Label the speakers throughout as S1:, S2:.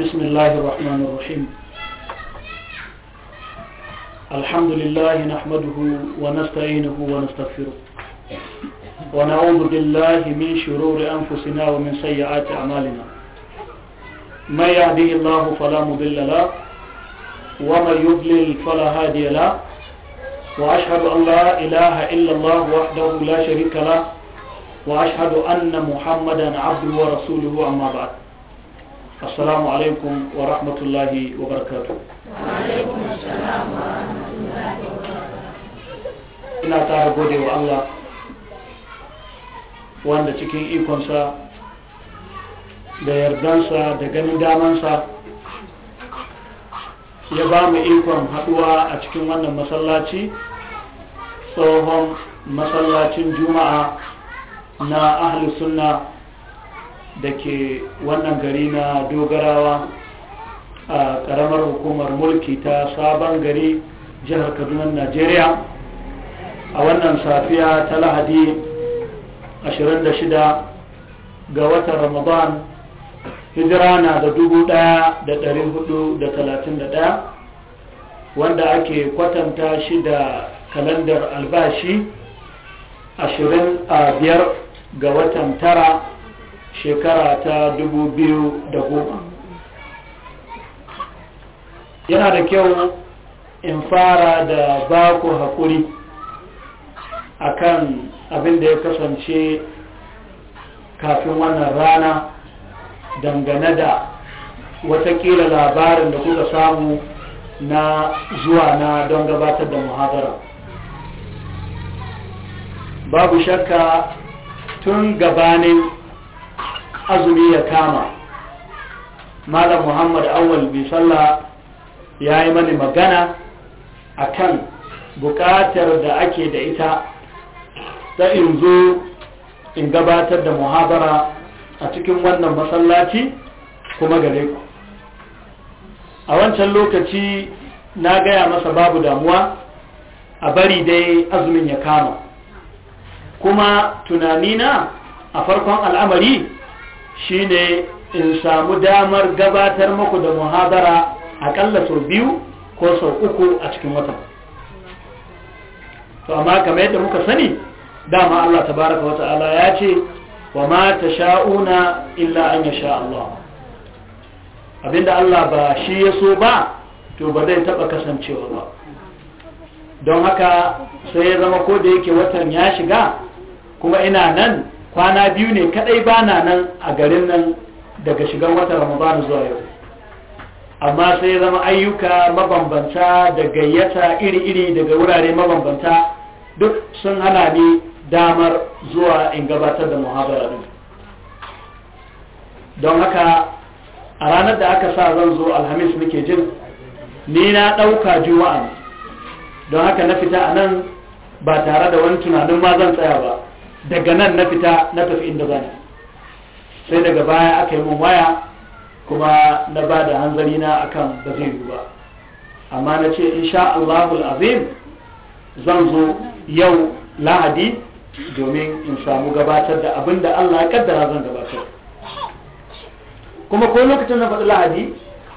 S1: بسم الله الرحمن الرحيم الحمد لله نحمده ونستعينه ونستغفره ونعوذ بالله من شرور أنفسنا ومن سيئات أعمالنا ما يهده الله فلا مضل له ومن يضلل فلا هادي له وأشهد أن لا إله إلا الله وحده لا شريك له وأشهد أن محمدا عبده ورسوله أما بعد السلام عليكم ورحمة الله وبركاته
S2: وعليكم السلام wa الله وبركاته إنا
S1: تعالى قولي والله wanda cikin ikonsa da yardansa da ganin damansa ya ba mu ikon haduwa a cikin wannan masallaci tsohon masallacin juma'a na ahli sunna da ke wannan gari na dogarawa a karamar hukumar mulki ta sabon gari jihar kaduna najeriya a wannan safiya ta lahadi 26 ga watan ramadan hijira na da 1431 wanda ake kwatanta shi da kalandar albashi 25 ga watan tara shekara ta dubu biyu da goma. yana da kyau in fara da baku haƙuri akan abin da ya kasance kafin wannan rana dangane da watakila labarin da kuka samu na zuwa na don gabatar da muhadara babu shakka tun gabanin azumi ya kama malam muhammad awal bi sallah ya yi mani magana akan bukatar da ake da ita ta in zo in gabatar da muhabara a cikin wannan masallaci kuma gare ku a wancan lokaci na gaya masa babu damuwa a bari dai azumin ya kama kuma tunanina a farkon al'amari shine in samu damar gabatar muku da muhabara akalla sau biyu ko sau uku a cikin watan to amma kamar yadda muka sani dama Allah tabaraka wa ta'ala ya ce wa ma tasha'una illa an yasha Allah abinda Allah ba shi ya so ba to ba zai taɓa kasancewa ba don haka sai ya zama ko da yake watan ya shiga kuma ina nan kwana biyu ne kadai bana nan a garin nan daga shigan watan ramadan zuwa yau amma sai zama ayyuka mabambanta da gayyata iri-iri daga wurare mabambanta duk sun hana ni damar zuwa in gabatar da muhabara din don haka a ranar da aka sa zan zo alhamis muke jin ni na ɗauka juma'a don haka na fita a nan ba tare da wani tunanin ma zan tsaya ba daga nan na fita na tafi inda zani sai daga baya aka yi mun waya kuma na ba da hanzari na akan ba zai yi ba amma na ce insha Allahul azim zan zo yau lahadi domin in samu gabatar da abin da Allah ya kaddara zan gabatar kuma ko lokacin na faɗi lahadi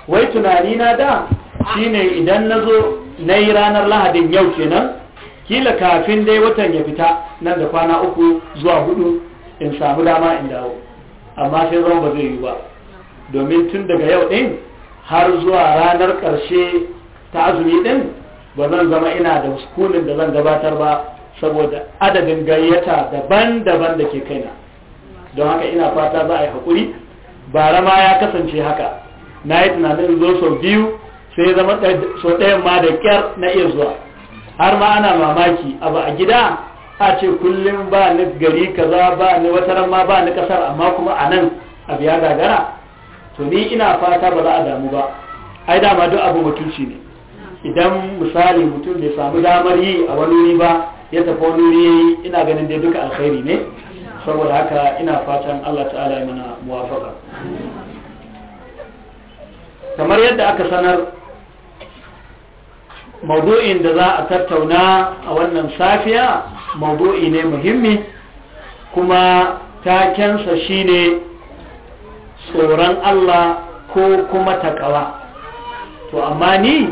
S1: wai tunani na da shine idan na zo na yi ranar lahadin yau kenan kila kafin dai watan ya fita nan da kwana uku zuwa hudu in samu dama in dawo amma sai zama ba zai yi ba domin tun daga yau ɗin har zuwa ranar ƙarshe ta azumi ɗin ba zan zama ina da sukunin da zan gabatar ba saboda adadin gayyata daban-daban da ke kaina don haka ina fata za a yi haƙuri bara ma ya kasance haka na yi tunanin zo sau biyu sai zama sau ɗayan ma da ƙyar na iya zuwa har ma ana mamaki abu a gida a ce kullum ba ni gari kaza ba ni wata ma ba ni kasar amma kuma a nan abu ya gagara to ni ina fata ba za a damu ba ai dama duk abu mutunci ne idan misali mutum bai samu damar yi a wani wuri ba ya tafi wani wuri yayi ina ganin dai duka alkhairi ne saboda haka ina fatan Allah ta'ala ya mana muwafaka kamar yadda aka sanar maudu'in da za a tattauna a wannan safiya maudu'i ne muhimmi kuma takensa shine tsoron Allah ko kuma takawa to amma ni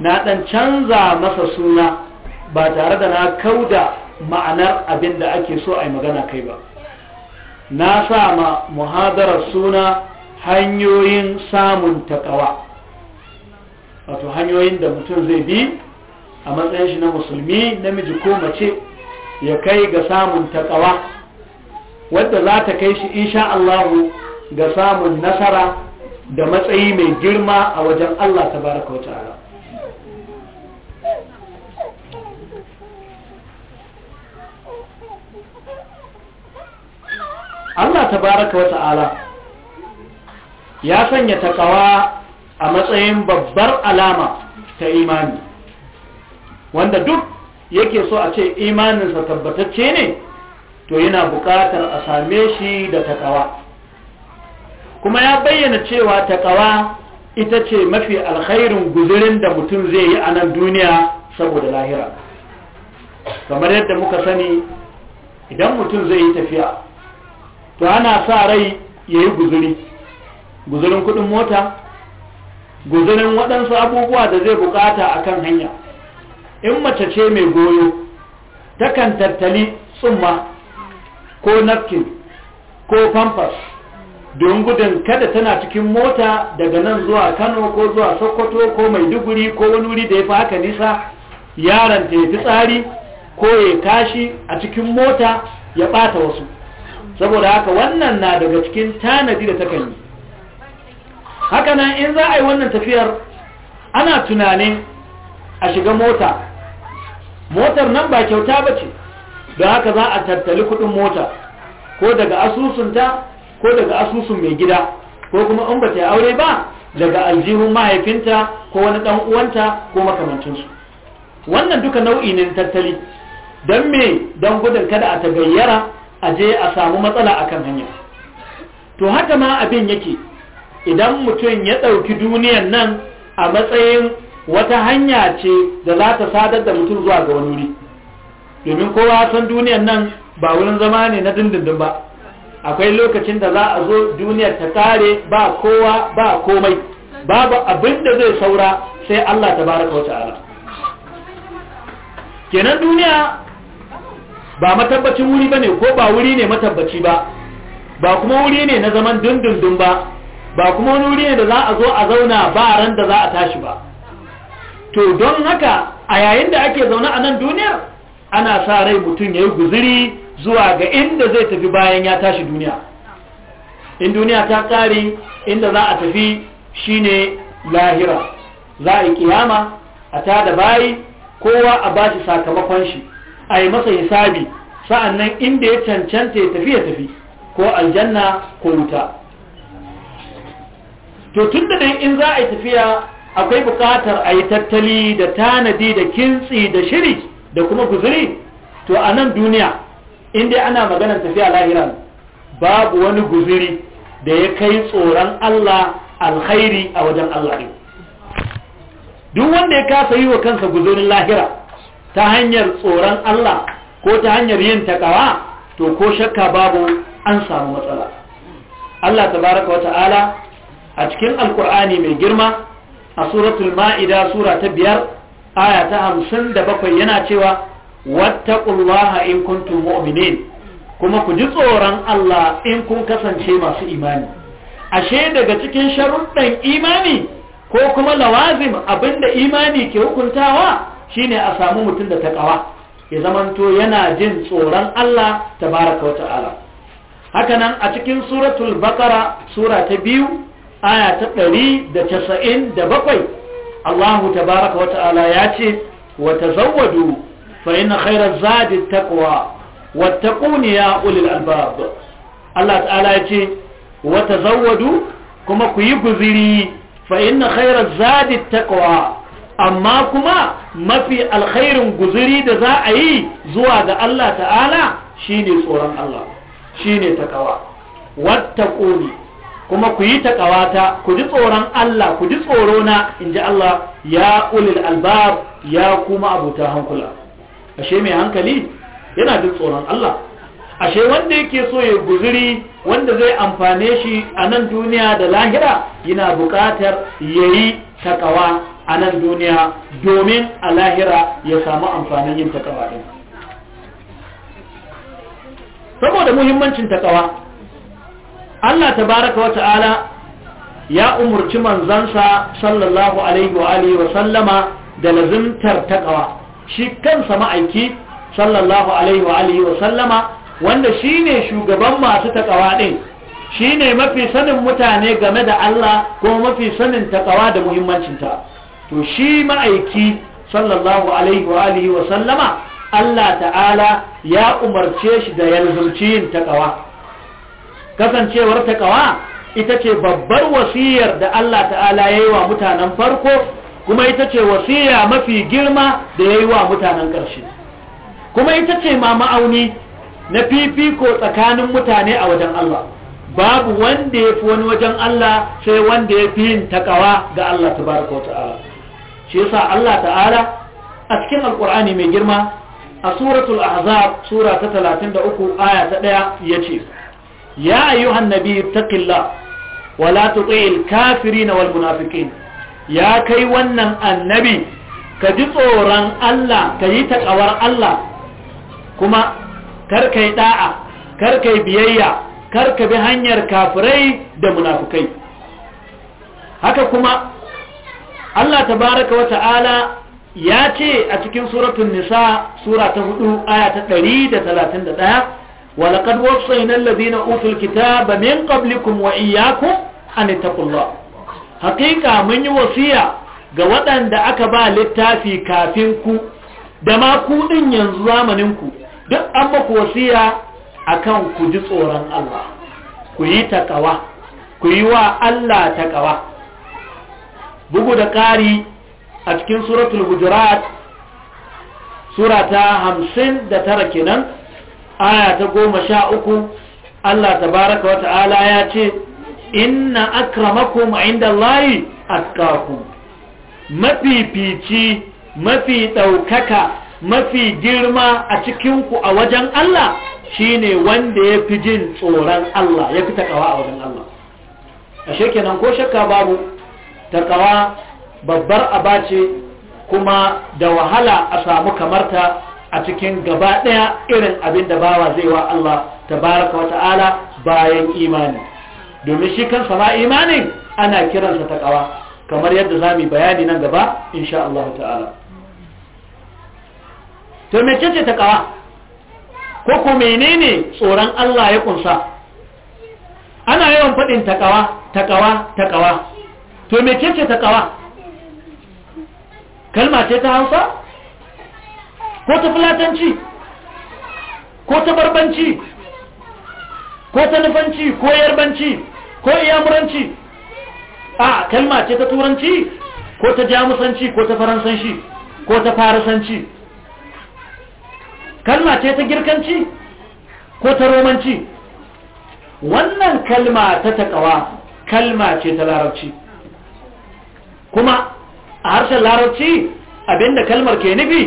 S1: na dan canza masa suna ba tare da na kauda ma'anar abin da ake so a yi magana kai ba na sa ma muhadarar suna hanyoyin samun takawa wato hanyoyin da mutum zai bi a matsayin shi na musulmi namiji ko mace ya kai ga samun taƙawa wadda za ta kai shi insha Allahu ga samun nasara da matsayi mai girma a wajen Allah tabaraka wa ta'ala Allah tabaraka wa ta'ala ya sanya taƙawa a matsayin babbar alama ta imani wanda duk yake so a ce imaninsa tabbatacce ne to yana buƙatar a same shi da takawa kuma ya bayyana cewa takawa ita ce mafi alkhairin guzurin da mutum zai yi a nan duniya saboda lahira kamar yadda muka sani idan mutum zai yi tafiya to ana sa rai ya yi guzuri guzurin kudin mota guzurin waɗansu abubuwa da zai bukata a kan hanya in mace ce mai goyo takan tattali tsumma ko napkin ko pampas don gudun kada tana cikin mota daga nan zuwa kano ko zuwa sokoto ko maiduguri ko wani wuri da ya fi haka nisa yaron ta ya fi tsari ko ya kashi a cikin mota ya ɓata wasu saboda haka wannan na daga cikin tanadi da takan yi haka nan in za a yi wannan tafiyar ana tunanin a shiga mota motar nan ba kyauta ba ce don haka za a tattali kudin mota ko daga asusunta ko daga asusun mai gida ko kuma in ba ta aure ba daga aljihun mahaifinta ko wani dan uwanta ko makamancinsu wannan duka nau'i ne tattali don me don gudun kada a ta gayyara a je a samu matsala akan hanya to haka ma abin yake idan mutum ya ɗauki duniyan nan a matsayin wata hanya ce da za ta sadar da mutum zuwa ga wani wuri domin kowa san duniyan nan ba wurin zama ne na dindindin ba akwai lokacin da za a zo duniyar ta tare ba kowa ba komai babu abin da zai saura sai Allah ta baraka wata ala kenan duniya ba matabbacin wuri ba ne ko ba wuri ne matabbaci ba ba kuma wuri ne na zaman dindindin ba ba kuma wani wuri ne da za a zo a zauna ba ran da za a tashi ba to don haka a yayin da ake zaune a nan duniyar ana sa rai mutum ya yi guziri zuwa ga inda zai tafi bayan ya tashi duniya in duniya ta ƙari inda za a tafi shine lahira za a yi kiyama a da bayi kowa a ba shi sakamakon shi a yi masa hisabi sa'annan inda ya cancanta ya tafi ya tafi ko aljanna ko wuta to tun da dai in za a yi tafiya akwai buƙatar a yi tattali da tanadi da kintsi da shiri da kuma guzuri to a nan duniya inda ana maganar tafiya lahira babu wani guzuri da ya kai tsoron Allah alkhairi a wajen Allah ne duk wanda ya kasa yi wa kansa guzurin lahira ta hanyar tsoron Allah ko ta hanyar yin takawa to ko shakka babu an samu matsala Allah tabaraka wa ta'ala a cikin alkur'ani mai girma a suratul ma'ida sura ta biyar aya ta hamsin da bakwai yana cewa "Wata wattaqullaha in kuntum mu'minin kuma ku ji tsoron Allah in kun kasance masu imani ashe daga cikin sharuɗan imani ko kuma lawazim da imani ke hukuntawa shine a samu mutum da ta ƙawa, ya zamanto yana jin tsoron Allah tabaraka wata'ala hakanan a cikin suratul baqara sura ta biyu aya ta ɗari da casa'in da bakwai allahu tabaraka wa ta'ala ya ce wa tazawwadu fa inna khairar zadi taqwa wa taquni ya ulil albab allah ta'ala ya ce wa tazawwadu kuma ku yi guziri fa inna khairar zadi taqwa amma kuma mafi alkhairin guziri da za a yi zuwa ga Allah ta'ala shine tsoron Allah Shi shine takawa wattaquni kuma ku yi taƙawata ku ji tsoron Allah ku ji tsoro na in ji Allah ya ulil albab ya kuma abuta hankula ashe mai hankali yana jin tsoron Allah ashe wanda yake so ya guzuri wanda zai amfane shi a nan duniya da lahira yana buƙatar ya yi taƙawa a nan duniya domin a lahira ya samu amfanin yin taƙawa ɗin saboda muhimmancin taƙawa Allah tabaraka wa ta'ala ya umarci manzansa sallallahu alaihi wa alihi wa sallama da lazimtar taƙawa shi kansa ma'aiki sallallahu alaihi wa alihi wa sallama wanda shine shugaban masu taqwa din shine mafi sanin mutane game da Allah ko mafi sanin taƙawa da muhimmancinta to shi ma'aiki sallallahu alaihi wa alihi wa sallama Allah ta'ala ya umarce shi da yanzu yin taƙawa kasancewar taqwa ita ce babbar wasiyar da Allah ta'ala ya yi wa mutanen farko kuma ita ce wasiya mafi girma da ya yi wa mutanen ƙarshe kuma ita ce ma ma'auni na fifiko tsakanin mutane a wajen Allah babu wanda ya fi wani wajen Allah sai wanda ya fi yin takawa ga Allah barako ta'ala shi yasa Allah ta'ala a cikin mai girma a suratul ahzab sura ta 33 aya ta 1 yace ya ayyuhan nabi taqilla wala tuti'il kafiri na munafiqin ya kai wannan annabi ka ji tsoron Allah ka yi taƙawar Allah kuma karkai da'a karkai biyayya karka bi hanyar kafirai da munafukai haka kuma Allah tabaraka wa ya ce a cikin suratun nisa sura huɗu hudu aya ta ɗari da talatin da ɗaya ولقد وصينا الذين أوتوا الكتاب من قبلكم وإياكم أن اتقوا الله حقيقة من وصية ga waɗanda aka ba littafi kafin ku da ma ku ɗin yanzu ku. duk an ku wasiya akan ku ji tsoron Allah ku yi ku yi wa Allah taƙawa bugu da ƙari a cikin suratul hujurat sura ta hamsin da tara kenan aya ta goma sha uku Allah tabaraka wa ta'ala ya ce inna akramakum inda Allahi mafi mafifici mafi ɗaukaka mafi girma a cikinku a wajen Allah shine wanda ya fi jin tsoron Allah ya fi takawa a wajen Allah a kenan ko shakka babu takawa babbar abace kuma da wahala a samu kamarta a cikin gaba ɗaya irin abin da bawa zai wa Allah tabaraka wa ta'ala bayan imani domin shi kansa ma imanin ana kiransa ta ƙawa kamar yadda za mu bayani nan gaba insha Allah ta'ala to me ce ta ƙawa ko ku menene tsoron Allah ya ƙunsa? ana yawan faɗin ta ta ƙawa, ƙawa, ta ƙawa. to me ce ƙawa? kalma ce ta Hausa ko ta fulatanci ko ta barbanci ko ta nufanci ko yarbanci ko iyamuranci a kalma ce ta turanci ko ta jamusanci ko ta faransanci ko ta farasanci kalma ce ta girkanci ko ta romanci wannan kalma ta takawa kalma ce ta larabci kuma a harshen larabci abinda kalmar ke nufi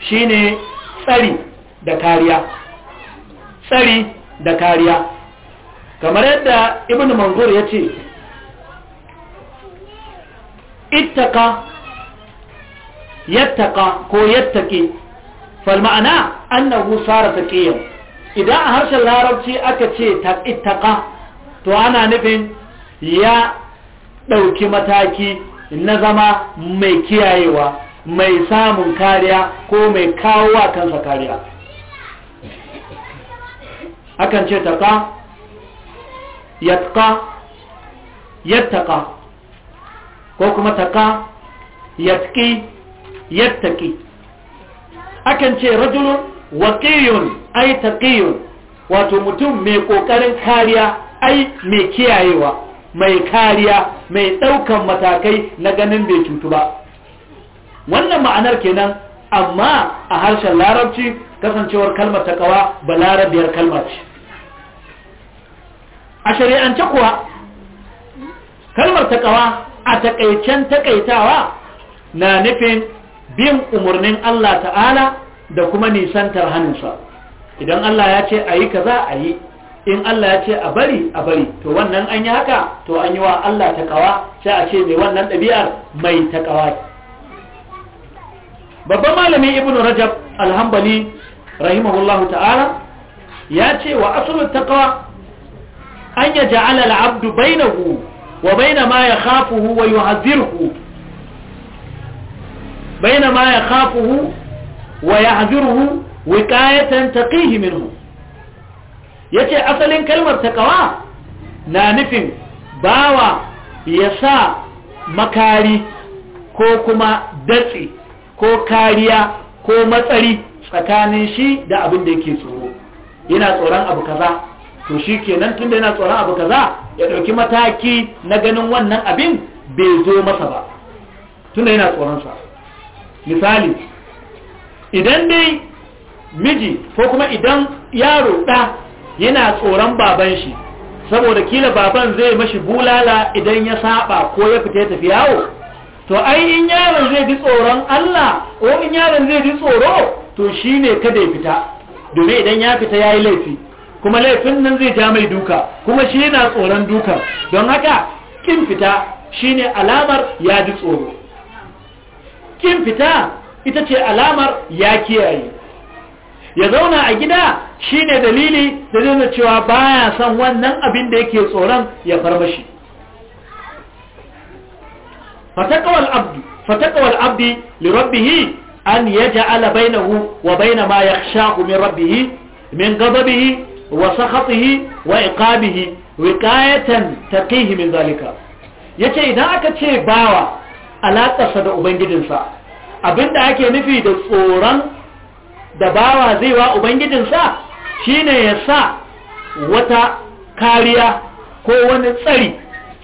S1: shine tsari da kariya tsari da kariya kamar yadda ibn manzur ya ce ittaka yattaka ko yattaki falma'ana annahu sara taqiyan idan a harshen larabci aka ce ittaka to ana nufin ya ɗauki mataki na zama mai kiyayewa mai samun kariya ko mai kawo wa kansa kariya akan ce taqa yatqa yattaqa ko kuma taqa yatqi yattaqi akan ce rajulun waƙiyun ai taƙiyun wato mutum mai ƙoƙarin kariya ai mai kiyayewa mai kariya mai ɗaukan matakai na ganin bai cutu ba wannan ma'anar kenan amma a harshen larabci kasancewar kalmar ta takawa ba larabiyar kalmar ce a shari'ance kuwa kalmar ta kawa a takaicen takaitawa na nufin bin umarnin Allah ta'ala da kuma nisantar hannunsa idan Allah ya ce a yi kaza a yi in Allah ya ce a bari a bari to wannan an yi haka to an yi wa Allah ta kawa sai a ce mai wannan ɗabi'ar mai ta kawai babban malamin ibnu rajab alhambali rahimahullahu ta'ala ya ce wa asulun taqwa an ya ja'ala al'abdu bainahu wa baina ma yakhafuhu wa yuhadhiruhu baina ma yakhafuhu wa yahziruhu wiqayatan taqihi minhu yace asalin kalmar taqwa na nufin bawa ya sa makari ko kuma datse ko kariya ko matsari tsakanin shi da abin da yake tsoro yana tsoron abu kaza to shi kenan tun yana tsoron abu kaza ya ɗauki mataki na ganin wannan abin bai zo masa ba tun da yana tsoronsa misali idan dai miji ko kuma idan yaro ɗa yana tsoron baban shi saboda kila baban zai mashi bulala idan ya saba ko ya fita ya tafi yawo to ai in yaron zai ji tsoron Allah ko in yaron zai ji tsoro to shi shine kada ya fita domin idan ya fita yayi laifi kuma laifin nan zai ja mai duka kuma shi yana tsoron duka don haka kin fita shine alamar ya ji tsoro kin fita ita ce alamar ya kiyaye ya zauna a gida shine dalili da zai cewa baya son wannan abin da yake tsoron ya farmashi fataqwal abdi lirabbihi an ya ja'ala an bainahu wa baina ma yakhshahu min rabbih min gababihi wa sakhatihi wa iqabihi wiqayatan taqihi min zalika yace idan aka ce bawa alaƙarsa da ubangijinsa abinda ake nufi da tsoron da bawa zai wa ubangijinsa shine ya sa wata kariya ko wani tsari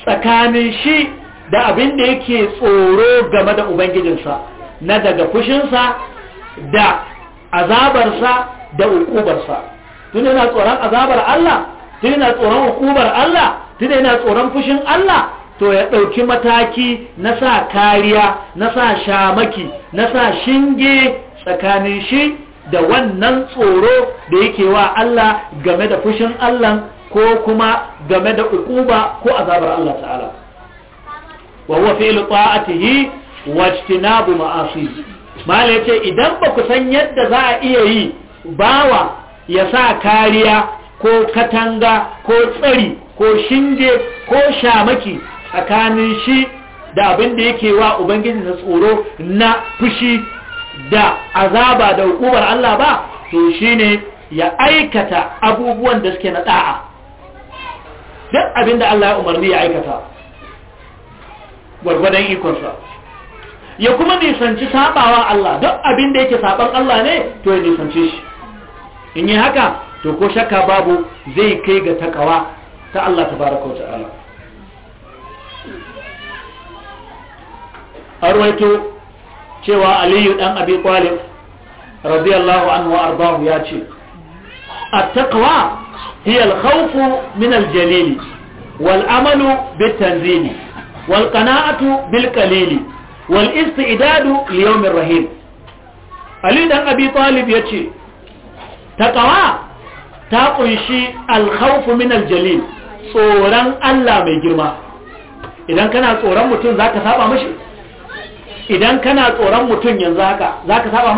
S1: tsakanin shi da abin da yake tsoro game da ubangijinsa na daga fushinsa da azabarsa da hukubarsa tun yana tsoron azabar Allah tun yana tsoron hukubar Allah tun yana tsoron fushin Allah to ya ɗauki mataki na sa kariya na sa shamaki na sa shinge tsakanin shi da wannan tsoro da yake wa Allah game da fushin Allah ko kuma game da ukuba ko azabar Allah ta'ala wa huwa fi'lu ta'atihi wa ijtinabu ma'asi mala yace idan ba ku san yadda za a iya yi bawa ya sa kariya ko katanga ko tsari ko shinge ko shamaki tsakanin shi da abin da yake wa ubangiji na tsoro na fushi da azaba da hukumar Allah ba to shine ya aikata abubuwan da suke na da'a duk abin da Allah ya umarni ya aikata gwargwadon ikonsa ya kuma nisanci sabawa Allah duk abin da yake saɓan Allah ne to ya nisanci shi in yi haka to ko shakka babu zai kai ga takawa ta Allah tabaraka wa ta'ala arwaito cewa aliyu dan abi talib radiyallahu anhu wa ardahu ya ce at-taqwa hiya al-khawf min al wal amalu bit-tanzili wal qana'atu bil qalili wal istidadu li rahim ali dan abi talib ce taƙawa ta kunshi alhaufu min jalil tsoron Allah mai girma idan kana tsoron mutum saba idan kana tsoron mutum yanzu haka saba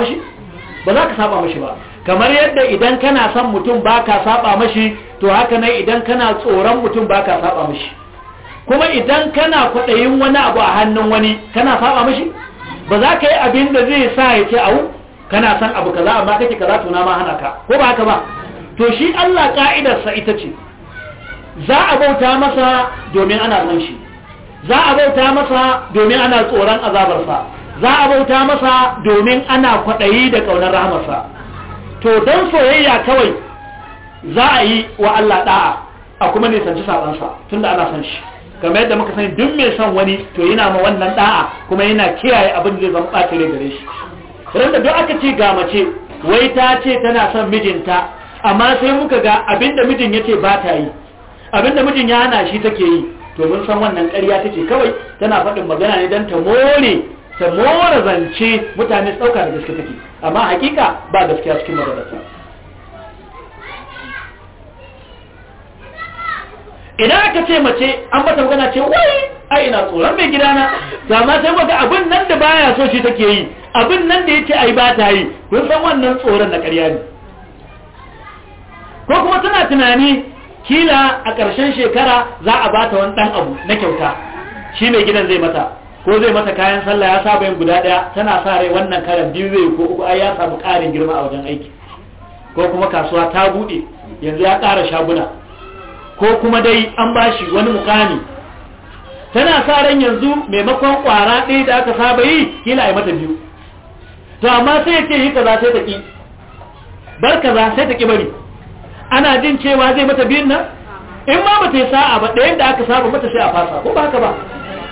S1: ba za ka saba mashi ba kamar yadda idan kana son mutum ba ka saba mashi to haka nan idan kana tsoron mutum ba ka saba mashi kuma idan kana kwaɗayin wani abu a hannun wani kana saba mashi ba za ka yi abin da zai sa ya ce au kana san abu kaza amma kake kaza tuna ma hana ka ko ba haka ba to shi Allah ka'idarsa ita ce za a bauta masa domin ana san shi za a bauta masa domin ana tsoron azabarsa za a bauta masa domin ana kwaɗayi da ƙaunar rahamarsa to don soyayya kawai za a yi wa Allah ɗa'a a kuma nisanci sabansa tunda ana san shi kamar yadda muka sani duk mai son wani to yana ma wannan da'a kuma yana kiyaye abin da zai zama ɓata rai gare shi da duk aka ce ga mace wai ta ce tana son mijinta amma sai muka ga abinda mijin ya ce ba ta yi abinda mijin ya hana shi take yi to mun san wannan ƙarya ta ce kawai tana faɗin magana ne don ta more ta more zance mutane su ɗauka da gaske take amma hakika ba gaskiya cikin madarasa
S2: idan aka ce
S1: mace an bata magana ce wai ai ina tsoron mai gidana ga ma sai maka abin nan da baya so shi take yi abin nan da yake ai ba ta yi kun san wannan tsoron na ƙarya ne ko kuma tana tunani kila a ƙarshen shekara za a bata wani ɗan abu na kyauta shi mai gidan zai mata ko zai mata kayan sallah ya saba yin guda ɗaya tana sa rai wannan karan biyu zai ko uku ai ya samu ƙarin girma a wajen aiki ko kuma kasuwa ta buɗe yanzu ya ƙara shaguna ko kuma dai an bashi wani mukami tana sa ran yanzu maimakon kwara ɗaya da aka saba yi kila a mata biyu to amma sai ce yi kaza sai ta ki bar kaza sai ta ki bari ana jin cewa zai mata biyun nan in ma ba ta yi sa'a ba ɗayan da aka saba mata sai a fasa ko ba haka ba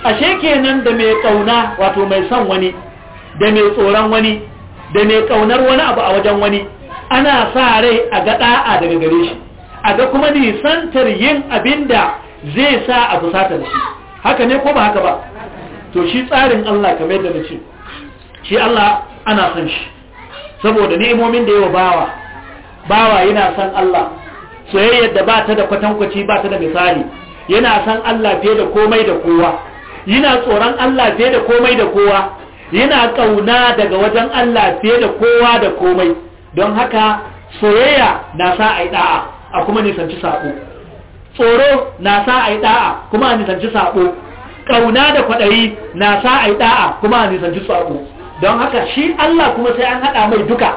S1: ashe kenan da mai kauna wato mai son wani da mai tsoron wani da mai kaunar wani abu a wajen wani ana sa rai a ga da'a daga gare shi a ga kuma nisantar yin abin da zai sa a fusatar shi haka ne ko ba haka ba to shi tsarin Allah kamar da na shi Allah ana son shi saboda ni'imomin da yawa bawa bawa yana son Allah soyayyar da ba ta da kwatankwaci ba ta da misali yana son Allah fiye da komai da kowa yana tsoron Allah fiye da komai da kowa yana ƙauna daga wajen Allah fiye da kowa da komai don haka soyayya na sa a yi da'a a kuma nisanci saƙo tsoro na sa a yi da'a kuma a nisanci saƙo ƙauna da kwaɗayi na sa a yi da'a kuma a nisanci saƙo don haka shi Allah kuma sai an haɗa mai duka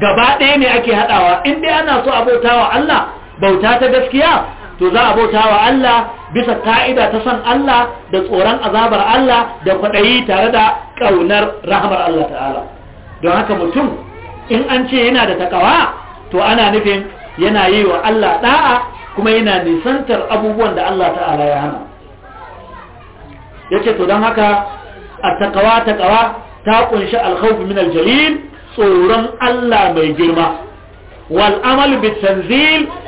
S1: gaba ɗaya ne ake haɗawa in dai ana so abota wa Allah bauta ta gaskiya to za a bauta wa Allah bisa ka'ida ta son Allah da tsoron azabar Allah da kwaɗayi tare da ƙaunar rahamar Allah ta'ala don haka mutum in an ce yana da takawa to ana nufin yana yi wa Allah ɗa'a kuma yana nisantar abubuwan da Allah ta'ala ya hana yace to don haka a takawa-takawa ta kunshi alhaufi min aljalil tsoron Allah mai girma wal amal bit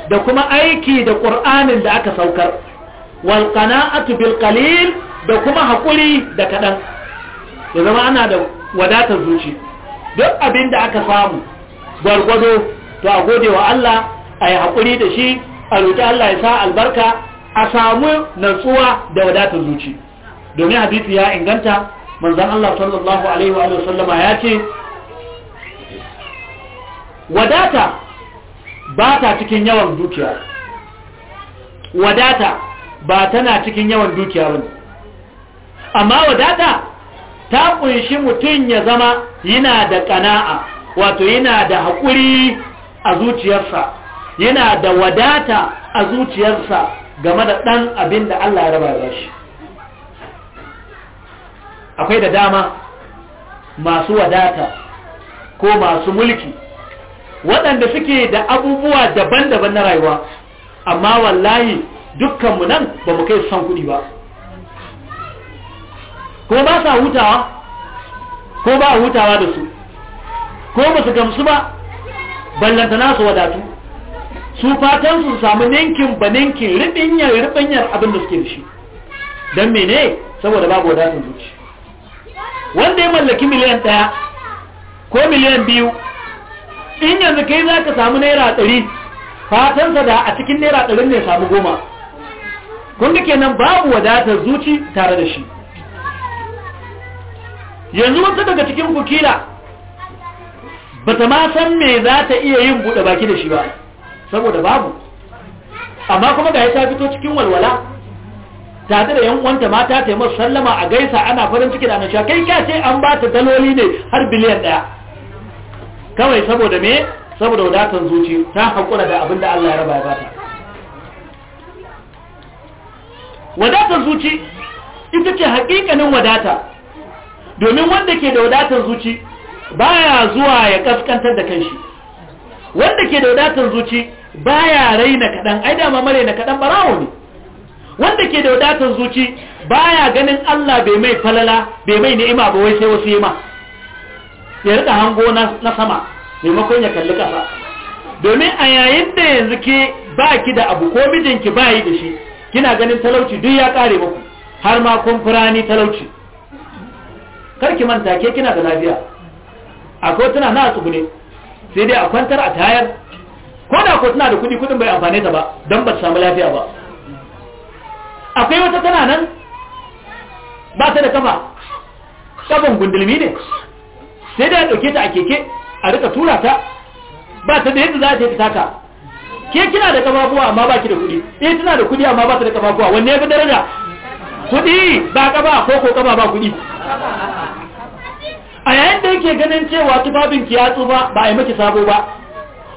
S1: da kuma aiki da Ƙur'anin da aka saukar wal qana'atu bil qalil da kuma hakuri da kadan ya zama ana da wadatar zuci duk abin da aka samu gwargwado to a gode wa Allah a yi haƙuri da shi a roƙi Allah ya sa albarka a samu natsuwa da wadatar zuci domin hadisi ya inganta manzan Allah sallallahu alaihi wa sallama ya ce wadata ba ta cikin yawan dukiya wadata ba tana cikin yawan dukiya ba amma wadata ta kunshi mutum ya zama yana da kana'a wato yana da haƙuri a zuciyarsa yana da wadata a zuciyarsa game da ɗan abin da Allah ya raba da shi akwai da dama masu wadata ko masu mulki waɗanda suke da abubuwa daban-daban na rayuwa amma wallahi dukkanmu nan ba mu kai son kuɗi ba ko ba sa hutawa ko ba hutawa da su ko ba su gamsu ba ballantana su wadatu su fatan su samu ninkin ba ninkin ribinyar ribinyar abin da suke da shi don mene saboda babu wadatar zuci wanda ya mallaki miliyan ɗaya ko miliyan biyu in yanzu kai za ka samu naira ɗari fatansa da a cikin naira ɗari ne samu goma Kun kunga kenan babu wadatar zuci tare da shi yanzu wata daga cikin bukila ba ta ma san me za ta iya yin buɗe baki da shi ba saboda babu amma kuma ga ta fito cikin walwala tare da yan uwanta mata ta yi masu sallama a gaisa ana farin ciki da annashuwa kai kya ce an ba ta daloli ne har biliyan ɗaya kawai saboda me saboda wadatan zuci ta haƙura da abin da Allah ya raba ya bata wadatar zuci ita ce haƙiƙanin wadata domin wanda ke da wadatar zuci baya zuwa ya kaskantar da kanshi wanda ke da wadatar zuci baya raina kaɗan ai dama mare na kaɗan barawo ne wanda ke da wadatar zuci baya ganin Allah bai mai falala bai mai ni'ima ba wai sai wasu yima ya rika hango na sama maimakon ya kalli ƙasa domin a yayin da yanzu ke ba ki da abu ko mijinki ba yi da shi kina ganin talauci duk ya kare muku har ma kun firani talauci karki manta ke kina da lafiya akwai tana na tsugune sai dai a kwantar a tayar ko da ko tana da kuɗi kuɗin bai amfane ta ba don ba ta samu lafiya ba akwai wata tana nan ba ta da kafa kafan gundulmi ne sai da ya ɗauke ta a keke a rika tura ta ba ta da yadda za ta yi ta taka ke kina da kafafuwa amma ba ki da kuɗi eh tana da kuɗi amma ba ta da kafafuwa wanne ya fi daraja kuɗi ba kafa ko ko kafa ba kuɗi a yayin da yake ganin cewa tufafin ki ya tsufa ba a yi maki sabo ba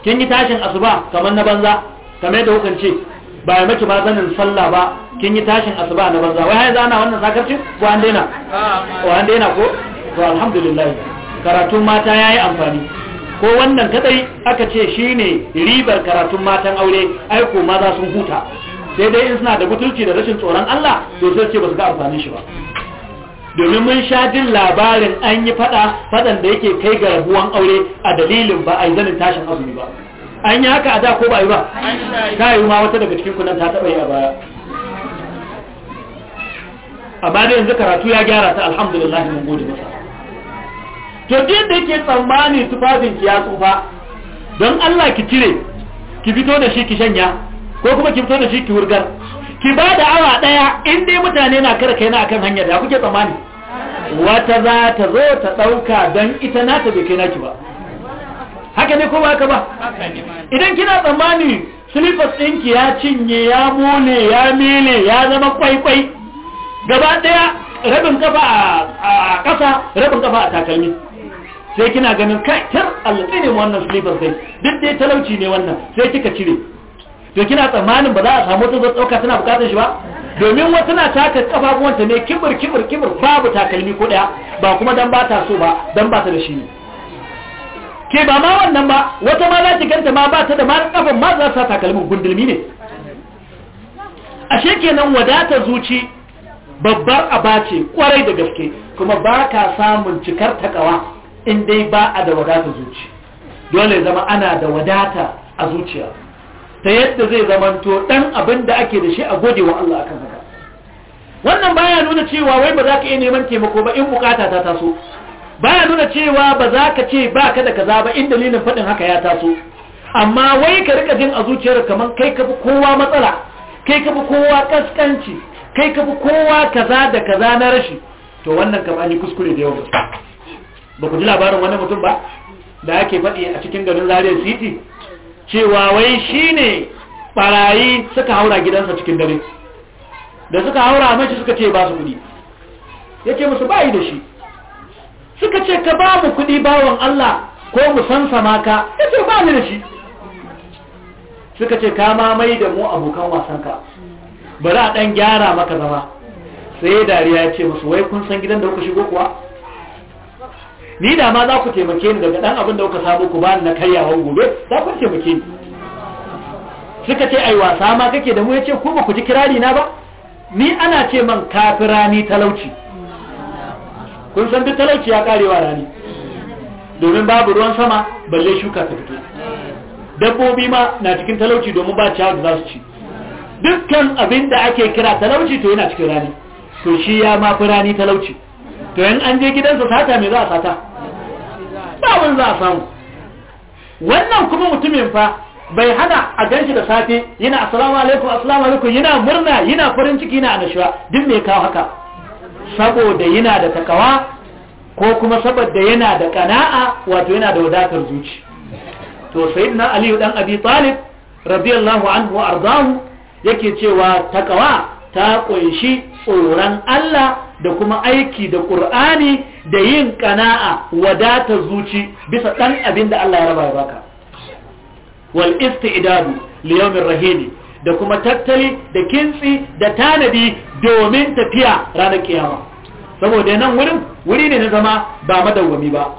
S1: kin yi tashin asuba kamar na banza kamar da hukunci ba ya maki ba sanin sallah ba kin yi tashin asuba na banza wai haiza zana wannan sakarci ko an daina ko an daina ko to alhamdulillah karatun mata yayi amfani ko wannan kadai aka ce shine ribar karatun matan aure aiko maza sun huta sai dai in suna da butulci da rashin tsoron Allah to sai ce ba su ga amfani shi ba domin mun sha jin labarin an yi fada fadan da yake kai ga rabuwan aure a dalilin ba a yi zanin tashin azumi ba an yi haka a da ko ba a yi ba ta yi ma wata daga cikin kunan ta taɓa yi a baya amma da yanzu karatu ya gyara ta alhamdulillah mun gode masa to din da yake tsammani tufafin ki ya tsufa don Allah ki cire ki fito da shi ki shanya ko kuma ki fito da shi ki wurgar ki ba da awa ɗaya in dai mutane na kara kai na akan hanyar da kuke tsammani wata za ta zo ta ɗauka don ita na ta bai kai naki ba haka ne ko ba haka ba idan kina tsammani silifas ɗinki ya cinye ya mole ya mele ya zama kwaikwai gaba ɗaya rabin kafa a ƙasa rabin kafa a takalmi sai kina ganin kai tar allah ne wannan silifas dai duk dai talauci ne wannan sai kika cire to kina tsammanin ba za a samu wata tsoka tana bukatar shi ba domin wata na taka kafafuwanta ne kibir kibir kibir babu takalmi ko daya ba kuma dan bata so ba dan bata da shi ne ke ba ma wannan ba wata ma za ki ganta ma bata da ma kafan ma za sa takalmin gundulmi ne ashe kenan wadata zuci babbar aba ce kwarai da gaske kuma ba ka samun cikar takawa in dai ba a da wadata zuci dole zama ana da wadata a zuciya ta yadda zai zamanto dan abin da ake da shi a gode wa Allah akan haka wannan baya nuna cewa wai ba za ka iya neman taimako ba in bukata ta taso baya nuna cewa ba za ka ce ba ka da kaza ba in dalilin faɗin haka ya taso amma wai ka rika jin a zuciyar kamar kai ka fi kowa matsala kai ka fi kowa kaskanci kai ka fi kowa kaza da kaza na rashi to wannan kam an kuskure da yawa ba ku ji labarin wani mutum ba da ake faɗi a cikin garin Zaria City cewa wai shi ne ɓarayi suka haura gidansa cikin dare da suka haura mashi suka ce ba su kuɗi ya ce musu bayi da shi suka ce ka ba mu kuɗi bawon Allah ko mu maka ya ce ba ni da shi suka ce ka mamai da mu abokan wasanka bari a ɗan gyara maka zama sai dariya ya ce musu wai kun san gidan da kuka shigo kuwa ni da ma za ku taimake ni daga dan abin da kuka samu ku bani na karyawa gobe za ku taimake ni suka ce ai wasa ma kake da mu yace ko ba ku ji kirari na ba ni ana ce man kafira ni talauci kun san duk talauci ya karewa rani domin babu ruwan sama balle shuka ta fito dabbobi ma na cikin talauci domin ba ciyawa da za su ci dukkan abin da ake kira talauci to yana cikin rani to shi ya ma fi rani talauci to yan an je gidansa sata me za a sata ba wani za a samu wannan kuma mutumin fa bai hana a ganshi da safe yana assalamu alaikum assalamu alaikum yana murna yana farin ciki yana annashuwa duk mai kawo haka saboda yana da takawa ko kuma saboda yana da kana'a wato yana da wadatar zuci to sayyidina aliyu dan abi talib radiyallahu anhu wa ardahu yake cewa takawa ta kunshi tsoron Allah da kuma aiki da ƙur'ani da yin ƙana'a wadata zuci bisa ɗan abin da Allah ya raba ya baka wal isti li yawmir rahimi da kuma tattali da kintsi da tanadi domin tafiya ranar kiyama saboda nan wurin wuri ne na zama ba madawwami ba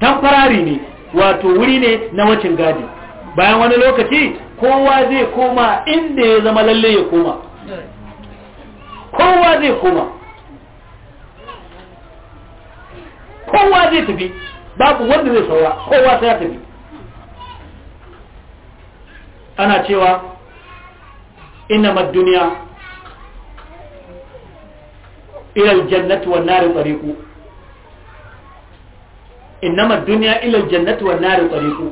S1: tamfarari ne wato wuri ne na wacin gadi bayan wani lokaci kowa zai koma inda ya zama lalle ya koma kowa zai koma kowa zai tafi babu wanda zai saura kowa sai ya tafi ana cewa inna duniya ilal jannatu wan nari tariqu innama duniya ilal jannatu wan nari tariqu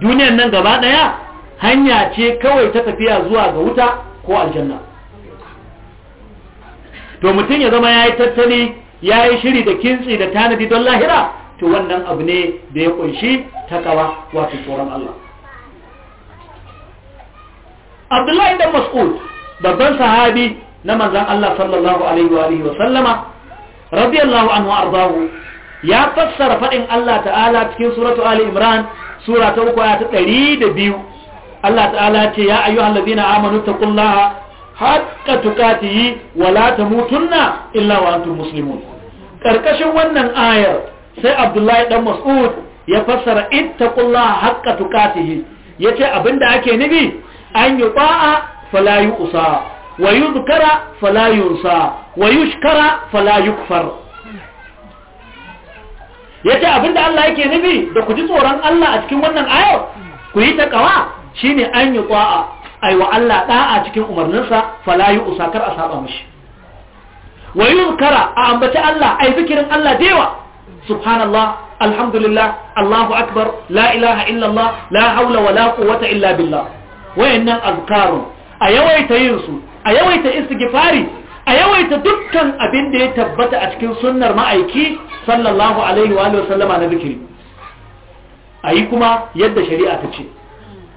S1: duniyan nan gaba daya hanya ce kawai ta tafiya zuwa ga wuta ko aljanna to mutum ya zama yayi tattali ya yi shiri da kintsi da tanadi don lahira to wannan abu ne da ya kunshi takawa wato tsoron Allah Abdullahi dan Mas'ud babban sahabi na manzon Allah sallallahu alaihi wa sallama radiyallahu anhu ardahu ya fassara faɗin Allah ta'ala cikin suratu Ali Imran sura ta uku aya ɗari da biyu Allah ta'ala ce ya ayyu allazina amanu taqullaha haqqa tuqatihi wa la tamutunna illa wa antum muslimun ƙarƙashin wannan ayar sai abdullahi dan mas'ud ya fassara ittaqullaha haqqa tuqatihi yace abinda ake nufi an yi ba'a fala yuqsa wa yuzkara fala yunsa wa yushkara fala yukfar yace abinda Allah yake nubi da ku ji tsoron Allah a cikin wannan ayar ku yi takawa shine an yi ba'a aiwa Allah da'a cikin umarninsa fala yuqsa kar a saba mishi wa yunkara a ambaci Allah ai zikirin Allah da yawa subhanallah alhamdulillah Allahu akbar la ilaha illallah la haula wala quwwata illa billah wayannan azkarun a yawaita yin su a yawaita istighfari a yawaita dukkan abin da ya tabbata a cikin sunnar ma'aiki sallallahu alaihi wa sallama na zikiri ayi kuma yadda shari'a ta ce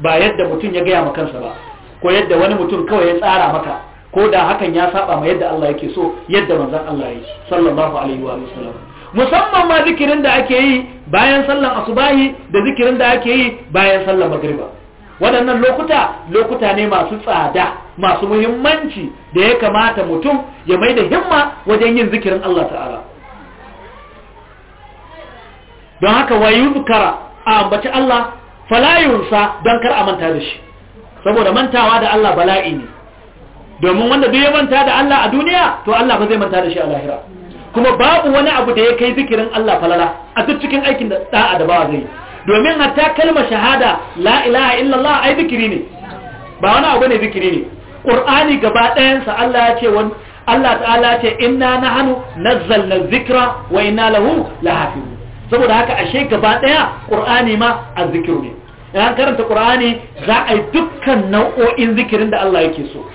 S1: ba yadda mutum ya gaya ma kansa ba ko yadda wani mutum kawai ya tsara maka ko da hakan ya saba ma yadda Allah yake so yadda manzon Allah yake sallallahu alaihi wa sallam musamman ma zikirin da ake yi bayan sallan asubahi da zikirin da ake yi bayan sallan magriba waɗannan lokuta lokuta ne masu tsada masu muhimmanci da ya kamata mutum ya mai da himma wajen yin zikirin Allah ta'ala don haka wayu zukara a ambaci Allah falayunsa don kar a manta da shi saboda mantawa da Allah bala'i ne domin wanda duk ya manta da Allah a duniya to Allah ba zai manta da shi a lahira kuma babu wani abu da ya kai zikirin Allah falala a duk cikin aikin da da'a da bawa zai domin hatta kalmar shahada la ilaha illallah ai zikiri ne ba wani abu ne zikiri ne qur'ani gaba ɗayansa Allah ya ce wani Allah ta'ala ce inna nahnu nazzalna dhikra wa inna lahu lahafizun saboda haka ashe gaba ɗaya qur'ani ma azzikiru ne idan karanta qur'ani za a yi dukkan nau'o'in zikirin da Allah yake so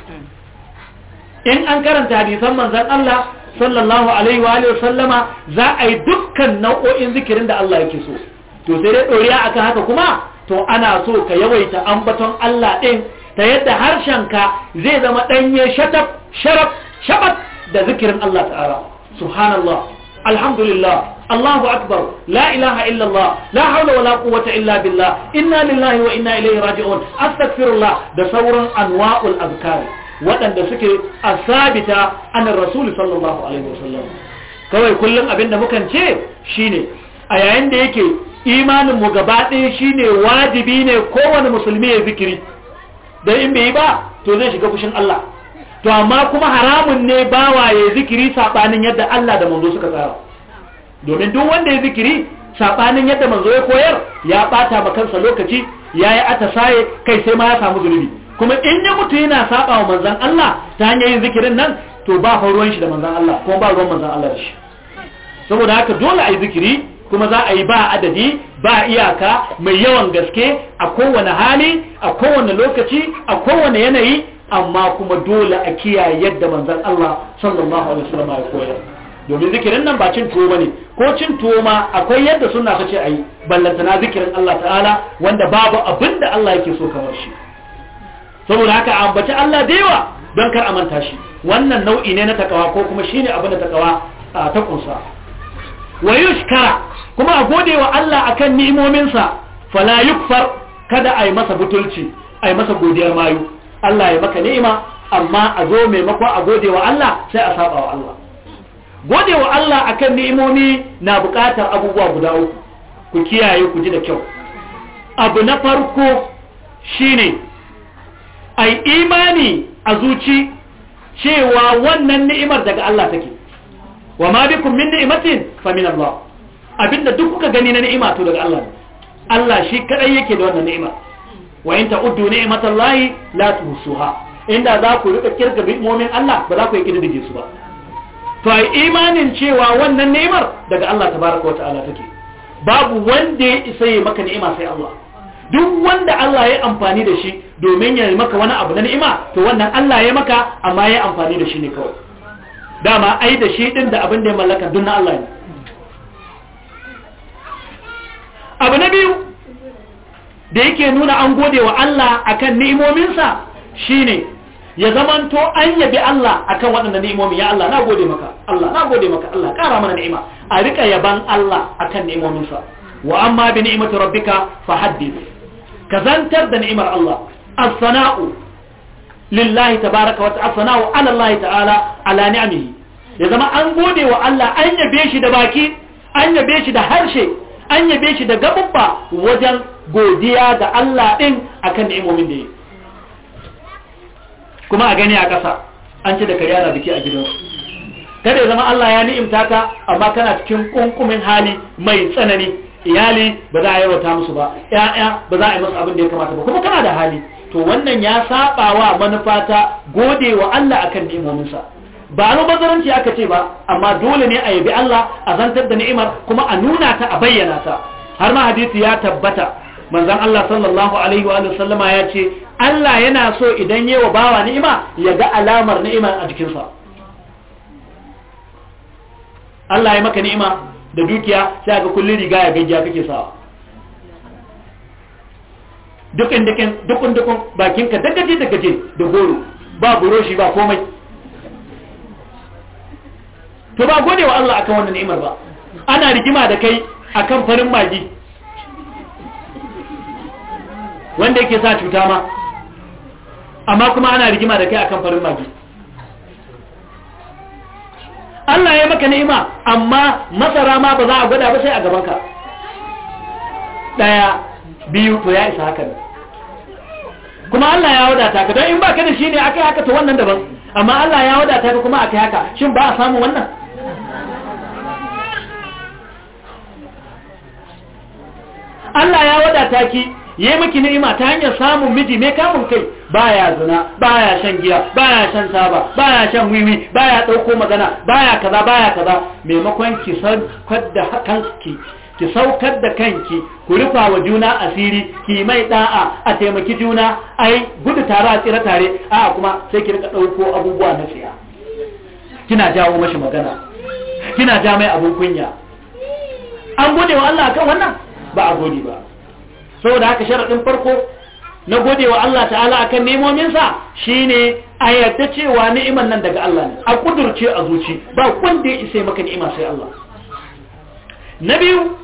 S1: in an karanta hadisan manzan Allah sallallahu alaihi wa sallama za a yi dukkan nau'o'in zikirin da Allah yake so to sai dai doriya akan haka kuma to ana so ka yawaita ambaton Allah din ta yadda harshenka zai zama danye shatab sharaf shabat da zikirin Allah ta'ala subhanallah alhamdulillah Allahu akbar la ilaha illa Allah la hawla wala quwwata illa billah inna lillahi wa inna ilaihi raji'un astaghfirullah da sauran anwa'ul azkar waɗanda suke asabita anan rasul sallallahu alaihi wasallam kawai kullum abin da mukan ce shine a yayin da yake imanin mu gaba ɗaya shine wajibi ne kowane musulmi ya zikiri dan in bai ba to zai shiga fushin Allah to amma kuma haramun ne bawa ya zikiri sabanin yadda Allah da manzo suka tsara domin duk wanda ya zikiri sabanin yadda manzo ya koyar ya bata ma kansa lokaci yayi atasaye kai sai ma ya samu zunubi kuma in ya mutu yana saba wa manzan Allah ta hanyar yin zikirin nan to ba fa ruwan shi da manzan Allah kuma ba ruwan manzan Allah da shi saboda haka dole a yi zikiri kuma za a yi ba adadi ba iyaka mai yawan gaske a kowane hali a kowane lokaci a kowane yanayi amma kuma dole a kiyaye yadda manzan Allah sallallahu alaihi wasallam ya koyar domin zikirin nan ba cin tuwo bane ko cin tuwo ma akwai yadda sunna ta ce ayi ballantana zikirin Allah ta'ala wanda babu abinda Allah yake so kamar shi saboda haka ambaci Allah da yawa don kar a manta shi wannan nau'i ne na takawa ko kuma shine abu da takawa ta kunsa wa yushkara kuma a gode wa Allah akan ni'imominsa fala yukfar kada a yi masa butulci a yi masa godiyar mayu Allah ya maka ni'ima amma a zo maimakon a gode wa Allah sai a saba wa Allah gode wa Allah akan ni'imomi na bukatar abubuwa guda uku ku kiyaye ku ji da kyau abu na farko shine ai imani a zuci cewa wannan ni'imar daga Allah take wa ma bikum min ni'matin fa min Allah abinda duk kuka gani na ni'ima to daga Allah Allah shi kadai yake da wannan ni'ima wa in ta'uddu ni'matallahi la tuhsuha inda za ku rika kirga mu'min Allah ba za ku yi kididdige su ba to ai imanin cewa wannan ni'imar daga Allah tabaraka wa ta'ala take babu wanda ya isa yi maka ni'ima sai Allah duk wanda Allah ya amfani da shi domin ya maka wani abu na ni'ima to wannan Allah ya maka amma ya amfani da shi ne kawai dama ai da shi din da abin da ya mallaka duk na Allah ne abu na biyu da yake nuna an gode wa Allah akan ni'imominsa shine ya zamanto an yabi Allah akan waɗannan ni'imomi ya Allah na gode maka Allah na gode maka Allah ƙara mana ni'ima a rika yaban Allah akan ni'imominsa wa amma bi ni'imati rabbika fahaddith kazantar da ni'imar Allah as-sana'u lillahi tabaraka wa ta'ala as-sana'u ala Allah ta'ala ala ni'amihi ya zama an gode wa Allah an yabe shi da baki an yabe shi da harshe an yabe shi da gabubba wajen godiya ga Allah din akan ni'imomin da yake kuma a gani a ƙasa an ce da kariya na biki a gidansu kada ya zama Allah ya ni'imta ka amma kana cikin kunkumin hali mai tsanani iyali ba za a yawata musu ba Ya'ya ba za a yi masu abin da ya kamata ba kuma kana da hali to wannan ya saba wa manufa ta gode wa Allah akan ni'imominsa ba na bazaranci aka ce ba amma dole ne a yabi Allah a zantar da ni'imar kuma a nuna ta a bayyana ta har ma hadisi ya tabbata manzon Allah sallallahu alaihi wa sallama ya ce Allah yana so idan wa bawa ni'ima ya ga alamar ni'imar a jikinsa Allah ya maka ni'ima da dukiya sai ga kullun riga ya gajiya kake sawa dukkan dukkan dukkan dukkan bakinka dagaje dagaje da goro ba buroshi ba komai to ba gode wa Allah akan wannan ni'imar ba ana rigima da kai akan farin magi wanda yake sa cuta ma amma kuma ana rigima da kai akan farin magi Allah ya maka ni'ima amma masara ma ba za a gwada ba sai a gaban ka. daya biyu to ya isa haka ne kuma Allah ya wadata ka don in ba ka da shi ne aka yi haka to wannan daban amma Allah ya wadata ka kuma aka yi haka shin ba a samu wannan Allah ya wadata ki yi miki ni'ima ta hanyar samun miji mai kamun kai baya zina baya shan giya baya shan saba baya shan wiwi baya dauko magana baya kaza baya kaza maimakon ki san kadda kanki ki saukar da kanki ku rufa wa juna asiri ki mai da'a a taimaki juna ai gudu tare a tsira tare a kuma sai ki rika dauko abubuwa na tsiya kina jawo mashi magana kina ja mai abun kunya an gode wa Allah akan wannan ba a gode ba saboda haka sharaɗin farko na godewa Allah ta'ala akan nemominsa shine a yarda cewa niiman nan daga Allah ne a kudurce a zuci ba wanda ya isa maka ni'ima sai Allah na biyu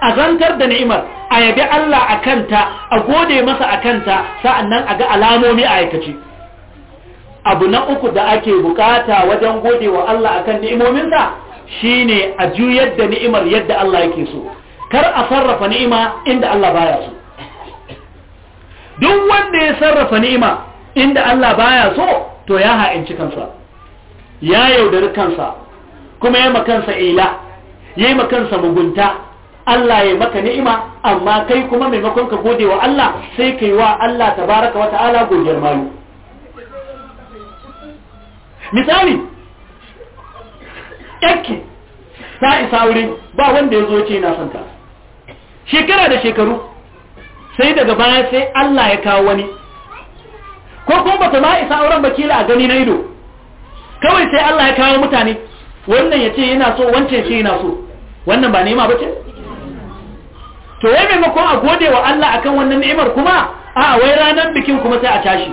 S1: a zantar da ni'imar a yabi Allah a kanta a gode masa a kanta sa'annan a ga alamomi a aikace abu na uku da ake bukata wajen gode wa Allah akan ni'imominsa shine a juyar da ni'imar yadda Allah yake so kar a sarrafa ni'ima inda Allah baya so duk wanda ya sarrafa ni'ima inda Allah baya so to ya ha'inci kansa ya yaudari kansa kuma ya makansa ila ya yi makansa mugunta Allah ya maka ni'ima amma kai kuma maimakon ka gode wa Allah sai kai wa Allah tabaraka wata'ala godiyar mayu misali yaki ta isa wurin ba wanda ya zo ce na shekara da shekaru sai daga baya sai Allah ya kawo wani ko kuma bata ma isa auren bakila a gani na ido kawai sai Allah ya kawo mutane wannan ya ce yana so wancan shi yana so wannan ba nema ce? to wai maimakon a gode wa Allah akan wannan ni'imar kuma a wai ranar bikin kuma sai a tashi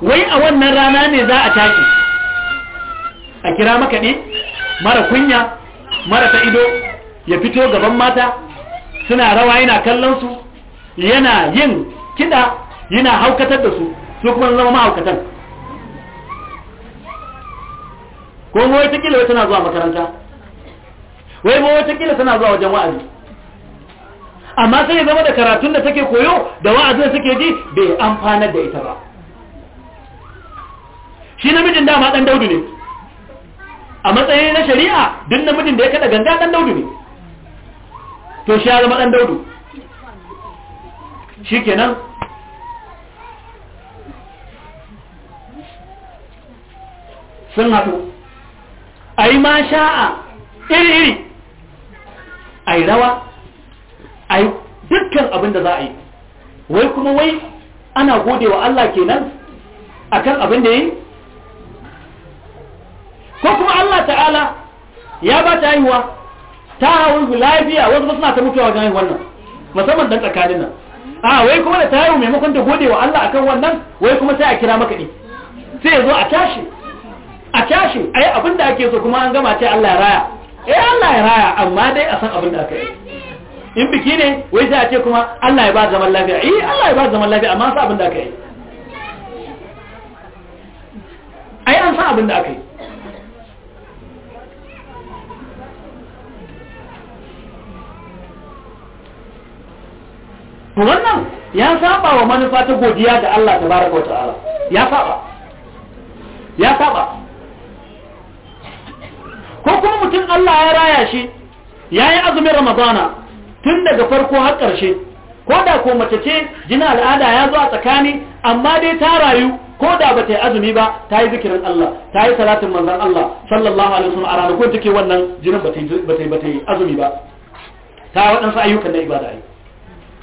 S1: wai a wannan rana ne za a tashi a kira maka ne mara kunya mara ta ido ya fito gaban mata suna rawa yana kallon su yana yin kiɗa yana haukatar da su su kuma zama mahaukatan ko ma wata kila tana zuwa makaranta wai ma wata kila tana zuwa wajen wa'azi amma sai zama da karatun da take koyo da wa'azi da take ji bai amfanar da ita ba shi namijin dama dan daudu ne a matsayin na shari'a duk namijin da ya kada ganga dan daudu ne to shi ya zama ɗan daudu shi kenan sun haɗu a yi ma sha'a iri-iri a yi rawa a yi dukkan abin da za a yi wai kuma wai ana gode wa Allah kenan akan abin da yi ko kuma Allah ta'ala ya ba ta haihuwa ta haihu lafiya wasu suna ta mutuwa wajen wannan musamman dan tsakanin nan a wai kuma da ta haihu maimakon ta gode wa Allah akan wannan wai kuma sai a kira maka ne sai ya zo a tashi a tashi ai abin da ake so kuma an gama ce Allah ya raya eh Allah ya raya amma dai a san abin da aka yi in biki ne wai sai a ce kuma Allah ya ba zaman lafiya eh Allah ya ba zaman lafiya amma san abin da aka yi ai an san abin da aka yi to wannan ya saba wa manufa ta godiya ga Allah tabaraka wa ta'ala ya saba ya saba ko kuma mutum Allah ya raya shi ya yi azumin ramadana tun daga farko har ƙarshe ko da ko mace ce jina al'ada ya zo a tsakani amma dai ta rayu ko da ba ta yi azumi ba ta yi zikirin Allah ta yi salatin manzan Allah sallallahu alaihi wasallam a ko take wannan jinin ba ta yi azumi ba ta waɗansu ayyukan na ibada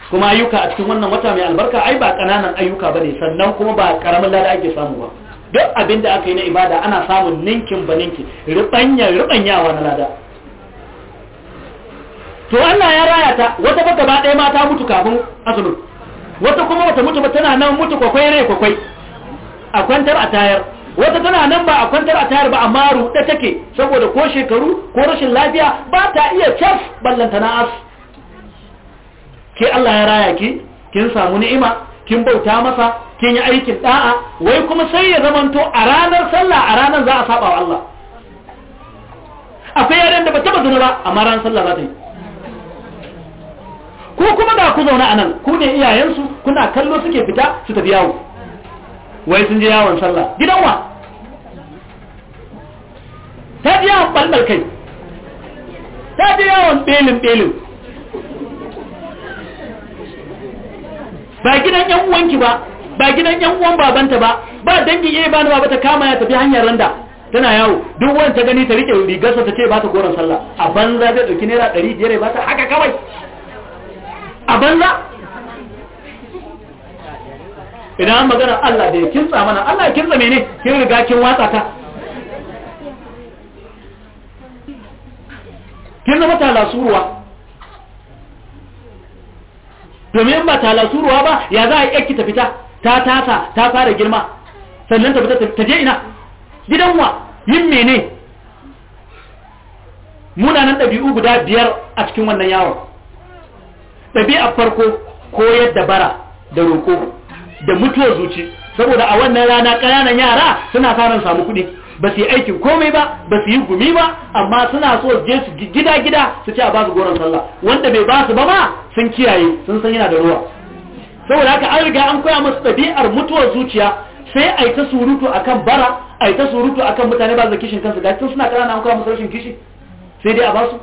S1: kuma ayyuka a cikin wannan wata mai albarka ai ba kananan ayyuka bane sannan kuma ba karamin lada ake samu ba duk abin da aka yi na ibada ana samun ninkin ba ninkin ribanya ribanyawa na lada to Allah ya raya ta wata ba gaba ɗaya ma ta mutu kafin azumin wata kuma wata mutu ba tana nan mutu kwakwai rai kwakwai a kwantar a tayar wata tana nan ba a kwantar a tayar ba amma ruɗe take saboda ko shekaru ko rashin lafiya ba ta iya cas ballantana as ke Allah ya raya ki kin samu ni'ima kin bauta masa kin yi aikin da'a wai kuma sai ya zamanto a ranar sallah a ranar za a saba wa Allah akwai yaren da ba taba zuna ba amma ranar sallah za ta yi ko kuma da ku zauna a nan ku ne iyayensu kuna kallo suke fita su tafi yawo wai sun je yawon sallah gidan wa ta je yawon balbal kai ta je yawon belin belin ba gidan yan uwanki ba ba gidan yan uwan babanta ba ba dangin yayi ba ba ta kama ya tafi hanyar randa tana yawo duk wanda ta gani ta rike rigarsa ta ce ba ta goron sallah a banza zai dauki naira 500 ya ba ta haka kawai
S2: a banza idan
S1: an magana Allah da ya kintsa mana Allah ya kintsa mene kin riga kin watsa ta kin zama talasuruwa domin ba ta lasuruwa ba ya za a yaki ta fita ta tasa ta fara girma sannan ta fita ta je ina gidan yin mene munanan ɗabi'u guda biyar a cikin wannan yawon. Ɗabi'a farko koyar da bara da roƙo da mutuwar zuci saboda a wannan rana ƙananan yara suna samun samu kuɗi ba su yi aikin komai ba ba su yi gumi ba amma suna so je su gida gida su ce a ba su goron sallah wanda bai ba su ba ma sun kiyaye sun san yana da ruwa saboda haka an riga an koya masu ɗabi'ar mutuwar zuciya sai a yi ta surutu akan bara a yi ta surutu akan mutane ba su da kishin kansu ga tun suna ƙanana an koya musu rashin kishi sai dai a ba su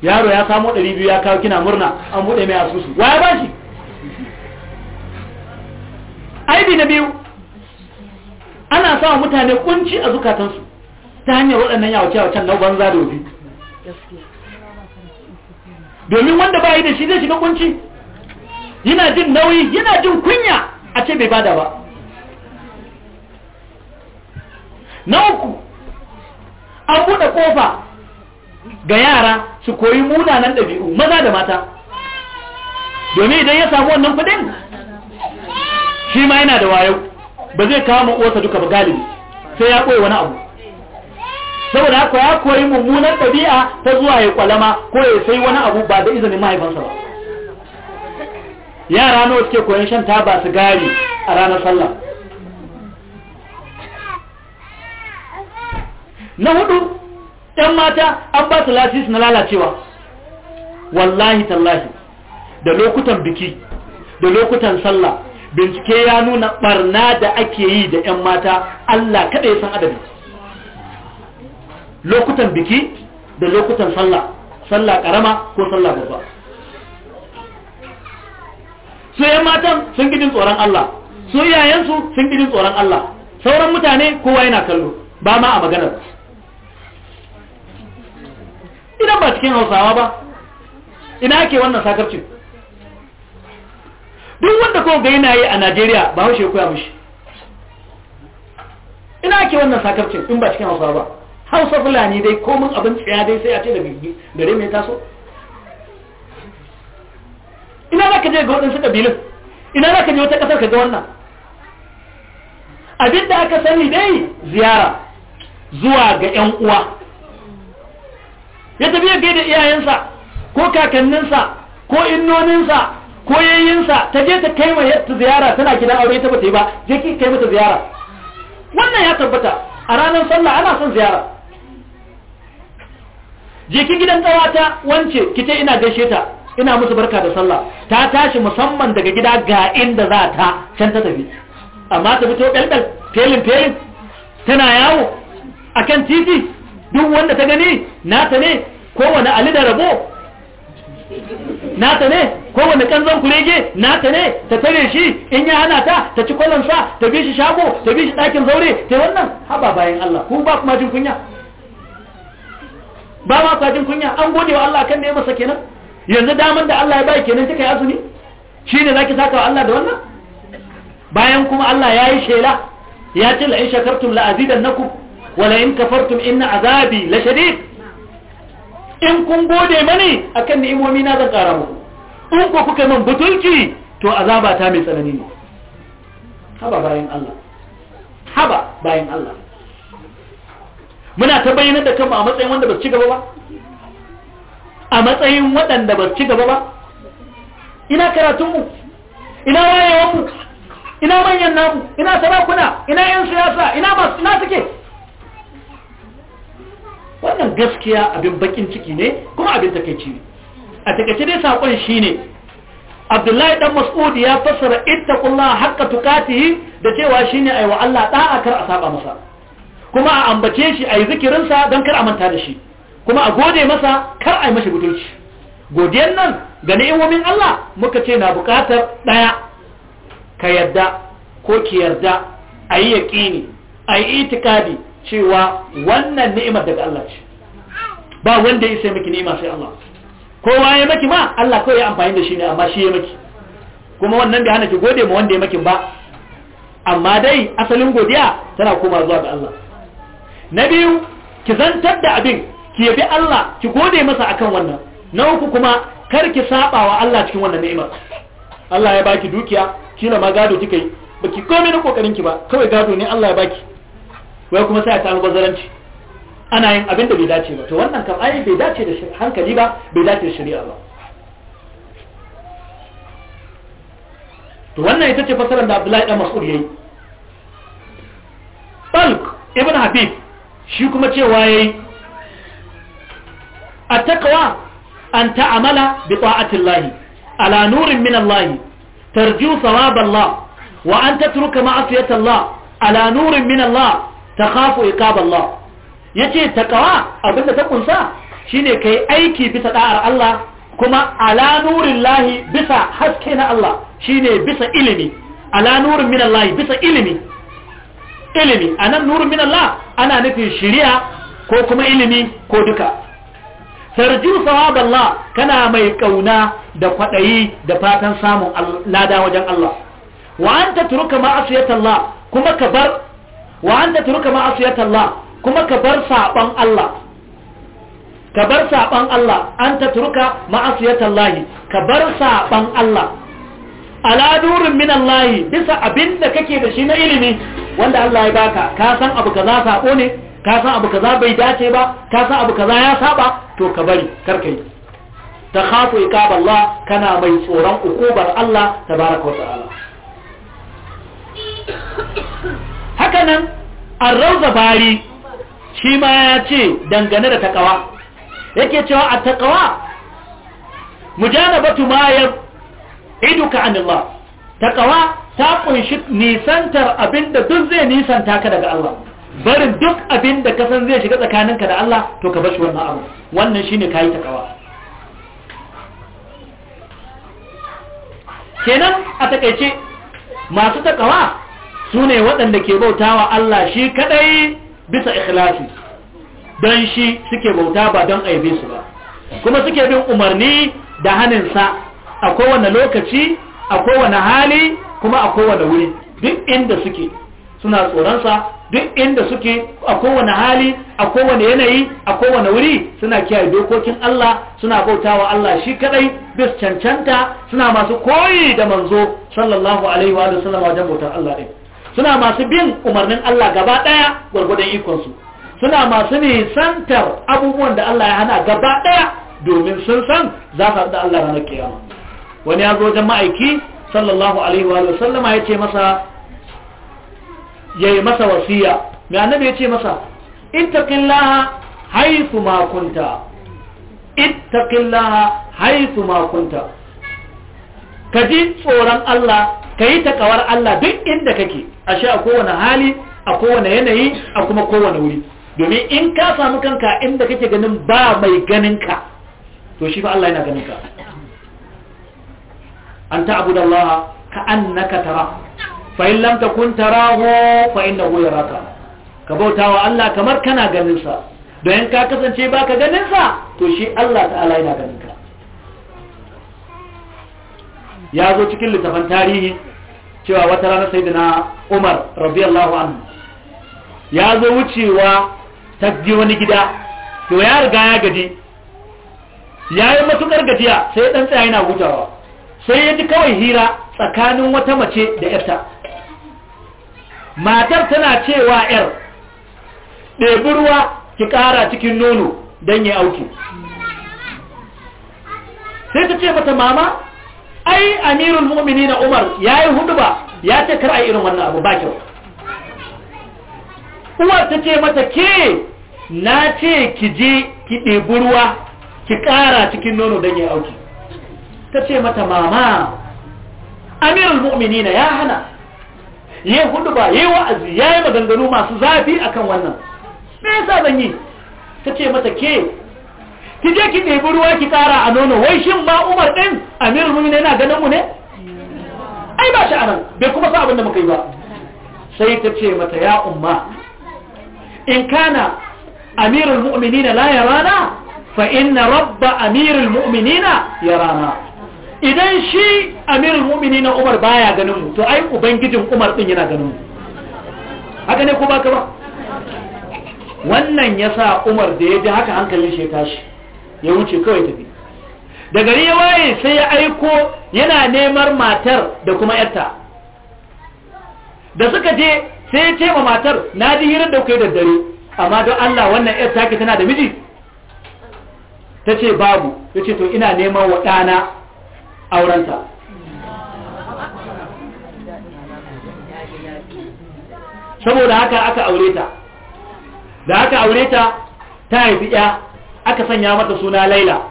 S1: yaro ya samo ɗari biyu ya kawo kina murna an buɗe mai asusu waya ya ba shi aibi na biyu ana sa mutane kunci a zukatansu ta hanyar waɗannan yawace-yawacen na banza da wuri domin wanda ba yi da shi zai shiga kunci yana jin nauyi yana jin kunya a ce bai bada ba na uku an buɗe ƙofa ga yara su koyi munanan ɗabi'u maza da mata domin idan ya samu wannan kuɗin shi ma yana da wayo ba zai kama uwarsa duka ba galibi sai ya koyi wani abu saboda haka ya koyi mummunan ɗabi'a ta zuwa ya kwalama ko ya sai wani abu ba da izinin mahaifansa ba yara nawa suke koyon shan taba gari a ranar sallah na hudu ‘yan mata an ba su lasis na lalacewa wallahi tallahi da lokutan biki da lokutan sallah bincike ya nuna barna da ake yi da 'yan mata Allah kada ya san adabi lokutan biki da lokutan sallah sallah karama ko sallah babba su 'yan matan sun gidin tsoron Allah su yayansu sun gidin tsoron Allah sauran mutane kowa yana kallo ba ma a maganar idan ba cikin hausawa ba ina ake wannan sakarcin duk wanda kuma ga yana yi a najeriya ba haushe ya koya mishi ina ake wannan sakarcin in ba cikin hausa ba hausa fulani dai komin abin tsaya dai sai a ce da gare mai taso ina za ka je ga waɗansu ƙabilun ina za ka je wata ƙasar ka ga wannan abin da aka sani dai ziyara zuwa ga 'yan uwa ya tafiya ya gaida iyayensa ko kakanninsa ko innoninsa koyayyinsa ta je ta kai mai ta ziyara tana gidan aure ta bata yi ba je ki kai mata ziyara wannan ya tabbata a ranar sallah ana son ziyara je ki gidan tsawata wance ki ce ina gaishe ta ina musu barka da sallah ta tashi musamman daga gida ga inda za ta can ta tafi amma ta fito ɗalɗal felin felin tana yawo a kan titi duk wanda ta gani nata ne kowane ali da rabo nata ne kowane kanzon kurege nata ne ta tare shi in ya hana ta ta ci sa ta bi shi shago ta bi shi ɗakin zaure ta wannan haba bayan Allah ko ba kuma jin kunya ba ma kwa jin kunya an gode wa Allah kan ne masa kenan yanzu daman da Allah ya bai kenan kika yi azumi shi ne zaki saka wa Allah da wannan bayan kuma Allah ya yi shela ya ce la in shakartum la azidannakum wa la in kafartum inna azabi la shadid in kun gode mani akan ni'imomi na zan ƙara muku in ku kuka min butulci to azaba ta mai tsanani ne haba bayan Allah haba bayan Allah muna ta bayyana da kanmu a matsayin wanda ba ci gaba ba a matsayin waɗanda ba ci gaba ba ina karatunmu ina wayewanmu ina manyan namu ina sarakuna ina 'yan siyasa ina masu ina suke wannan gaskiya abin bakin ciki ne kuma abin takaici ne a takaice dai sakon shine abdullahi dan Mas'udi ya fassara ittaqullaha haqqa tuqatihi da cewa shine wa Allah da'a kar a saba masa kuma a ambace shi ayi zikirin sa dan kar a manta da shi kuma a gode masa kar a yi mashi butulci godiyan nan ga ni'imomin Allah muka ce na bukatar daya ka yarda ko ki yarda ayi yaqini ayi itikadi cewa wannan ni'imar daga Allah ce ba wanda ya sai miki ni'ima sai Allah kowa ya maki ma Allah kawai ya amfani da shi ne amma shi ya maki kuma wannan bai hana ki gode ma wanda ya maki ba amma dai asalin godiya tana koma zuwa ga Allah na biyu ki zantar da abin ki yabi Allah ki gode masa akan wannan na uku kuma kar ki saba wa Allah cikin wannan ni'imar Allah ya baki dukiya kila ma gado kika yi baki komai na kokarin ki ba kawai gado ne Allah ya baki wai kuma sai a ta albazaranci ana yin abin da bai dace ba to wannan kam ai bai dace da hankali ba bai dace da shari'a ba to wannan ita ce fasarar da Abdullahi dan Mas'ud yayi Talq ibn Habib shi kuma cewa yayi at-taqwa an ta'amala bi ta'ati Allah ala nurin min Allah tarju thawab Allah wa an tatruka ma'asiyata Allah ala nurin min Allah takhafu iqab Allah yace takawa abinda ta kunsa shine kai aiki bisa da'ar Allah kuma ala nurillahi bisa haske na Allah shine bisa ilimi ala nurin min bisa ilimi ilimi nan nurin min Allah ana nufin shiriya ko kuma ilimi ko duka sarju sawab Allah kana mai kauna da kwadayi da fatan samun lada wajen Allah wa anta turuka ma'asiyat Allah kuma ka bar wa an da turuka ma'asiyat Allah kuma ka bar saban Allah ka bar saban Allah an ta turuka ma'asiyat Allah ka bar saban Allah ala durin min Allah bisa abin da kake da shi na ilimi wanda Allah ya baka ka san abu kaza sako ne ka san abu kaza bai dace ba ka san abu kaza ya saba to ka bari karka yi ta khafu iqab kana mai tsoron ukubar Allah tabaraka wa ta'ala haka nan arrauza bari shi ma ya ce dangane da takawa yake cewa a takawa mujanabatu ma ya iduka anillah takawa ta kunshi nisantar abinda duk zai nisanta ka daga Allah barin duk abin da kasan zai shiga tsakaninka da Allah to ka bashi wannan abu wannan shine kayi takawa kenan a takaice masu takawa su ne waɗanda ke bautawa Allah shi kaɗai bisa ikhlasi don shi suke bauta ba don aibe su ba kuma suke bin umarni da haninsa a kowane lokaci a kowane hali kuma a kowane wuri duk inda suke suna tsoronsa duk inda suke a kowane hali a kowane yanayi a kowane wuri suna kiyaye dokokin Allah suna bautawa Allah shi kadai bis cancanta suna masu koyi da manzo sallallahu alaihi wa sallam wajen bautar Allah ɗin suna masu bin umarnin Allah gaba ɗaya gwargwadon ikonsu suna masu nisantar abubuwan da Allah ya hana gaba ɗaya domin sun san za su da Allah ranar kiyama wani ya zo wajen ma'aiki sallallahu alaihi wa sallama ya ce masa ya yi masa wasiya mai annabi ya ce masa ittaqillaha haythu ma kunta ittaqillaha haythu ma kunta ka ji tsoron Allah ka yi takawar Allah duk inda kake A sha a kowane hali a kowane yanayi a kuma kowane wuri domin in ka samu kanka inda kake ganin ba mai ganin ka to shi fa Allah yana ganin ka an ta'budu Allah ka annaka tara fa in lam takun tarahu fa innahu yaraka ka bautawa Allah kamar kana ganin sa don ka kasance baka ganin sa to shi Allah ta'ala yana ganin ka ya zo cikin littafin tarihi cewa wata rana sai na umar radiyallahu anhu ya zo wucewa ta wani gida to ya riga ya gaji ya yi matukar gajiya sai ɗan tsaya yana hutawa sai ya ji kawai hira tsakanin wata mace da yarta matar tana cewa yar ɗebi ruwa ki ƙara cikin nono don ya auki sai ta ce mata mama ai amirul mu'mini na umar ya yi hudu ba ya ce kar a irin wannan abu ba kyau uwar ta ce mata ke na ce ki je ki ɗebi ruwa ki ƙara cikin nono don ya auki ta ce mata mama amirul mu'mini ya hana ya yi hudu ba ya yi wa'azi ya yi maganganu masu zafi akan wannan me yasa zan yi ta ce mata ke ki je ki ɗebi ruwa ki ƙara a nono wai shin ba umar ɗin amirul ne na ganin mu ne ai ba shi anan bai kuma sa abin da muka yi ba sai ta ce mata ya umma in kana amirul mu'minina la rana? fa inna rabba amirul mu'minina rana. idan shi amirul mu'minina umar baya ganin mu to ai ubangijin umar din yana ganin mu haka ne ko baka ba wannan yasa umar da ya ji haka hankalin shi ya tashi ya wuce kawai tafi da gari ya waye sai ya aiko yana neman matar da kuma yarta da suka je sai ya ce ma matar na ji hirar da kai da dare amma don Allah wannan yar ke tana da miji ta ce babu ya ce to ina neman wa ɗana aurenta saboda haka aka aure ta da haka aure ta ta haifi ya aka sanya mata suna laila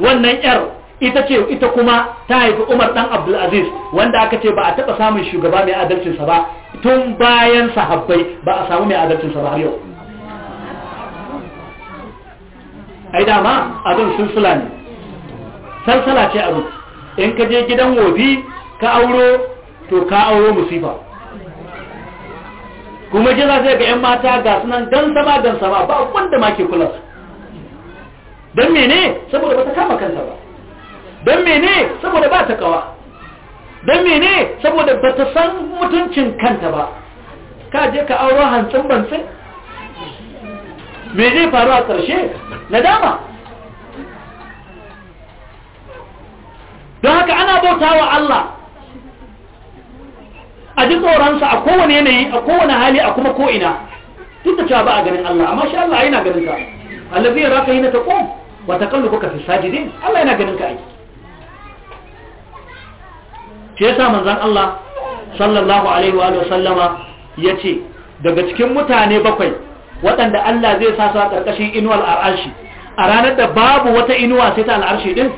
S1: wannan yar ita ce ita kuma ta haifi umar dan abdulaziz wanda aka ce ba a taba samun shugaba mai adalcinsa ba tun bayan sahabbai ba a samu mai adalcinsa ba har yau ai dama abin sulsula ne salsala ce abin in ka je gidan wobi ka auro to ka auro musifa kuma jira zai ga 'yan mata ga sunan gansa sama gan sama ba wanda ma ke kula su don mene saboda ba ta kama kanta ba don mene saboda ba ta kawa don mene saboda ba ta san mutuncin kanta ba ka je ka auro hantsin bantsin me zai faru a ƙarshe nadama don haka ana bauta wa Allah a ji tsoronsa a kowane yanayi a kowane hali a kuma ko'ina duk da cewa ba a ganin Allah amma shi Allah yana ganin ka allazi yaraka hina taqum wa taqallubuka fi sajidin Allah yana ganin ka aiki. shi yasa manzon Allah sallallahu alaihi wa sallama daga cikin mutane bakwai waɗanda Allah zai sa su a ƙarƙashin inuwar al'arshi a ranar da babu wata inuwa sai ta al'arshi din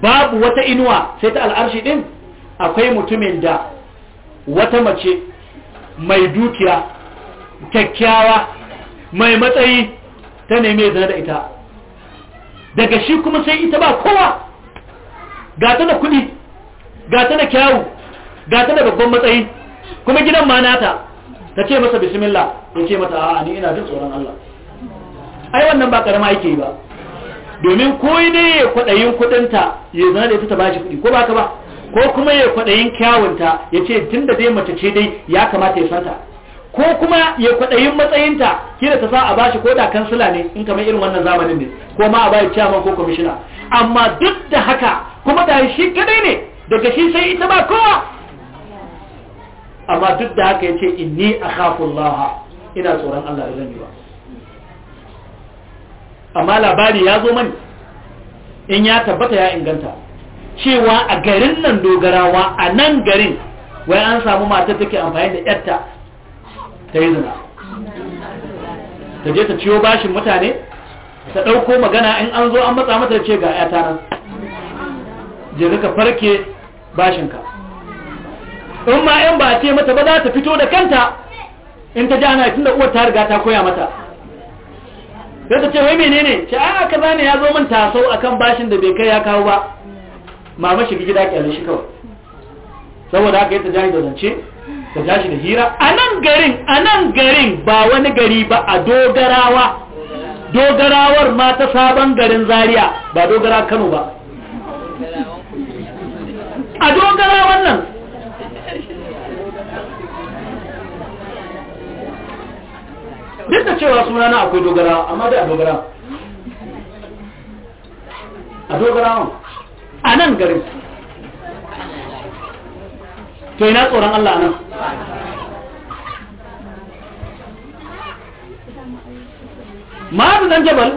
S1: babu wata inuwa sai ta al'arshi ɗin akwai mutumin da wata mace mai dukiya kyakkyawa mai matsayi ta neme zana da ita daga shi kuma sai ita ba kowa ga ta da kudi ga ta da kyawu ga ta da babban matsayi kuma gidan ma nata ta ce masa bismillah in ce mata a'a ni ina jin tsoron Allah ai wannan ba karama yake ba domin ko ne ya kwadayin kudinta ya zana da ita ta bashi kudi ko ba ka ba ko kuma ya kwadayin kyawunta ya ce tunda dai mace ce dai ya kamata ya santa ko kuma ya kwaɗayin matsayinta kira ta sa a bashi ko da kansila ne in kamar irin wannan zamanin ne ko ma a bayi ciyaman ko kwamishina. amma duk da haka kuma da shi kadai ne daga shi sai ita ba kowa amma duk da haka ya a inni laha. ina tsoron Allah da zan yi ba amma labari ya zo mani in ya tabbata ya inganta cewa a garin nan dogarawa a nan garin wai an samu mata take amfani da yarta ta yi zina ta je ta ciyo bashin mutane ta ɗauko magana in an zo an matsa mata ce ga 'yata nan je ka farke bashinka in ma 'yan ba ce mata ba za ta fito da kanta in ta jana tun da uwar ta riga ta koya mata sai ta ce wai menene ce a aka zane ya zo min taso akan bashin da bai kai ya kawo ba mama shiga gida kyale shi kawai saboda haka yi ta jani da zance ta ja shi da hira a nan garin a nan garin ba wani gari ba a dogarawa dogarawar ma ta sabon garin zaria ba dogara kano ba
S2: a dogara wannan duk da cewa
S1: suna na akwai dogara amma dai a dogara a dogara a nan garin
S2: to ina tsoron Allah nan ma'azu
S1: dan jabal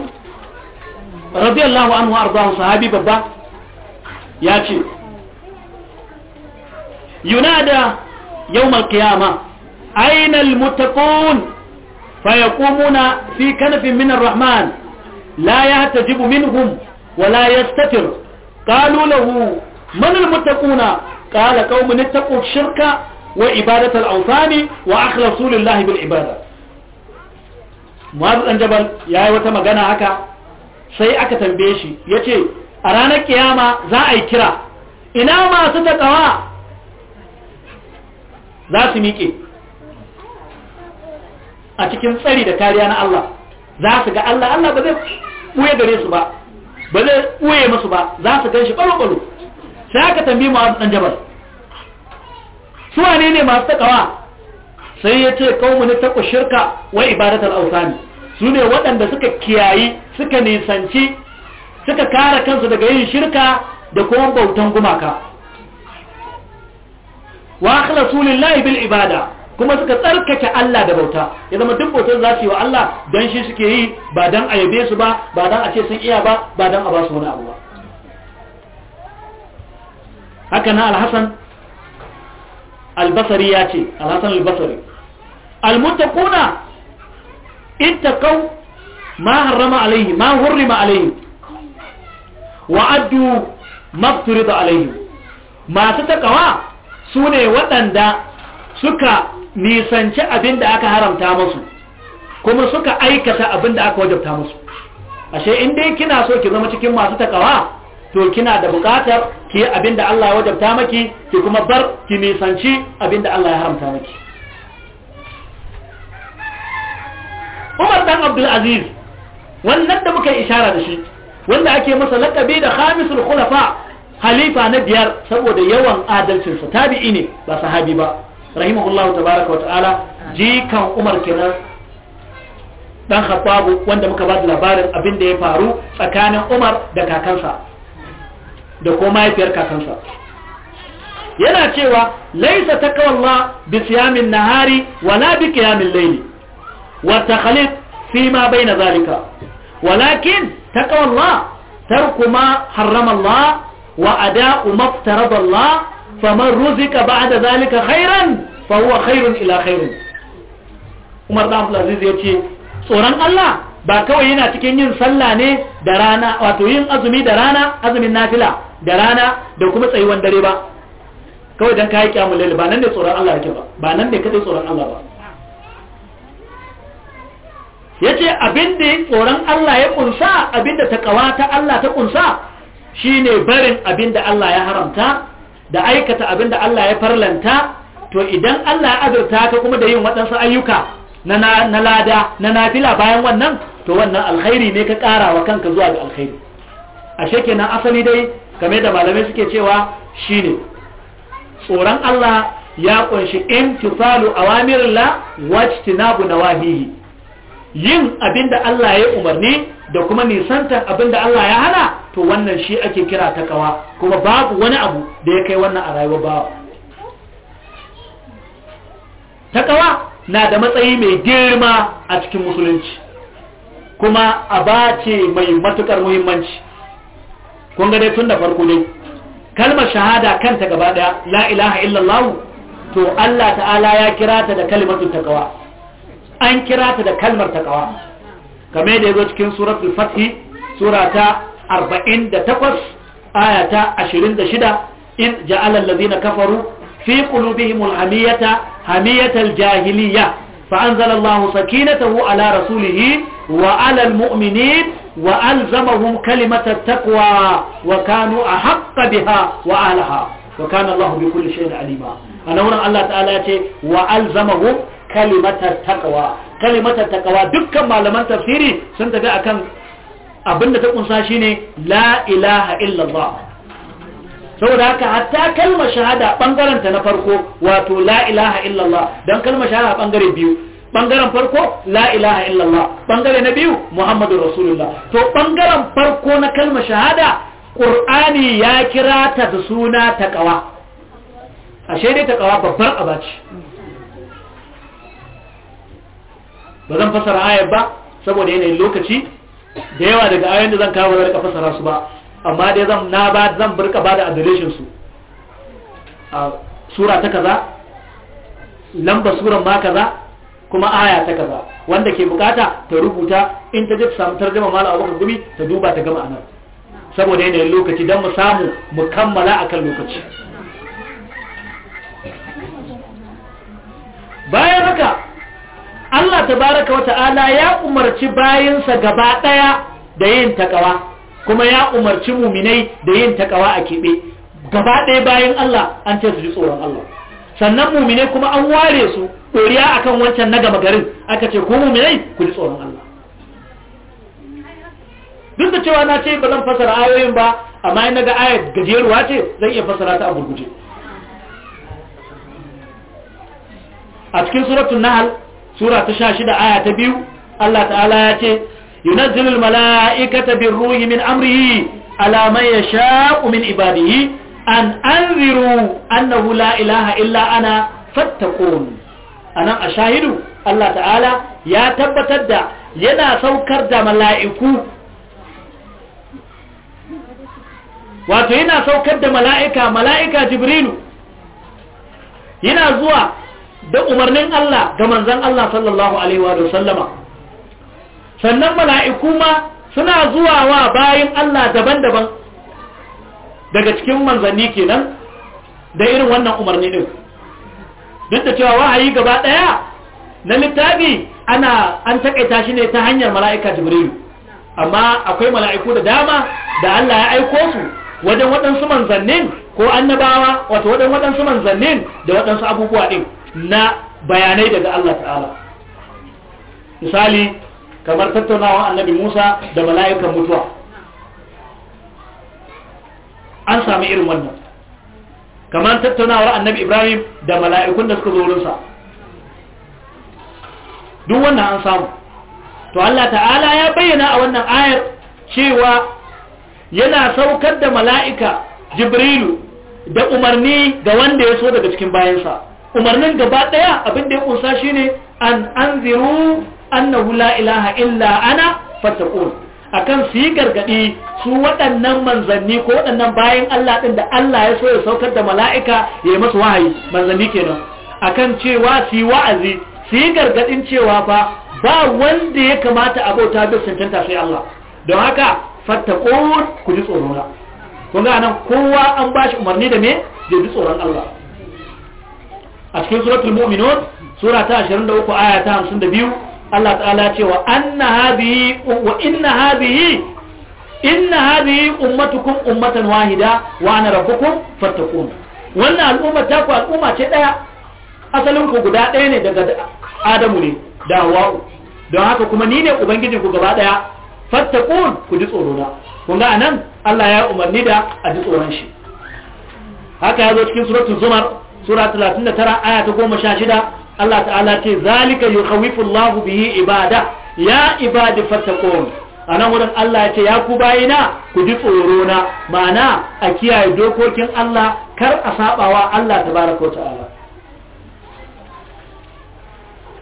S1: radiyallahu anhu ardahu sahabi babba ya ce yunada yawmal qiyama aina almuttaqun fayaqumuna fi kanfin min arrahman la yahtajibu minhum wa la yastatir qalu lahu man almuttaquna qala qaumun ittaqu shirka wa ibadatar al wa akhlasu lillahi bil ibada Mu'adh dan Jabal wata magana haka sai aka tambaye shi Ya ce a ranar kiyama za a yi kira ina masu takawa za su miƙe a cikin tsari da kariya na Allah za su ga Allah Allah ba zai ɓuye gare su ba ba zai ɓuye musu ba za su gan shi ɓalo-ɓalo sai aka tambi masu ɗan jabal su wane ne masu takawa sai ya ce kawo ta taɓa shirka wa ibadatar ausani su ne waɗanda suka kiyayi suka nisanci suka kare kansu daga yin shirka da kuma bautan gumaka wa akhlasu lillahi bil ibada kuma suka tsarkake Allah da bauta ya zama duk bautar za su yi wa Allah dan shi suke yi ba dan a yabe su ba ba dan a ce sun iya ba ba dan a ba su wani abu ba haka na alhassan albasari ya ce alhassan albasari almuttaquna ittaqaw ma harrama alaihi ma hurrima alaihi wa addu mafturida alaihi masu takawa sune waɗanda suka nisanci abin da aka haramta musu kuma suka aikata abin da aka wajabta musu ashe in dai kina so ki zama cikin masu takawa to kina da bukatar ki yi abinda Allah ya wajabta maki ki kuma bar ki nisanci abinda Allah ya haramta maki Umar dan Abdul Aziz wannan da muka ishara da shi wanda ake masa lakabi da khamisul khulafa halifa na biyar saboda yawan adalcin sa tabi'i ne ba sahabi ba rahimahullahu tabaraka wa ta'ala jikan Umar kenan dan Khattab wanda muka ba da labarin abin da ya faru tsakanin Umar da kakansa da ko mahaifiyar kakansa yana cewa laisa takawallah bi siyamin nahari wala bi qiyamil layli wa takhalif fi ma bayna zalika walakin takawallah tarku ma harrama Allah wa ada'u ma iftarada Allah faman ruzika ba'da zalika khairan fa huwa khairun ila khairin Umar da Abdul Aziz yace tsoron Allah ba kawai yana cikin yin sallah ne da rana wato yin azumi da rana azumin nafila da rana da kuma tsayuwan dare ba kawai don kayi kyamun laili ba nan da tsoron Allah yake ba ba nan da kaɗai tsoron Allah ba ya ce abin yin tsoron Allah ya kunsa abin takawa ta Allah ta kunsa ne barin abin da Allah ya haramta da aikata abin da Allah ya farlanta to idan Allah ya azurta ka kuma da yin waɗansu ayyuka na lada na nafila bayan wannan to wannan alkhairi ne ka ƙara wa kanka zuwa ga alkhairi ashe kenan asali dai kamar da malamai suke cewa shi ne tsoron Allah ya ƙunshi kunshi wacce nabu na wahihi yin abinda Allah ya umarni da kuma nisantar da Allah ya hana to wannan shi ake kira ta takawa kuma babu wani abu da ya kai wannan a rayuwa bawa takawa na da matsayi mai girma a cikin musulunci kuma a bace mai matuƙar muhimmanci kun ga dai tun da farko dai kalmar shahada kanta gaba daya la ilaha illallah to Allah ta'ala ya kira ta da kalmatu taqwa an kira ta da kalmar taqwa kamar da yazo cikin suratul fath sura ta 48 aya ta 26 in ja'ala allazina kafaru fi qulubihim al-hamiyata hamiyatal jahiliyah فأنزل الله سكينته على رسوله وعلى المؤمنين وألزمهم كلمة التقوى وكانوا أحق بها وأهلها وكان الله بكل شيء عليما أنا هنا الله تعالى يقول وألزمهم كلمة التقوى كلمة التقوى دكا ما لمن تفسيري سنتبع كم abinda ta kunsa shine la ilaha illallah saboda haka hatta kalmar shahada bangaren ta na farko wato la ilaha illallah dan kalmar shahada bangare biyu bangaren farko la ilaha illallah bangare na biyu muhammadu rasulullah to bangaren farko na kalmar shahada qur'ani ya kira ta da suna taqwa ashe dai taqwa babbar abaci ba zan fasara ayar ba saboda yanayin lokaci da yawa daga ayoyin da zan kawo ba zan fasara su ba amma dai zan na ba zan burka ba da adoration su a sura ta kaza lamba suran ma kaza kuma aya ta kaza wanda ke bukata ta rubuta in ta jefa samu tarjama mala abubakar gumi ta duba ta gama anan saboda yanayin lokaci don mu samu mu kammala akan lokaci bayan haka Allah ta baraka wata ala ya umarci bayansa gaba ɗaya da yin takawa kuma ya umarci muminai da yin takawa a keɓe gaba ɗaya bayan Allah an ce su ji tsoron Allah sannan muminai kuma an ware su ɗoriya akan wancan na gama garin aka ce ko muminai ku ji tsoron Allah duk da cewa na ce ba zan fasara ayoyin ba amma in ga ayar gajeruwa ce zan iya fasara ta a gurguje a cikin suratun Nahal sura ta sha shida aya ta biyu Allah ta'ala ya ce ينزل الملائكة بالروح من أمره على من يشاء من عباده أن أنذروا أنه لا إله إلا أنا فاتقون أنا أشاهد الله تعالى يا تبتد ينا سوكر دا ملائكو wato yana saukar da mala'ika mala'ika jibrilu yana zuwa da umarnin Allah ga manzan Allah sallallahu Alaihi wa sallama sannan mala'iku ma suna zuwa wa bayan Allah daban-daban daga cikin manzanni kenan da irin wannan umarni ɗin duk da cewa wahayi gaba ɗaya, na littafi ana an taƙaita shi ne ta hanyar mala'ika jibril amma akwai mala'iku da dama da Allah ya aiko su wajen waɗansu manzannin ko annabawa wato wajen waɗansu manzannin da waɗansu abubuwa ɗin na bayanai daga Allah ta'ala misali kamar tattaunawa annabi Musa da mala'ikan mutuwa an sami irin wannan kamar tattaunawar annabi Ibrahim da mala'ikun da suka zo wurinsa duk wannan an samu to Allah ta'ala ya bayyana a wannan ayar cewa yana saukar da mala'ika jibrilu da umarni ga wanda ya so daga cikin bayansa umarnin gaba ɗaya abinda ya ƙunsa shine an anziru annahu la ilaha illa ana fattaqun akan su yi gargadi su waɗannan manzanni ko waɗannan bayan Allah ɗin da Allah ya so ya saukar da mala'ika ya yi masu wahayi manzanni kenan akan cewa su yi wa'azi su yi gargadin cewa ba ba wanda ya kamata abota da cancanta sai Allah don haka fattaqun ku ji tsoro na kun ga nan kowa an bashi umarni da me je ji tsoron Allah a cikin suratul mu'minun sura ta 23 aya ta 52 Allah ta'ala ce wa anna hadhihi wa inna hadhihi inna hadhihi ummatukum ummatan wahida wa ana rabbukum fattaqun wannan al'umma ta ku al'umma ce daya asalin ku guda daya ne daga Adamu ne da Hawwa don haka kuma ni ne ubangijin ku gaba daya fattaqun ku ji tsoro na kun ga anan Allah ya umarni da a ji tsoron shi haka ya zo cikin suratul zumar sura 39 aya ta 16 Allah ta'ala ce zalika yukhawifu Allahu bihi ibada ya ibadi fattaqun anan wurin Allah ya ce ya ku bayina ku ji tsoro na ma'ana a kiyaye dokokin Allah kar a sabawa Allah tabaraka ta'ala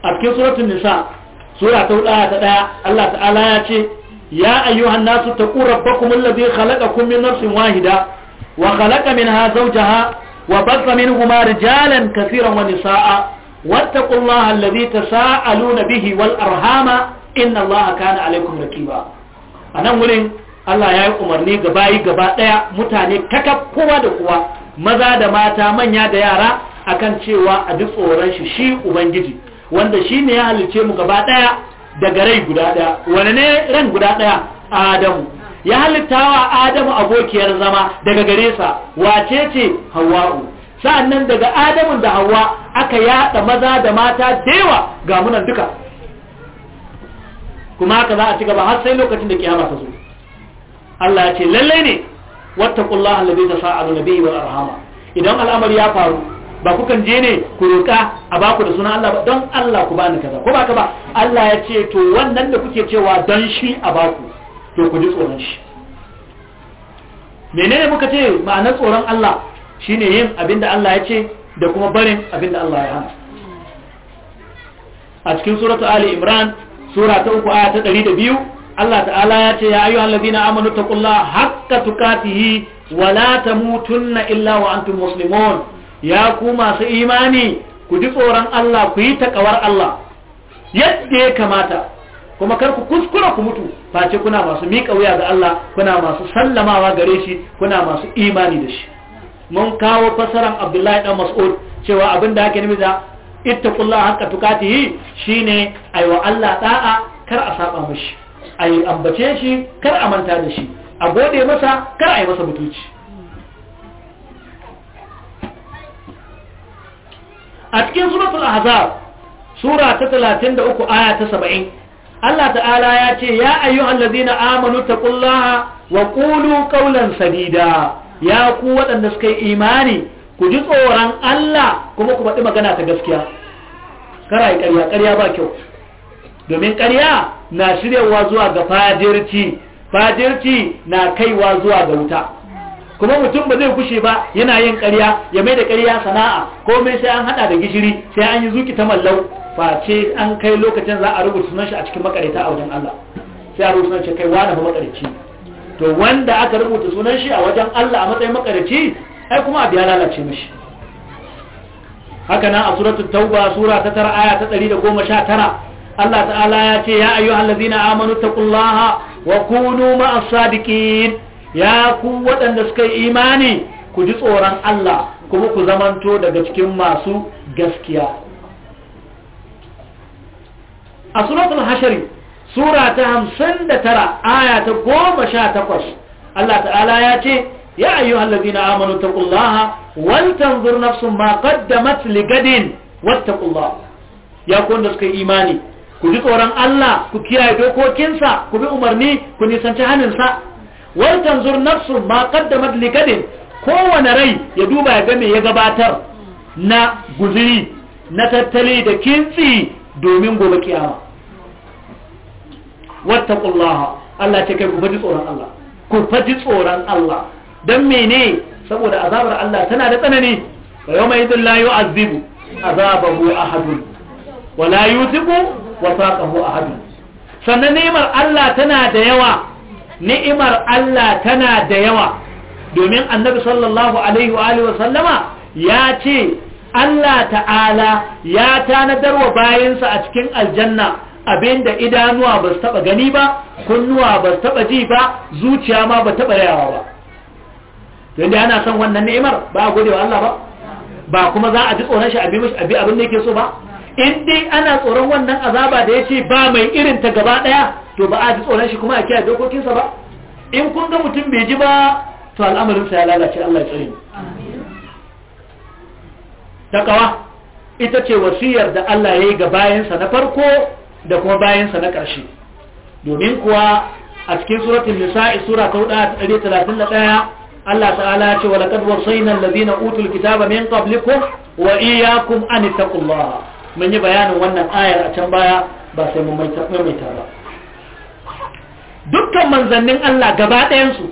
S1: a cikin suratul nisa sura ta hudu ta daya Allah ta'ala ya ce ya ayyuhan nasu taqu rabbakum alladhi khalaqakum min nafsin wahida wa khalaqa minha zawjaha wa batha minhuma rijalan kaseeran wa nisaa'a واتقوا الله الذي تساءلون به والأرحام إن الله كان عليكم ركيبا أنا أقول Allah ya yi umarni gaba yi gaba ɗaya mutane kakaf kowa da kuwa maza da mata manya da yara akan cewa a duk tsoron shi shi ubangiji wanda shi ne ya halice mu gaba ɗaya daga rai guda ɗaya wani ne ran guda ɗaya adamu ya halitta wa adamu abokiyar zama daga gare wace ce hawa'u sa'annan daga adamun da hawa aka yada maza da mata dewa ga munan duka kuma haka za a ci gaba har sai lokacin da kiyama ta zo Allah ya ce lalle ne wattaqullaha allazi tasaa'alu nabiyyi wal arhama idan al'amari ya faru ba ku kan je ne ku roƙa a baku da sunan Allah ba don Allah ku bani kaza ko baka ba Allah ya ce to wannan da kuke cewa don shi a baku to ku ji tsoron shi menene muka ce ma'anar tsoron Allah shine yin abinda Allah ya ce da kuma barin abinda Allah ya hana a cikin suratu ali imran sura ta uku aya ta ɗari da biyu, Allah ta'ala ya ce ya ayyuhal na amanu taqullaha haqqa tuqatihi wa la tamutunna illa wa antun musulmon, ya ku masu imani ku ji tsoron Allah ku yi takawar Allah yadda ya kamata kuma kar ku kuskura ku mutu face kuna masu miƙa wuya ga Allah kuna masu sallamawa gare shi kuna masu imani da shi mun kawo fasaran abdullahi dan mas'ud cewa abin da ake nufi da ittaqullaha haqqa tuqatihi shine aiwa Allah da'a kar a saba mishi ai ambace shi kar a manta da shi a gode masa kar a yi masa mutunci a cikin suratul ahzab sura ta 33 aya ta 70 Allah ta'ala ya ce ya ayyuhallazina amanu taqullaha wa qulu qawlan sadida ya ku waɗanda suka yi imani ku ji tsoron Allah kuma ku faɗi magana ta gaskiya kara yi ƙarya ƙarya ba kyau domin ƙarya na shiryawa zuwa ga fadirci fadirci na kaiwa zuwa ga wuta kuma mutum ba zai kushe ba yana yin ƙarya ya mai da ƙarya sana'a komai sai an haɗa da gishiri sai an yi zuki ta mallau face an kai lokacin za a rubuta sunan shi a cikin makareta a wajen Allah sai a rubuta sunan shi kai wani ba to wanda aka rubuta sunan shi a wajen Allah a matsayin makarici ai kuma abiya ya lalace mishi haka nan a suratul tauba sura ta tara aya ta 119 Allah ta'ala ya ce ya ayyuhal ladzina amanu taqullaha wa kunu ma'as sadiqin ya ku waɗanda suka yi imani ku ji tsoron Allah kuma ku zamanto daga cikin masu gaskiya a suratul hashari sura ta hamsin da tara aya ta goma sha takwas Allah ta'ala ya ce ya ayyu hallabi na amanu ta kullaha wantan zurnafsun ma kaddamat ligadin wata kullaha ya kunda suka yi imani ku ji tsoron Allah ku kiyaye dokokinsa ku bi umarni ku nisanci hannunsa wantan zurnafsun ma kaddamat ligadin kowane rai ya duba ya game ya gabatar na guziri na tattali da kintsi domin gobe kiyama wattaqullaha Allah ce kai ku faji tsoron Allah ku faji tsoron Allah dan mene saboda azabar Allah tana da tsanani wa yawma idin la yu'azzibu azabahu ahadun wa la yuzibu wasaqahu ahadun sannan ni'imar Allah tana da yawa ni'imar Allah tana da yawa domin annabi sallallahu alaihi wa alihi wa sallama ya ce Allah ta'ala ya tanadar wa bayansa a cikin aljanna Abin da idanuwa ba su taba gani ba kunnuwa ba su taba ji ba zuciya ma ba taba rayawa ba to inda ana son wannan ni'imar ba a wa Allah ba ba kuma za a ji tsoron shi abi abin da yake so ba in dai ana tsoron wannan azaba da yace ba mai irin ta gaba daya to ba a ji tsoron shi kuma a kiyaye dokokinsa ba in kun ga mutum bai ji ba to sa ya lalace Allah ya tsare Ta takawa ita ce wasiyar da Allah ya yi ga bayansa na farko da kuma bayansa na ƙarshe domin kuwa a cikin suratun nisa'i sura ta hudu a ɗari talatin da ɗaya Allah ta'ala ya ce wa laqad wasayna allazina utul kitaba min qablikum wa iyyakum an taqullaha mun yi bayanin wannan ayar a can baya ba sai mun maita ba dukkan manzannin Allah gaba ɗayan su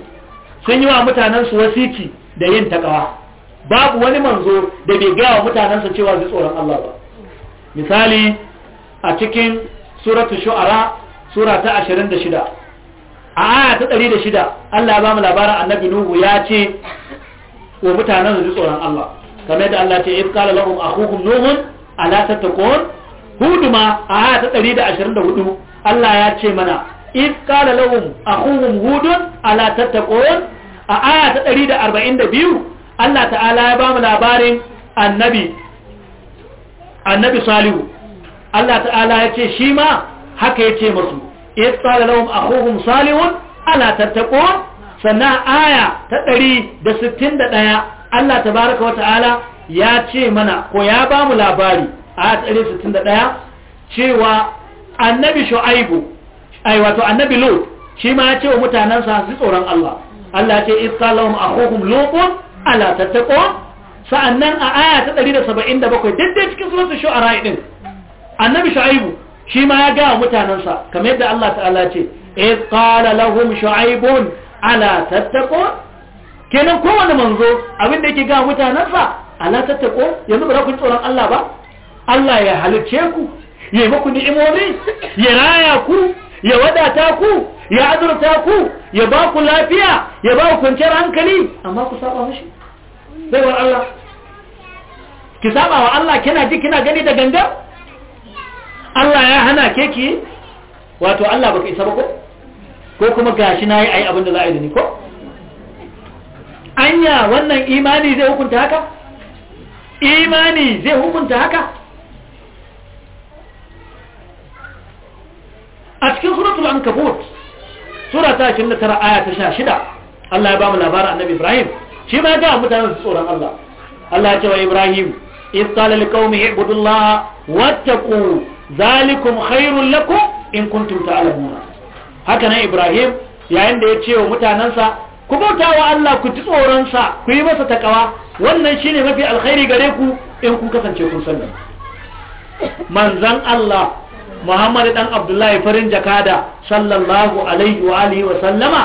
S1: sun yi wa mutanensu wasiki da yin takawa babu wani manzo da bai gaya wa mutanensa cewa su tsoron Allah ba misali a cikin suratu shu'ara sura ta 26 a aya ta 106 Allah ya ba mu labarin annabi nuhu ya ce wa mutanen su ji tsoron Allah kamar yadda Allah ce idh qala lahum akhukum nuhun ala tattaqun huduma a aya ta 124 Allah ya ce mana idh qala lahum akhukum hudun ala tattaqun a aya ta 142 Allah ta'ala ya ba mu labarin annabi annabi salihu Allah ta'ala ya ce shi ma haka ya ce masu iya tsara lahum akhuhum salihun ala tattaqun sannan aya ta 161 Allah tabaraka wa ta'ala ya ce mana ko ya ba mu labari aya ta 161 cewa annabi shu'aibu ai wato annabi lut shi ma ya ce wa mutanansa su tsoron Allah Allah ya ce iya lahum akhuhum lutun ala tattaqun sa'annan a aya ta 177 daidai cikin suratul shu'ara din annabi shu'aibu shi ma ya ga mutanansa kamar yadda Allah ta'ala ce iz qala lahum shu'aibun ala tattaqun kenan kowane manzo abin da yake ga mutanansa ala tattaqun yanzu ba za ku tsoron Allah ba Allah ya halicce ku ya yi muku ni'imomi ya raya ku ya wadata ku ya azurta ku ya ba ku lafiya ya ba ku kwanciyar hankali amma ku saba sai wa Allah ki saba wa Allah kina ji kina gani da gangan Allah ya hana ke ki wato Allah baka isa ba ko ko kuma gashi nayi ai abin da za a yi da ni ko anya wannan imani zai hukunta haka imani zai hukunta haka a cikin suratul ankabut sura ta 29 aya ta 16 Allah ya ba mu labarin annabi Ibrahim shi ma ga mutanen su tsoron Allah Allah ya ce wa Ibrahim إذ قال لقومه اعبدوا الله zalikum khairul lakum in kuntum ta'lamun haka nan Ibrahim yayin da ya ce wa mutanansa ku bautawa Allah ku ji tsoron sa ku yi masa takawa wannan shine mafi alkhairi gare ku in kun kasance kun sanna manzon Allah Muhammad dan Abdullahi farin jakada sallallahu alaihi wa alihi wa sallama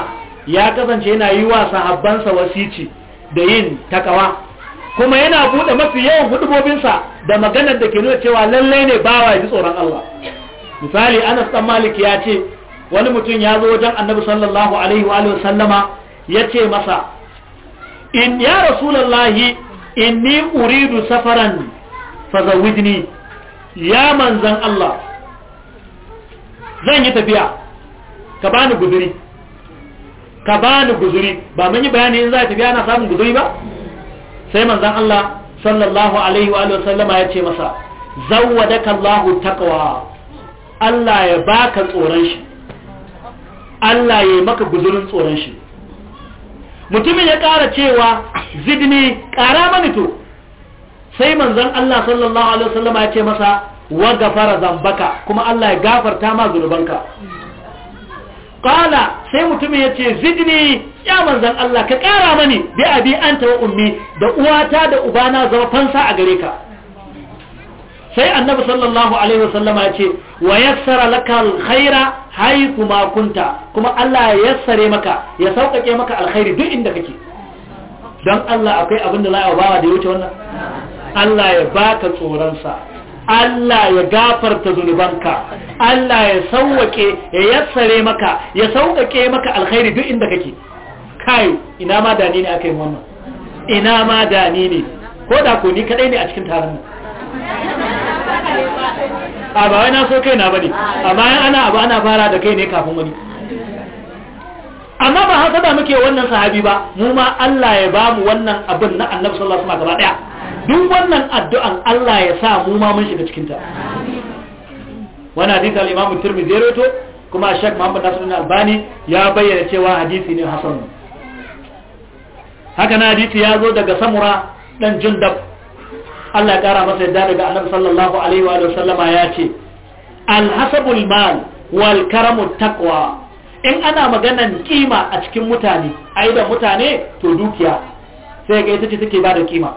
S1: ya kasance yana yi wa sahabbansa wasici da yin takawa kuma yana buɗe mafi yawan hudubobinsa da maganar da ke nuna cewa lallai ne bawa ya ji tsoron Allah misali Anas dan Malik ya ce wani mutum ya zo wajen Annabi sallallahu alaihi wa sallama ya ce masa in ya rasulullahi inni uridu safaran fazawijni ya manzan Allah zan yi tafiya ka bani guzuri ka bani guzuri ba mun yi bayani in za ta tafiya na samun guzuri ba sai manzon Allah sallallahu alaihi wa sallama ya ce masa zawwadaka Allahu taqwa Allah ya baka tsoron shi Allah ya maka guzurin tsoron shi mutumin ya ƙara cewa zidni ƙara mani to sai manzon Allah sallallahu alaihi sallama ya ce masa wa gafara zambaka kuma Allah ya gafarta ma zunubanka qala sai mutumin ya ce zidni ya manzan Allah ka kara mani bi abi anta wa ummi da uwata da ubana zama fansa a gare ka sai annabi sallallahu alaihi wasallama ce wa yassara laka alkhaira haythu ma kunta kuma Allah ya yassare maka ya sauƙaƙe maka alkhairi duk inda kake dan Allah akwai abin da za a bawa da ya wuce wannan Allah ya baka tsoron sa Allah ya gafarta zunubanka Allah ya sauwake ya yassare maka ya sauƙaƙe maka alkhairi duk inda kake kai ina ma dani ne aka yi wannan ina ma dani ne ko da ko ni kadai ne a cikin taron nan
S2: a ba na so kai na bane amma ana abu ana fara da kai
S1: ne kafin wani amma ba hasada muke wannan sahabi ba mu ma Allah ya bamu wannan abin na annabi sallallahu alaihi wasallam gaba daya duk wannan addu'an Allah ya sa mu ma mun shiga cikin ta wannan hadisi al-Imam Tirmidhi ya rawaito kuma Sheikh Muhammad Nasir Albani ya bayyana cewa hadisi ne hasan haka na hadisi ya zo daga Samura dan Jundab Allah ya kara masa yadda daga annabi sallallahu alaihi wa sallama ya ce al-hasabul mal wal karamu taqwa in ana maganan kima a cikin mutane ai da mutane to dukiya sai ga ita ce take ba da kima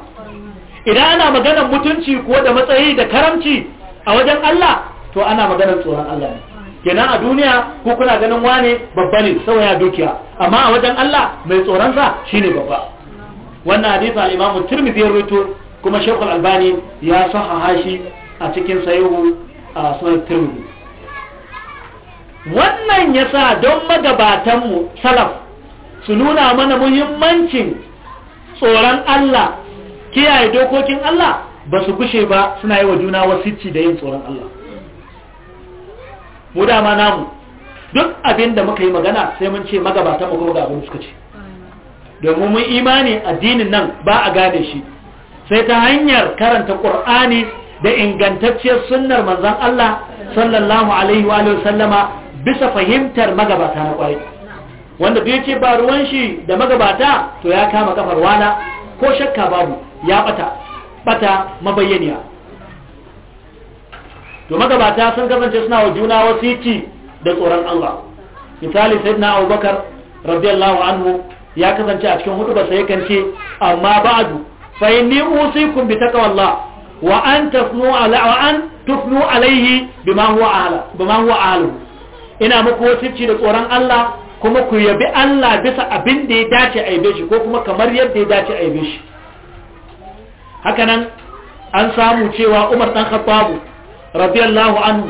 S1: idan ana maganan mutunci ko da matsayi da karamci a wajen Allah to ana maganan tsoron Allah ne kenan a duniya ko kuna ganin wane babba ne sauya dukiya amma a wajen Allah mai tsoron sa ne babba wannan hadisi imam Tirmidhi ya rawaito kuma Sheikh albani ya sahaha shi a cikin sahihu a sunan Tirmidhi wannan ya sa don magabatanmu salaf su nuna mana muhimmancin tsoron Allah kiyaye dokokin Allah ba su kushe ba suna yi wa juna wasicci da yin tsoron Allah mu dama namu duk abin da muka yi magana sai mun ce magabatanmu kuma ga abin suka ce domin mun imani addinin nan ba a gane shi sai ta hanyar karanta ƙur'ani da ingantacciyar sunnar manzon Allah sallallahu alaihi wa sallama bisa fahimtar magabata na kwarai wanda bai ce ba ruwan shi da magabata to ya kama kafar wana ko shakka babu ya bata bata mabayyaniya to magabata sun kasance suna wa juna wasiti da tsoron Allah misali na Abubakar radiyallahu anhu ya kasance a cikin ba sai kan ce amma ba'adu fa inni usikum bi taqwallah wa an tafnu ala wa an tufnu alayhi bima huwa ala bima ina muku wasicci da tsoron Allah kuma ku yabi Allah bisa abin da ya dace a yabe shi ko kuma kamar yadda ya dace a yabe shi hakanan an samu cewa Umar dan Khattabu radiyallahu anhu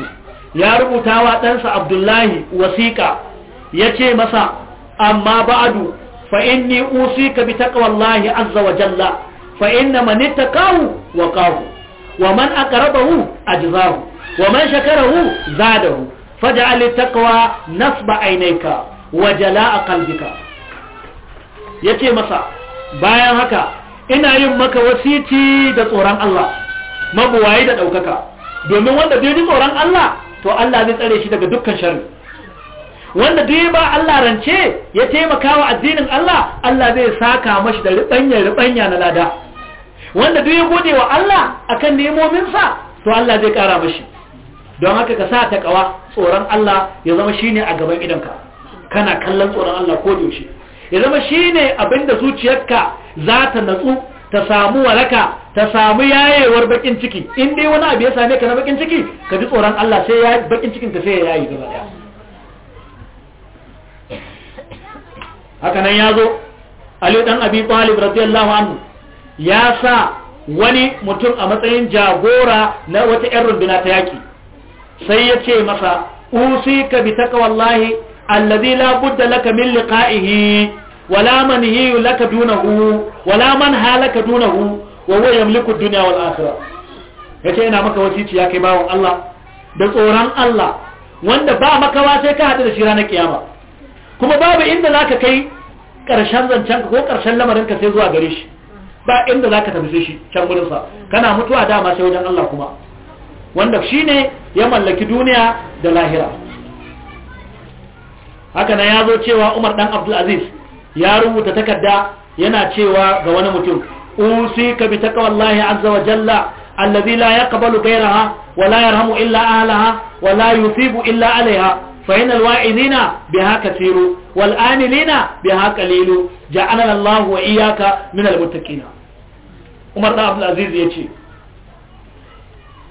S1: ya rubuta wa ɗansa Abdullahi wasiƙa yace masa amma ba'adu fa inni usika bi taqwallahi azza wa jalla fa inna man ittaqahu wa qahu wa man aqrabahu ajzahu wa man shakarahu zadahu faj'al taqwa nasba aynayka wa jala'a qalbika yace masa bayan haka ina yin maka wasiti da tsoron Allah mabuwaye da daukaka domin wanda bai ji tsoron Allah to Allah zai tsare shi daga dukkan sharri wanda duk ba Allah rance ya taimakawa addinin Allah Allah zai saka mashi da ribanya ribanya na lada wanda duk ya gode wa Allah akan nemominsa to Allah zai kara mashi don haka ka sa kawa tsoron Allah ya zama shi ne a gaban idanka kana kallon tsoron Allah ko yaushe ya zama shi ne abinda zuciyarka za ta natsu ta samu waraka ta samu yayewar bakin ciki in dai wani abu ya same ka na bakin ciki ka ji tsoron Allah sai ya bakin cikin ka sai ya yayi gaba daya haka nan yazo Ali dan Abi Talib radiyallahu anhu ya sa wani mutum a matsayin jagora na wata ƴar runduna ta yaki sai ya ce masa ka bi taqwallahi allazi la budda laka min liqa'ihi wala man hiyu laka dunahu wala man halaka dunahu wa huwa yamliku dunya wal akhirah yace ina maka wasici ya kai bawon Allah da tsoron Allah wanda ba makawa sai ka hadu da shi ranar kiyama kuma babu inda zaka kai karshen zancen ko karshen lamarin ka sai zuwa gare shi ba inda zaka tafi shi can gurin sa kana mutuwa dama sai wajen Allah kuma wanda shi ne ya mallaki duniya da lahira haka nan ya zo cewa umar dan abdulaziz ya rubuta takarda yana cewa ga wani mutum usika bi taqwallahi azza wa jalla allazi la yaqbalu ghayraha wa la yarhamu illa ahliha wa la yusibu illa alaiha فإن الواعظين بها كثير والآملين بها قليل جعلنا الله وإياك من Umar ɗan بن عبد العزيز يجي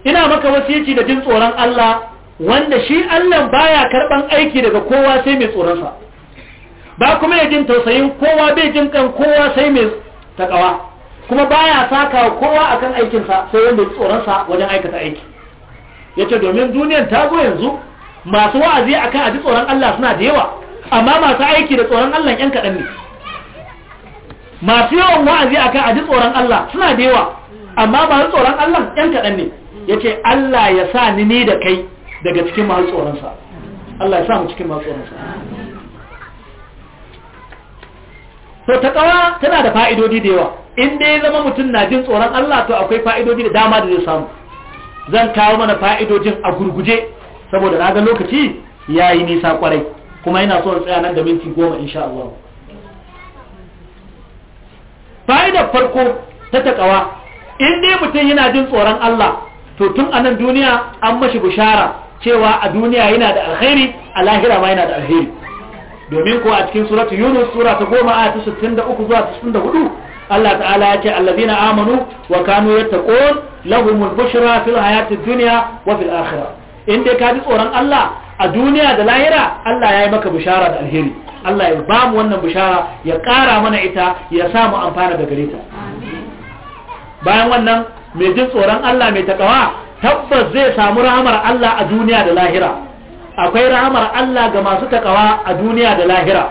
S1: ina maka wasiyaci da jin tsoron Allah wanda shi Allah baya karban aiki daga kowa sai mai tsoronsa ba kuma ya jin tausayin kowa bai jin kan kowa sai mai takawa kuma baya saka kowa akan aikinsa sai wanda tsoronsa wajen aikata aiki yace domin duniyar ta zo yanzu masu wa'azi akan aji tsoron Allah suna da yawa amma masu aiki da tsoron Allah yan kadan ne masu yawan wa'azi akan aji tsoron Allah suna da yawa amma masu tsoron Allah yan kadan ne ya ce Allah ya sa ni ni da kai daga cikin masu tsoronsa Allah ya sa mu cikin masu tsoronsa to ta kawa tana da fa'idodi da yawa in dai zama mutum na jin tsoron Allah to akwai fa'idodi da dama da zai samu zan kawo mana fa'idojin a gurguje saboda na ga lokaci ya yi nisa kwarai kuma yana so tsaya nan da minti goma insha Allah fa'idar farko ta kawa in dai mutum yana jin tsoron Allah to tun a nan duniya an mashi bushara cewa a duniya yana da alheri a lahira ma yana da alheri domin kuwa a cikin suratu yunus sura ta goma a ta uku zuwa hudu. Allah ta'ala ya ce na amanu wa kanu yattaqun lahumul bushra fil hayatid dunya wa fil akhirah in dai ka ji tsoron Allah a duniya da lahira Allah ya yi maka bushara da alheri Allah ya ba mu wannan bushara ya ƙara mana ita ya samu amfana da gare ta bayan wannan mai jin tsoron Allah mai takawa tabbas zai samu rahamar Allah a duniya da lahira akwai rahamar Allah ga masu takawa a duniya da lahira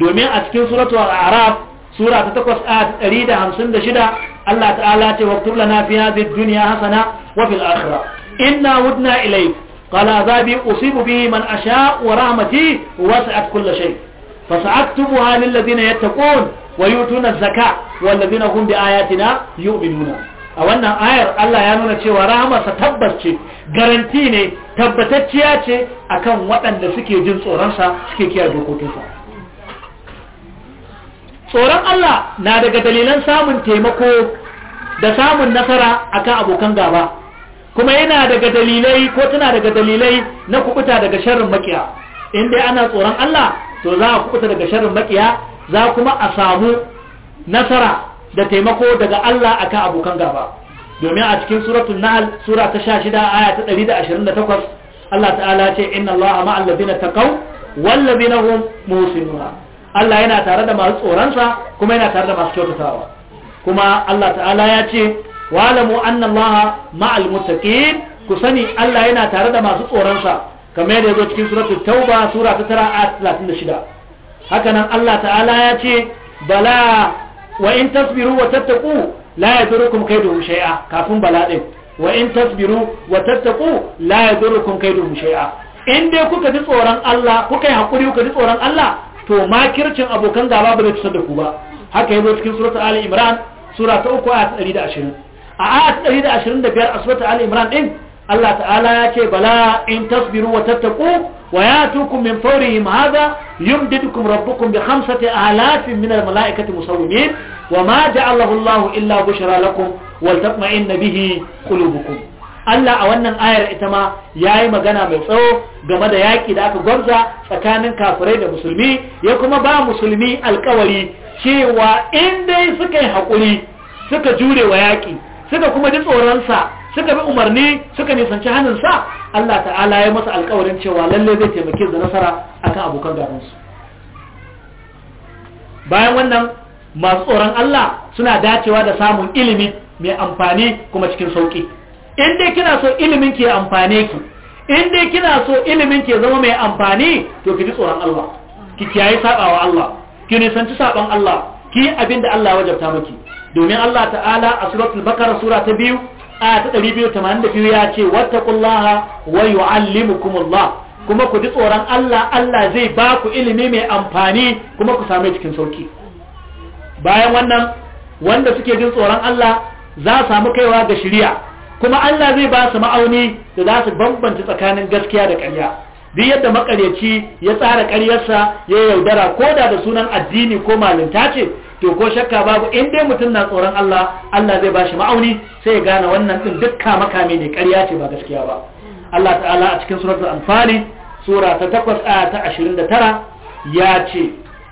S1: domin a cikin suratul a'raf sura ta hamsin da shida, Allah ta'ala ce waqtul lana fi hadhihi dunya hasana wa fil akhirah inna wudna ilayk qala azabi usibu bihi man asha wa rahmati wasi'at kull shay فسأكتبها للذين يتقون ويؤتون الزكاة والذين هم ayatina يؤمنون a wannan ayar Allah ya nuna cewa rahamarsa tabbas ce garanti ne tabbatacciya ce akan waɗanda suke jin tsoronsa suke kiyaye dokokinsa tsoron Allah na daga dalilan samun taimako da samun nasara akan abokan gaba kuma yana daga dalilai ko tana daga dalilai na kubuta daga sharrin makiya in dai ana tsoron Allah to za a kubuta daga sharrin makiya za kuma a samu nasara da taimako daga Allah akan abokan gaba domin a cikin suratul nahl sura ta 16 aya ta 128 Allah ta'ala ce inna allaha ma'al ladina taqaw wal ladina hum muhsinuna Allah yana tare da masu tsoronsa kuma yana tare da masu kyautatawa kuma Allah ta'ala ya ce wa'lamu anna allaha ma'al muttaqin ku sani Allah yana tare da masu tsoronsa kamar yadda yazo cikin suratul tauba sura ta 9 aya 36 haka nan Allah ta'ala ya ce bala wa in tasbiru wa tattaqu la yadurukum kaiduhum shay'a kafin bala'i wa in tasbiru wa tattaqu la yadurukum kaiduhum shay'a in dai kuka ji tsoron Allah kuka yi hakuri kuka ji tsoron Allah to makircin abokan gaba ba zai cutar da ku ba haka yazo cikin surata ali imran sura ta 3 ayat 120 a ayat 125 a surata ali imran din Allah ta'ala ya ce bala in tasbiru wa tattaku wa tukun min fawrihim hadha yumdidukum rabbukum bi khamsati alafin min mala'ikati musawwimin wa ma ja'allahu Allah illa bushra lakum wal tatma'inna bihi qulubukum Allah a wannan ayar ita ma yayi magana mai tsawo game da yaki da aka gwabza tsakanin kafirai da musulmi ya kuma ba musulmi alkawari cewa in dai suka yi hakuri suka jure wa yaki suka kuma ji tsoron sa suka bi umarni suka nisanci hannunsa Allah ta'ala ya masa alkawarin cewa lalle zai taimake da nasara akan abokan gabansu bayan wannan masu tsoron Allah suna dacewa da samun ilimi mai amfani kuma cikin sauki in dai kina so ilimin ke amfane ki in dai kina so ilimin ke zama mai amfani to ki ji tsoron Allah ki kiyaye sabawa Allah ki nisanci saɓon Allah ki abin da Allah ya wajabta maki. domin Allah ta'ala a suratul bakara sura ta biyu aya ta 282 ya ce wattaqullaha wa yu'allimukumullah kuma ku ji tsoron Allah Allah zai ba ku ilimi mai amfani kuma ku same cikin sauki bayan wannan wanda suke jin tsoron Allah za su samu kaiwa ga shari'a kuma Allah zai ba su ma'auni da za su bambanta tsakanin gaskiya da ƙarya duk yadda makaryaci ya tsara ƙaryarsa ya yaudara ko da da sunan addini ko malinta ce to ko shakka babu in dai mutum na tsoron Allah Allah zai bashi ma'auni sai ya gane wannan din dukka makami ne ƙarya ce ba gaskiya ba Allah ta'ala a cikin suratul anfali sura ta 8 aya ta 29 ya ce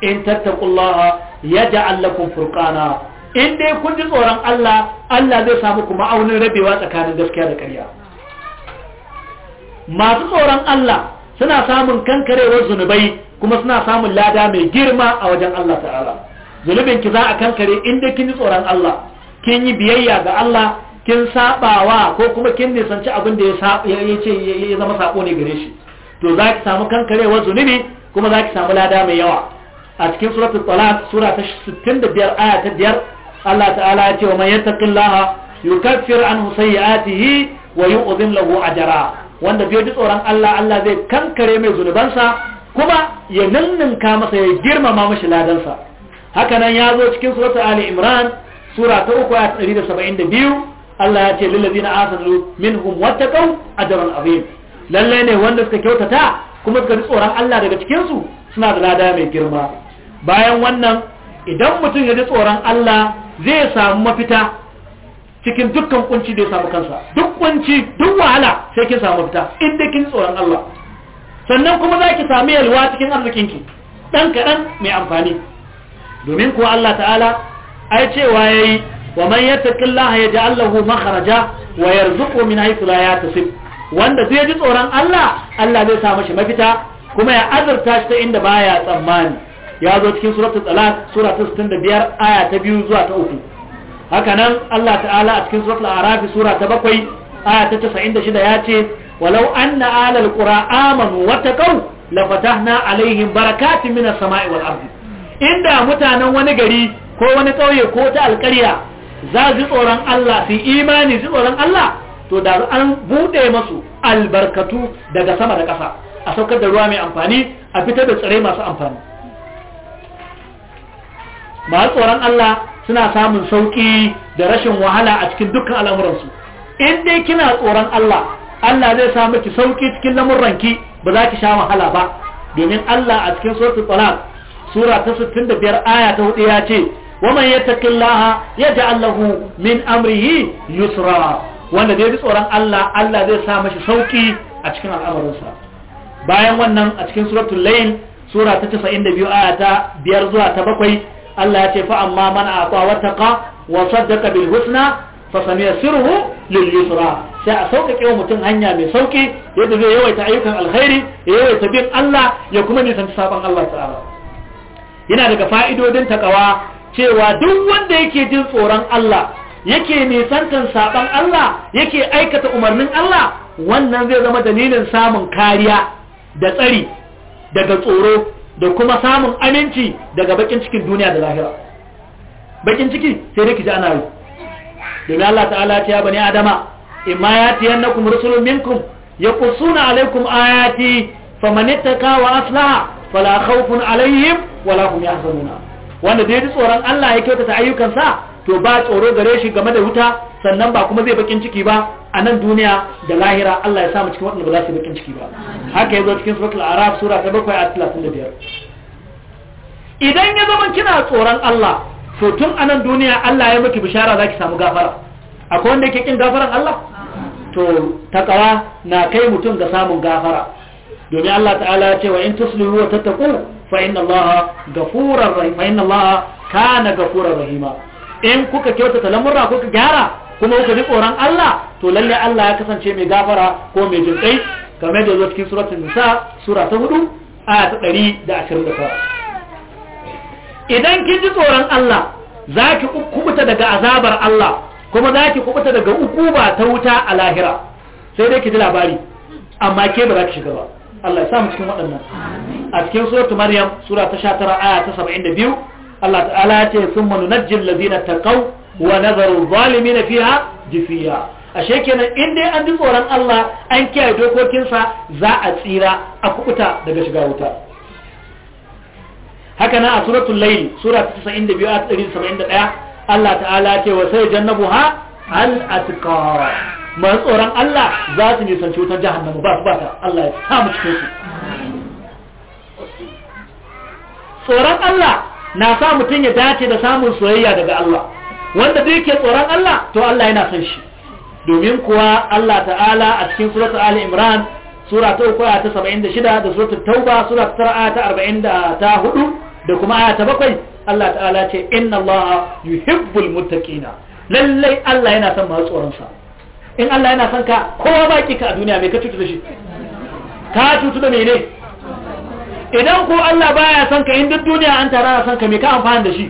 S1: in tattaqullaha yaj'al lakum furqana in dai kun ji tsoron Allah Allah zai samu ku ma'aunin rabewa tsakanin gaskiya da ƙarya masu tsoron Allah suna samun kankarewar zunubai kuma suna samun lada mai girma a wajen Allah ta'ala zunubin ki za a kankare inda kin yi tsoron Allah kin yi biyayya ga Allah kin sabawa ko kuma kin nisanci abin da ya ce ya zama sako ne gare shi to za ki samu kankarewar zunubi kuma za ki samu lada mai yawa a cikin suratu talaq sura ta 65 aya ta 5 Allah ta'ala ya ce wa man yattaqillaha yukaffir anhu sayyi'atihi wa yu'dhim lahu ajra wanda bai ji tsoron Allah Allah zai kankare mai zunubansa kuma ya ninninka masa ya girmama mashi ladansa haka nan ya zo cikin suratul ali imran sura ta uku ayat 172 Allah ya ce lil ladina asanu minhum wattaqu ajran azim lalle ne wanda suka kyautata kuma suka ji tsoron Allah daga cikin su suna da lada mai girma bayan wannan idan mutum ya ji tsoron Allah zai samu mafita cikin dukkan kunci da ya samu kansa duk kunci duk wahala sai kin samu mafita inda kin tsoron Allah sannan kuma zaki samu yalwa cikin arzikin ki ɗan kaɗan mai amfani domin kuwa Allah ta'ala ai cewa yayi wa man yattaqillaha yaj'al lahu makaraja wa yarzuqhu min haythu ya tafi wanda zai ji tsoron Allah Allah zai sa mashi mafita kuma ya azurta shi ta inda baya tsammani ya zo cikin suratul talaq sura ta biyar aya ta biyu zuwa ta uku. haka nan Allah ta'ala a cikin suratul arafi sura ta bakwai aya ta shida ya ce walau anna alal qura amanu wattaqu na alaihim barakatin minas sama'i wal ardi inda mutanen wani gari ko wani ƙauye ko ta alƙarya za su tsoron Allah su imani su tsoron Allah to da an buɗe masu albarkatu daga sama da ƙasa a saukar da ruwa mai amfani a fitar da tsare masu amfani masu tsoron Allah suna samun sauƙi da rashin wahala a cikin dukkan al'amuransu in dai kina tsoron Allah Allah zai samu ki sauƙi cikin lamurranki ba za ki sha wahala ba domin Allah a cikin suratul talaq sura ta 65 aya ta 4 ya ce waman ya ji allahu min amrihi yusra wanda dai bi tsoron Allah Allah zai sa mashi sauki a cikin al'amarinsa bayan wannan a cikin suratul layin, sura ta 92 aya ta 5 zuwa ta 7 Allah ya ce fa amma man aqwa wattaqa wa saddaqa bil husna fa saniyasiruhu lil yusra sai a sauƙaƙe wa mutum hanya mai sauƙi yadda zai yawaita ayyukan alkhairi ya yawaita bin Allah ya kuma nisan sabon Allah ta'ala yana daga fa'idodin takawa cewa duk wanda yake jin tsoron Allah yake santan saban Allah yake aikata umarnin Allah wannan zai zama dalilin samun kariya da tsari daga tsoro da kuma samun aminci daga bakin cikin duniya da lahira bakin ciki sai dai kiji ana yi domin Allah ta'ala ta ya bani adama In ma ya tiyannakum rusulun minkum kusuna alaikum ayati faman wa aslaha fala khawfun alaihim wala hum yahzanuna wanda da ya ji tsoron Allah ya kyautata ayyukansa to ba tsoro gare shi game da wuta sannan ba kuma zai bakin ciki ba a nan duniya da lahira Allah ya sa mu cikin waɗanda ba za su bakin ciki ba haka ya zo cikin suratul araf sura ta 7 ayat 35 da biyar idan ya zama kina tsoron Allah to tun a nan duniya Allah ya miki bishara za ki samu gafara akwai wanda yake kin gafaran Allah to takawa na kai mutum ga samun gafara domin Allah ta'ala ya ce wa in tuslihu wa tattaqu fa inna Allah ghafurur rahim fa inna kana ghafurur rahima in kuka kyautata lamurra kuka gyara kuma kuka ji tsoron Allah to lalle Allah ya kasance mai gafara ko mai jinkai game da cikin suratul nisa sura ta 4 aya ta 129 idan kin ji tsoron Allah zaki kubuta daga azabar Allah kuma zaki kubuta daga ukuba ta wuta a lahira sai dai ki ji labari amma ke ba za ki shiga ba Allah ya sa mu cikin waɗannan a cikin suratul maryam sura ta 19 aya ta 72 Allah ta'ala ya ce summa nunajjil ladina taqaw wa nadharu zalimin fiha jifiya ashe kenan in dai an ji tsoron Allah an kiyaye dokokinsa za a tsira a kubuta daga shiga wuta haka nan a suratul layl sura ta 92 ayat 171 Allah ta'ala ya ce wa sai jannabuha al atqa masu tsoron Allah za su nisanci wutar jahannama ba su ba ta Allah ya samu cikin su tsoron Allah na sa mutum ya dace da samun soyayya daga Allah wanda duk tsoron Allah to Allah yana son shi domin kuwa Allah ta'ala a cikin suratu Ali Imran sura ta uku ta saba'in da suratu Tauba sura ta da ta hudu da kuma aya ta bakwai Allah ta'ala ce inna Allah yuhibbul muttaqina lallai Allah yana son masu tsoron sa in Allah yana son ka kowa baki ka a duniya mai ka cutu da shi ka cutu da ne? idan ko Allah baya son ka in duk duniya an tara na son ka mai ka amfani da shi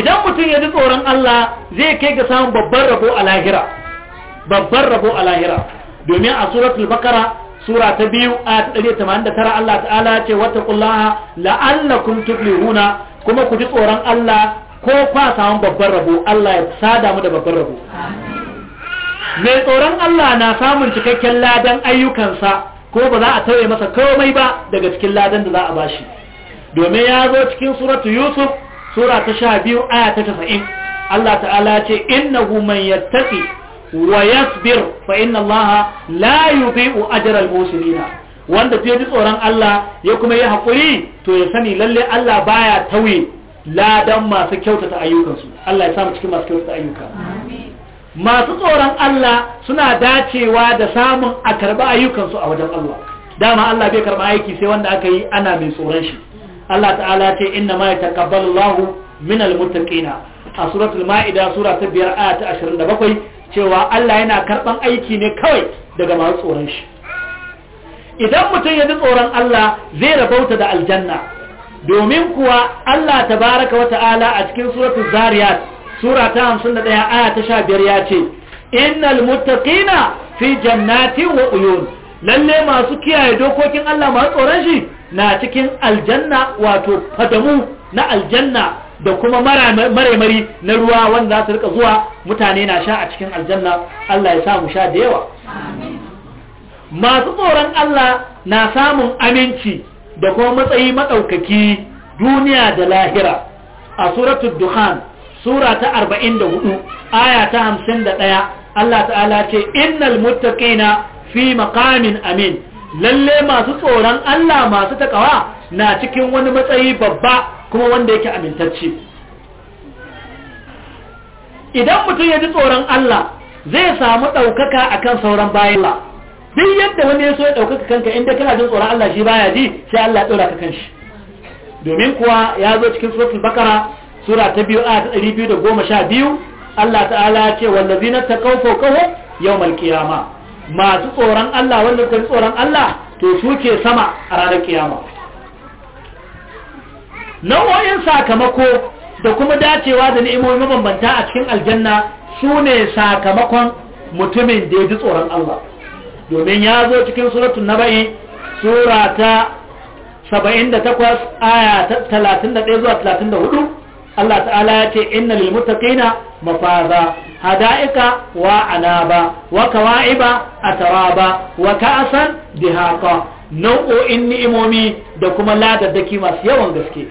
S1: idan mutum ya ji tsoron Allah zai kai ga samun babban rabo a lahira babban rabo a lahira domin a suratul bakara sura ta biyu a 189 Allah ta'ala ce wata kullaha la'allakum tuflihuna kuma ku ji tsoron Allah ko kwa samun babban rabo Allah ya sada mu da babban rabo mai tsoron Allah na samun cikakken ladan ayyukansa ko ba za a tauye masa komai ba daga cikin ladan da za a bashi domin ya zo cikin suratu yusuf sura ta sha biyu aya ta tasa'in Allah ta'ala ce innahu man yattaqi wa yasbir fa inna Allah la yudhi'u ajra al-muslimina wanda ya ji tsoron Allah ya kuma yi hakuri to ya sani lalle Allah baya tauye ladan masu kyautata ayyukansu Allah ya samu cikin masu kyautata ayyuka masu tsoron Allah suna dacewa da samun a karɓi ayyukansu a wajen Allah dama Allah bai karɓi aiki sai wanda aka yi ana mai tsoron shi Allah ta'ala ce inna ma yataqabbalu Allahu al muttaqina a suratul ma'ida sura ta 5 aya ta 27 cewa Allah yana karɓan aiki ne kawai daga masu tsoron shi idan mutum ya ji tsoron Allah zai rabauta da aljanna domin kuwa Allah ta baraka wata ala a cikin suratu zariyat sura ta ɗaya aya ta sha biyar ya ce innal muttaqina fi jannatin wa uyun lalle masu kiyaye dokokin Allah masu tsoron shi na cikin aljanna wato fadamu na aljanna da kuma maraimari na ruwa wanda za su rika zuwa mutane na sha a cikin aljanna Allah ya samu sha da yawa masu tsoron Allah na samun aminci da kuma matsayi maɗaukaki duniya da lahira a suratul duhan sura ta 44 aya ta 51 Allah ta'ala ce innal muttaqina fi maqamin amin lalle masu tsoron Allah masu takawa na cikin wani matsayi babba kuma wanda yake amintacce idan mutum ya ji tsoron Allah zai samu ɗaukaka akan sauran bayan Allah duk yadda wani ya so ya ɗaukaka kanka inda kana jin tsoron Allah shi baya ji sai Allah ya ɗora kan shi. domin kuwa ya zo cikin suratul bakara sura ta biyu a ta ɗari biyu da goma sha biyu Allah ta'ala ya ce wallazi na taqaw yau mai qiyama masu tsoron Allah wanda suka tsoron Allah to su ke sama a ranar kiyama nau'o'in sakamako da kuma dacewa da ni'imomi mabambanta a cikin aljanna su ne sakamakon mutumin da ya ji tsoron Allah domin ya zo cikin suratun naba'i sura ta 78 aya ta 31 zuwa 34 Allah ta'ala ya ce inna lil muttaqina mafaza hada'ika wa anaba wa kawa'iba ataraba wa ka'san dihaqa nau'o'in ni'imomi da kuma ladaddaki masu yawan gaske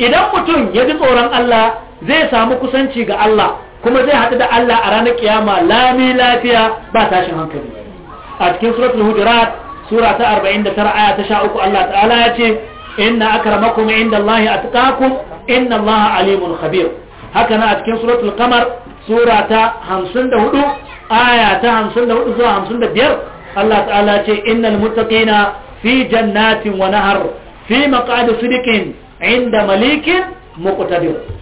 S1: idan mutum ya ji tsoron Allah zai samu kusanci ga Allah kuma zai haɗu da Allah a ranar kiyama lami lafiya ba tashin hankali a cikin suratul hujurat sura ta 49 aya ta 13 Allah ta'ala ya ce inna akramakum indallahi atqakum inna Allah alimun khabir haka na a cikin suratul qamar sura ta 54 aya ta 54 zuwa 55 Allah ta'ala ya ce innal muttaqina fi jannatin wa nahar fi maq'adi sidqin inda malikin muqtadir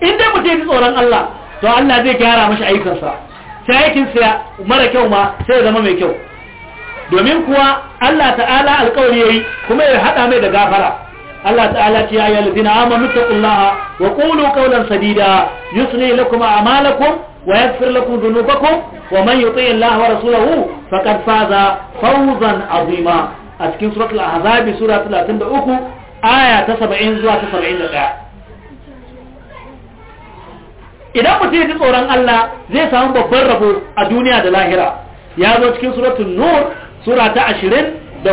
S1: in dai mutum ji tsoron Allah to Allah zai gyara mashi ayyukansa sai aikinsa mara kyau ma sai ya zama mai kyau domin kuwa Allah ta'ala alƙawari yayi kuma ya hada mai da gafara Allah ta'ala ce ayyul ladina amanu taqullaha wa qulu qawlan sadida yusli lakum a'malakum wa yaghfir lakum dhunubakum wa man yuti' Allah wa rasulahu faqad faza fawzan 'azima a cikin suratul ahzab sura 33 aya ta 70 zuwa ta 71 idan mutum ya ji tsoron Allah zai samu babban rabo a duniya da lahira ya zo cikin suratul nur sura ta 24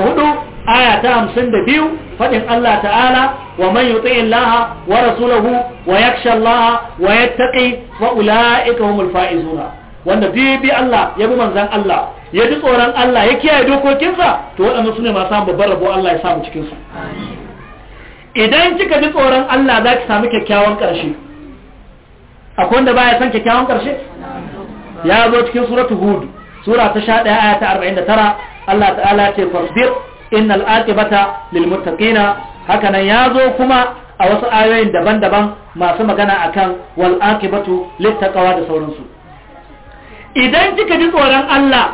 S1: aya ta biyu fadin Allah ta'ala wa man yuti Allah wa rasulahu wa yakhsha Allah wa yattaqi fa ulaika humul faizuna wanda bi Allah ya bi manzan Allah ya ji tsoron Allah ya kiyaye dokokinsa to waɗannan sune masu samun babban rabo Allah ya samu cikinsu idan kika ji tsoron Allah za ki samu kyakkyawan ƙarshe akwai wanda baya son kyakkyawan karshe ya zo cikin suratu hud sura ta 11 aya ta 49 Allah ta'ala ce fasbir innal aqibata lil muttaqina haka nan ya zo kuma a wasu ayoyin daban-daban masu magana akan wal aqibatu lit taqwa da sauransu idan kika ji tsoron Allah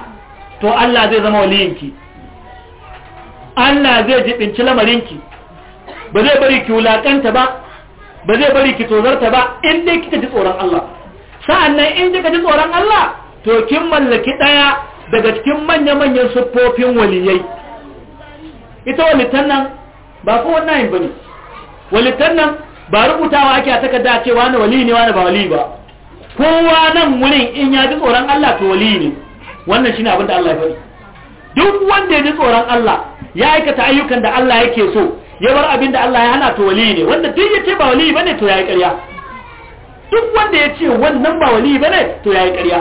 S1: to Allah zai zama waliyinki Allah zai jibinci lamarinki ba zai bari ki wulakanta ba ba zai bari ki tozarta ba in dai kika ji tsoron Allah sa'annan in kika ji tsoron Allah to kin mallaki daya daga cikin manya-manyan siffofin waliyai ita walitan nan ba ko wannan yin bane walitan nan ba rubutawa ake a takarda a ce wani wali ne wani ba wali ba kowa nan wurin in ya ji tsoron Allah to wali ne wannan shine abin da Allah ya faɗi duk wanda ya ji tsoron Allah ya aikata ayyukan da Allah yake so ya bar abin da Allah ya hana to wali ne wanda duk ya ce ba wali bane to yayi ƙarya duk wanda ya ce wannan ba wali bane to yayi ƙarya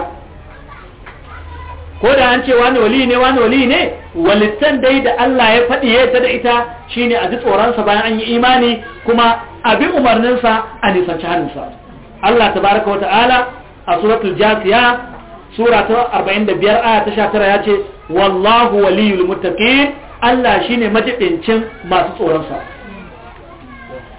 S1: ko da an ce wani wali ne wani wali ne walittan dai da Allah ya faɗi ya da ita shine a ji tsoronsa bayan an yi imani kuma abin umarninsa a nisanci hannunsa Allah tabaraka wa ta'ala a suratul jasiya sura ta 45 aya ta 19 ya ce wallahu waliyul muttaqin Allah shine majibincin masu tsoronsa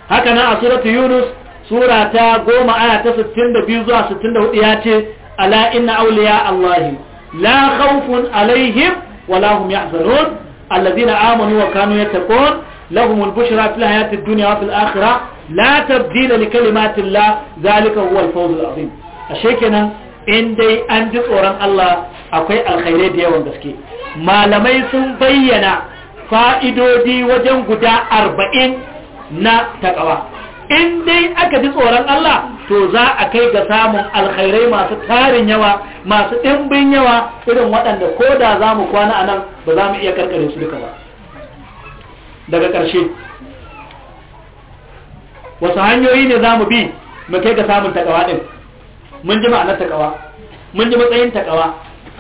S1: haka nan a suratu yunus sura ta goma aya ta 62 zuwa 64 ya ce ala inna awliya allahi la khawfun alaihim wala hum yahzanun alladhina amanu wa kanu yattaqun lahum al-bushra fil hayati dunya wa fil la tabdila li kalimati la, zalika huwa al-fawz azim ashe kenan in dai an ji tsoron Allah akwai alkhairai da yawan gaske malamai sun bayyana fa'idodi wajen guda arba'in na takawa in dai aka ji tsoron Allah to za a kai ga samun alkhairai masu tarin yawa masu ɗimbin yawa irin waɗanda ko da za mu kwana a nan ba za mu iya karkare su duka ba daga ƙarshe wasu hanyoyi ne za mu bi mu kai ga samun takawa ɗin mun ji ma'anar takawa mun ji matsayin takawa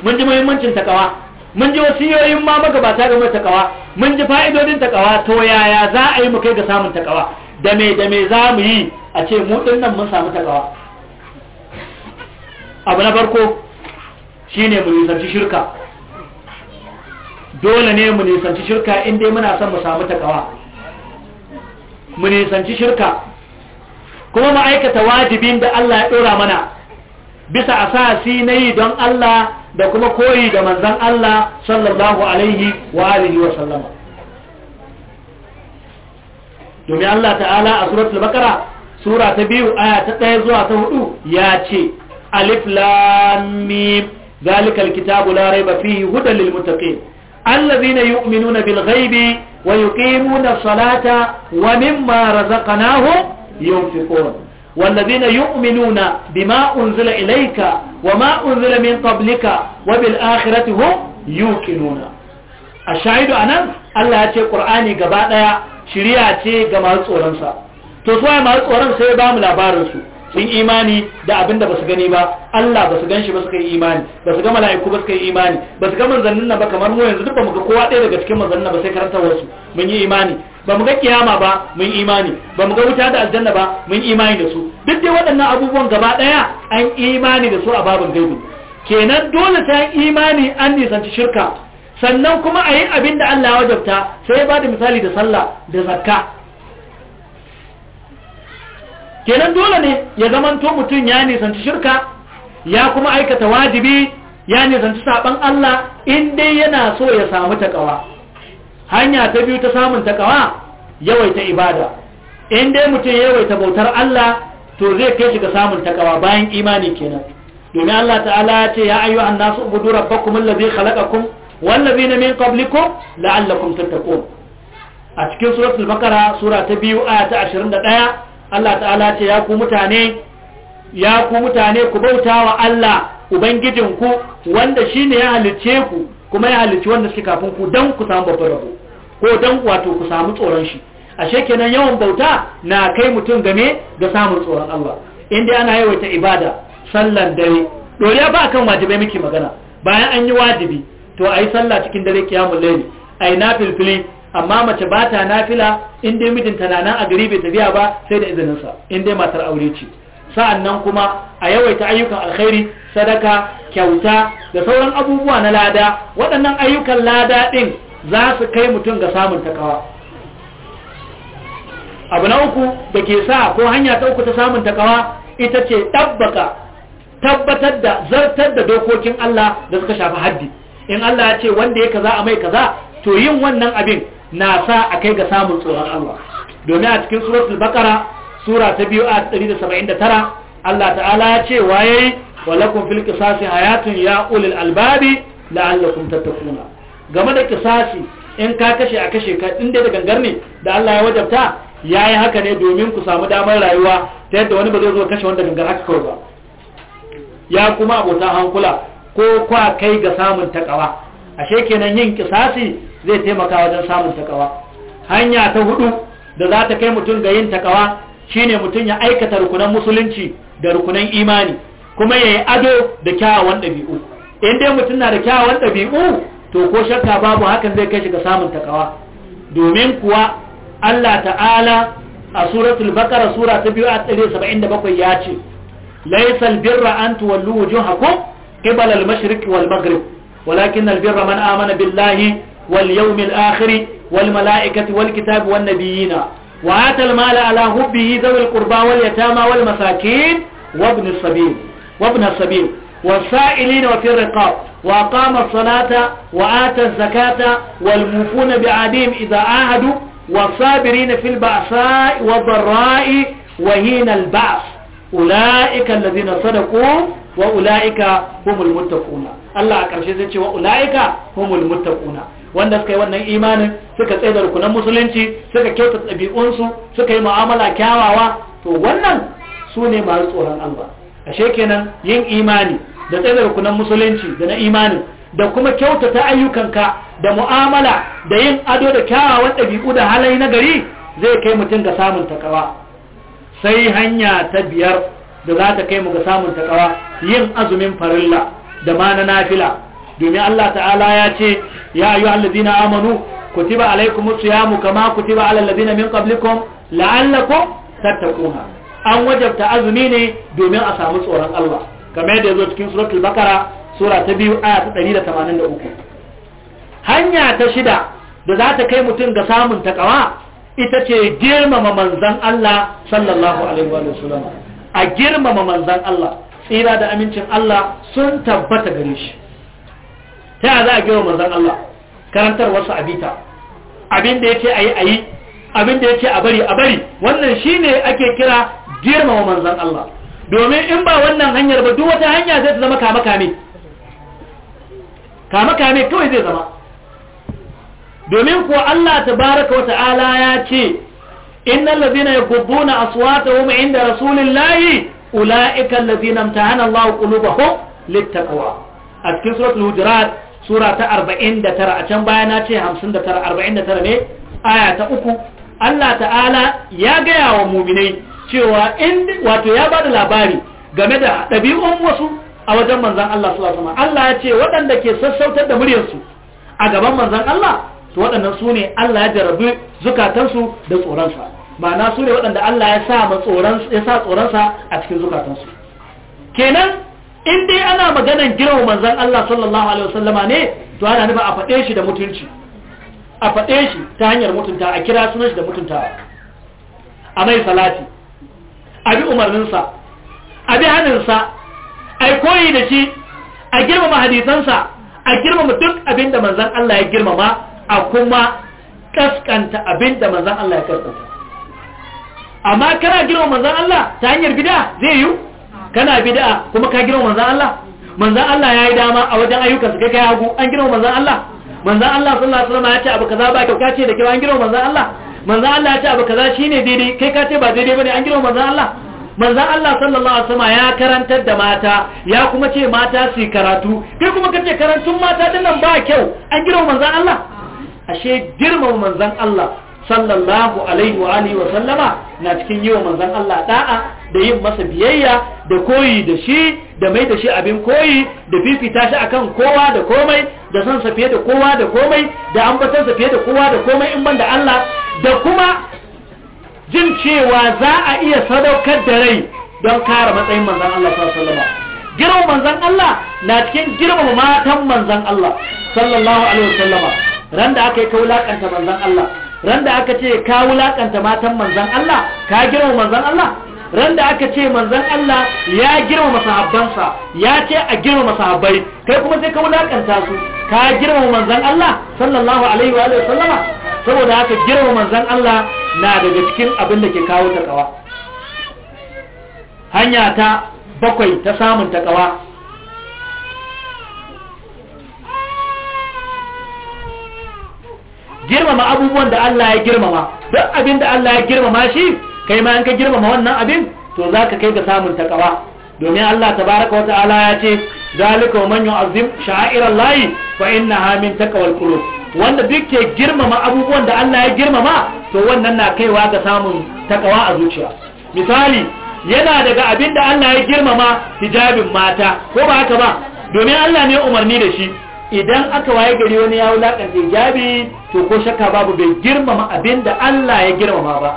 S1: mun ji muhimmancin takawa mun ji wasiyoyin ma magabata game ta kawa mun ji fa'idodin ta takawa to yaya za a yi mu kai ga samun ta kawa da me da me za mu yi a ce mu din nan mun samu ta kawa abu na farko shine mu nisanci shirka dole ne mu nisanci shirka in dai muna son mu samu ta kawa mu nisanci shirka kuma mu aikata wajibin da Allah ya dora mana bisa asasi na yi don Allah da kuma koyi da manzan Allah sallallahu alaihi wa alihi wa sallama domin Allah ta'ala a suratul bakara sura ta biyu aya ta ɗaya zuwa ta hudu ya ce alif lam mim zalikal kitabu la raiba fihi hudan lil muttaqin allazina yu'minuna bil ghaibi wa yuqimuna as-salata wa mimma razaqnahum yunfiqun والذين يؤمنون بما أنزل إليك وما أنزل من قبلك وبالآخرة هم يوقنون الشاهد أنا الله يتي قرآني قبعنا شريعة جمال صورنسا تسوى مال صورن سيبام لابارسو sun imani da abin da basu gani ba Allah basu ganshi ba suka yi imani basu ga mala'iku ba suka yi imani basu ga manzannin nan ba kamar mu yanzu duk ba mu ga kowa ɗaya daga cikin manzannin ba sai karantawar su mun yi imani ba mu ga kiyama ba mun imani ba mu ga wuta da aljanna ba mun imani da su duk dai waɗannan abubuwan gaba ɗaya an imani da su a babin gaibu kenan dole ta imani an nisanci shirka sannan kuma a yi abin da Allah ya wajabta sai ya ba da misali da sallah da zakka kenan dole ne ya zamanto mutum ya nisanci shirka ya kuma aikata wajibi ya nisanci saban Allah in dai yana so ya samu takawa hanya ta biyu ta samun takawa yawaita ibada in dai mutum yawaita bautar Allah to zai kai shi ga samun takawa bayan imani kenan domin Allah ta'ala ya ce ya ayyuhan nasu ubudu rabbakum allazi khalaqakum na min qablikum la'allakum tattaqun a cikin suratul makara sura ta biyu aya ta 21 Allah ta'ala ce ya ku mutane ya ku mutane ku bauta wa Allah ubangijinku wanda shine ya halice ku kuma ya halici wanda suke kafin ku dan ku samu babbar rabo ko dan wato ku samu tsoron shi ashe kenan yawan bauta na kai mutum game da samun tsoron Allah In dai ana yawaita ibada sallan dare doriya ba kan wajibai muke magana bayan an yi wajibi to ayi sallah cikin dare kiyamul layli ayi fili amma mace ba ta nafila in dai mijinta na nan a gari bai tafiya ba sai da izininsa in dai matar aure ce sa'annan kuma a yawaita ayyukan alkhairi sadaka kyauta da sauran abubuwa na lada waɗannan ayyukan lada ɗin za su kai mutum ga samun takawa abu na uku da ke sa ko hanya ta uku ta samun takawa ita ce ɗabbaka, tabbatar da zartar da dokokin Allah da suka shafi haddi in Allah ya ce wanda ya kaza a mai kaza to yin wannan abin na sa a kai ga samun tsoron Allah domin a cikin al bakara sura ta biyu a 179 Allah ta'ala ya ce waye walakum fil qisasi hayatun ya ulil albabi la'allakum tattaquna game da kisasi in ka kashe a kashe ka inda da gangar ne da Allah ya wajabta yayi haka ne domin ku samu damar rayuwa ta yadda wani ba zai zo kashe wanda gangar haka kawai ba ya kuma abota hankula ko kwa kai ga samun takawa ashe kenan yin kisasi zai taimaka wajen samun takawa hanya ta hudu da za ta kai mutum ga yin takawa shine mutum ya aikata rukunan musulunci da rukunan imani kuma ya yi ado da kyawawan ɗabi'u in dai mutum na da kyawawan ɗabi'u to ko shakka babu hakan zai kai shi ga samun takawa domin kuwa Allah ta'ala a suratul bakara sura ta 277 ya ce laisal birra an tuwallu wujuhakum qibala al-mashriq wal maghrib ولكن البر من آمن بالله واليوم الآخر والملائكة والكتاب والنبيين وآتى المال على حبه ذوي القربى واليتامى والمساكين وابن السبيل وابن السبيل والسائلين وفي الرقاب وأقام الصلاة وآتى الزكاة والموفون بعديم إذا عاهدوا والصابرين في البعثاء والضراء وهين البعث أولئك الذين صدقوا wa ulaika humul muttaquna Allah a ƙarshe zai ce wa ulaika humul muttaquna wanda suka yi wannan imanin suka tsaye da rukunan musulunci suka kyauta ɗabi'unsu suka yi mu'amala kyawawa to wannan su ne masu tsoron Allah ashe kenan yin imani da tsaye da rukunan musulunci da na imanin da kuma kyautata ayyukanka da mu'amala da yin ado da kyawawan ɗabi'u da halayi na gari zai kai mutum ga samun takawa sai hanya ta biyar da za ta kai mu ga samun takawa yin azumin farilla da ma na nafila domin Allah ta'ala ya ce ya ayu allazina amanu kutiba alaikumus siyamu kama kutiba alal ladina min qablikum la'allakum tattaquha an wajabta azumi ne domin a samu tsoron Allah kamar yadda yazo cikin suratul bakara sura ta biyu aya ta 183 hanya ta shida da za ta kai mutum ga samun takawa ita ce girmama manzon Allah sallallahu alaihi wa sallam a girmama manzan Allah tsira da amincin Allah sun tabbata gare shi ta yaya za a girmama manzan Allah karantar wasu abita ce a yi a yi. Abinda ya ce a bari a bari wannan shi shine ake kira girmama manzan Allah domin in ba wannan hanyar ba duk wata hanya zai zama kama kame kama kame kawai zai zama domin kuwa Allah ta baraka wata ala ya ce innal ladina yakubuna aswatahum inda rasulillahi ulaika alladhina imtahana Allahu qulubahum littaqwa a cikin suratul hujurat sura ta 49 a can baya na ce 59 49 ne aya uku Allah ta'ala ya gaya wa muminai cewa in wato ya bada labari game da ɗabi'un wasu a wajen manzan Allah sallallahu alaihi Allah ya ce waɗanda ke sassautar da muryarsu a gaban manzan Allah to waɗannan su ne Allah ya jarabi zukatansu da tsoronsa ma'ana su ne waɗanda Allah ya sa tsoronsa a cikin zukatansu kenan in dai ana maganan girma manzon Allah sallallahu alaihi wasallama ne to ana nufin a faɗe shi da mutunci a faɗe shi ta hanyar mutunta a kira sunan shi da mutuntawa a mai salati a bi umarninsa a bi hannunsa a yi koyi da shi a girmama hadisansa a girmama duk abinda da manzan Allah ya girmama a kuma kaskanta abin da manzan Allah ya kaskanta amma kana girma manzan Allah ta hanyar bida zai yi kana bida kuma ka girma manzan Allah manzan Allah ya yi dama a wajen ayyukan su kai kai hagu an girma manzan Allah manzan Allah sallallahu alaihi wasallam ya ce abu kaza ba ka ce da kyau an girma manzan Allah manzan Allah ya ce abu kaza ne daidai kai ka ce ba daidai bane an girma manzan Allah manzan Allah sallallahu Alaihi wasallama ya karantar da mata ya kuma ce mata su karatu kai kuma ce karantun mata dinnan nan ba kyau an gina manzan Allah ashe girmama manzan Allah sallallahu alaihi wa alihi wa sallama na cikin yi wa manzan Allah da'a da yin masa biyayya da koyi da shi da mai da shi abin koyi da fifita shi akan kowa da komai da san sa fiye da kowa da komai da ambatan sa fiye da kowa da komai in ban da Allah da kuma jin cewa za a iya sadaukar da rai don kare matsayin manzan Allah sallallahu alaihi wa sallama girma manzan Allah na cikin girman matan manzan Allah sallallahu alaihi wa sallama ran da aka yi ka wulaƙanta manzan Allah ran da aka ce ka wulakanta matan manzan Allah ka girma manzan Allah ran da aka ce manzan Allah ya girma sahabansa, ya ce a girma sahabbai kai kuma sai ka wulaƙanta su ka girma manzan Allah sallallahu alaihi wa sallama saboda haka girma manzan Allah na daga cikin abin da ke kawo takawa hanya ta bakwai ta samun takawa girmama abubuwan da Allah ya girmama duk abin da Allah ya girmama shi kai ma in ka girmama wannan abin to za ka kai ga samun taƙawa. domin Allah baraka wa ta'ala ya ce zalika wa manyan azim? sha'airar layi fa innaha min taqwal qulub wanda duk ke girmama abubuwan da Allah ya girmama to wannan na kaiwa ga samun taƙawa a zuciya misali yana daga abin da Allah ya girmama hijabin mata ko ba haka ba domin Allah ne umarni da shi idan aka waye gari wani ya wulakanta ijabi to ko shakka babu bai girmama abin da Allah ya girmama ba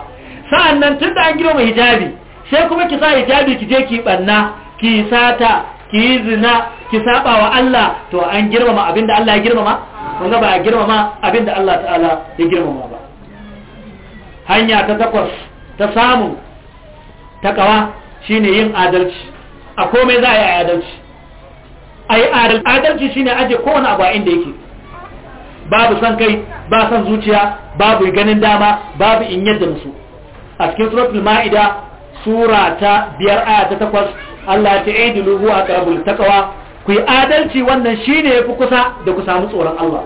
S1: sa'an nan tun da an girmama hijabi sai kuma ki sa hijabi ki je ki banna ki sata ki zina ki saba wa Allah to an girmama abin da Allah ya girmama wanda ba a girmama abin da Allah ta'ala ya girmama ba hanya ta takwas ta samu ta takawa shine yin adalci a komai za a yi adalci ai adalci shine aje kowane abu a inda yake babu son kai ba son zuciya babu ganin dama babu in yadda musu a cikin suratul ma'ida sura ta biyar aya ta takwas Allah ya ce aidilu huwa aqrabul taqwa ku yi adalci wannan shine yafi kusa da ku samu tsoron Allah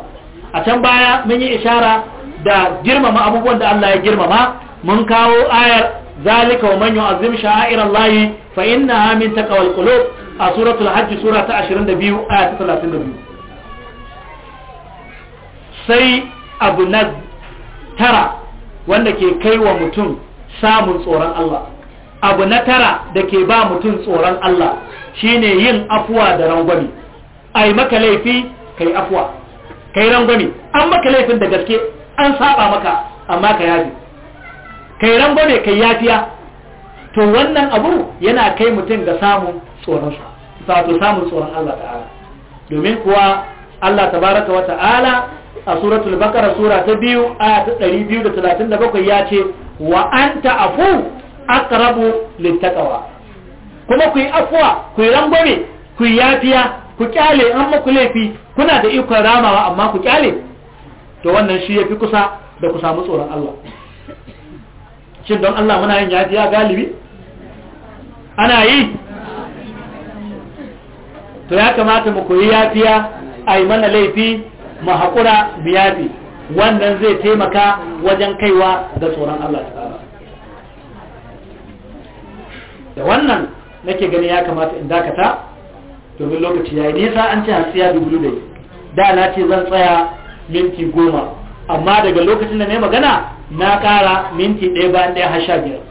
S1: a can baya mun yi ishara da girmama abubuwan da Allah ya girmama mun kawo ayar zalika wa man yu'azzim Allah fa innaha min taqwal qulub a suratul hajji sura ta 22 aya ta 32 sai abu na tara wanda ke kai wa mutum samun tsoron Allah abu na tara da ke ba mutum tsoron Allah shine yin afuwa da rangwami ai maka laifi kai afuwa kai rangwami an maka laifin da gaske an saba maka amma ka yafi kai rangwame kai yafiya to wannan abu yana kai mutum ga samun tsoronsa wato samun tsoron Allah ta'ala domin kuwa Allah tabaraka wa ta'ala a suratul bakara sura ta biyu aya ta bakwai ya ce wa anta afu aqrabu littaqwa kuma ku yi afwa ku yi rangwame ku yi yafiya ku kyale an muku laifi kuna da ikon ramawa amma ku kyale to wannan shi yafi kusa da ku samu tsoron Allah shin don Allah muna yin yafiya galibi ana yi to ya kamata mu koyi yafiya a yi mana laifi mu haƙura mu yafi wannan zai taimaka wajen kaiwa da tsoron Allah ta'ala da wannan nake gani ya kamata in dakata domin lokaci yayi nisa an ce hasiya dubu da da na ce zan tsaya minti goma amma daga lokacin da na magana na ƙara minti ɗaya bayan ɗaya har sha biyar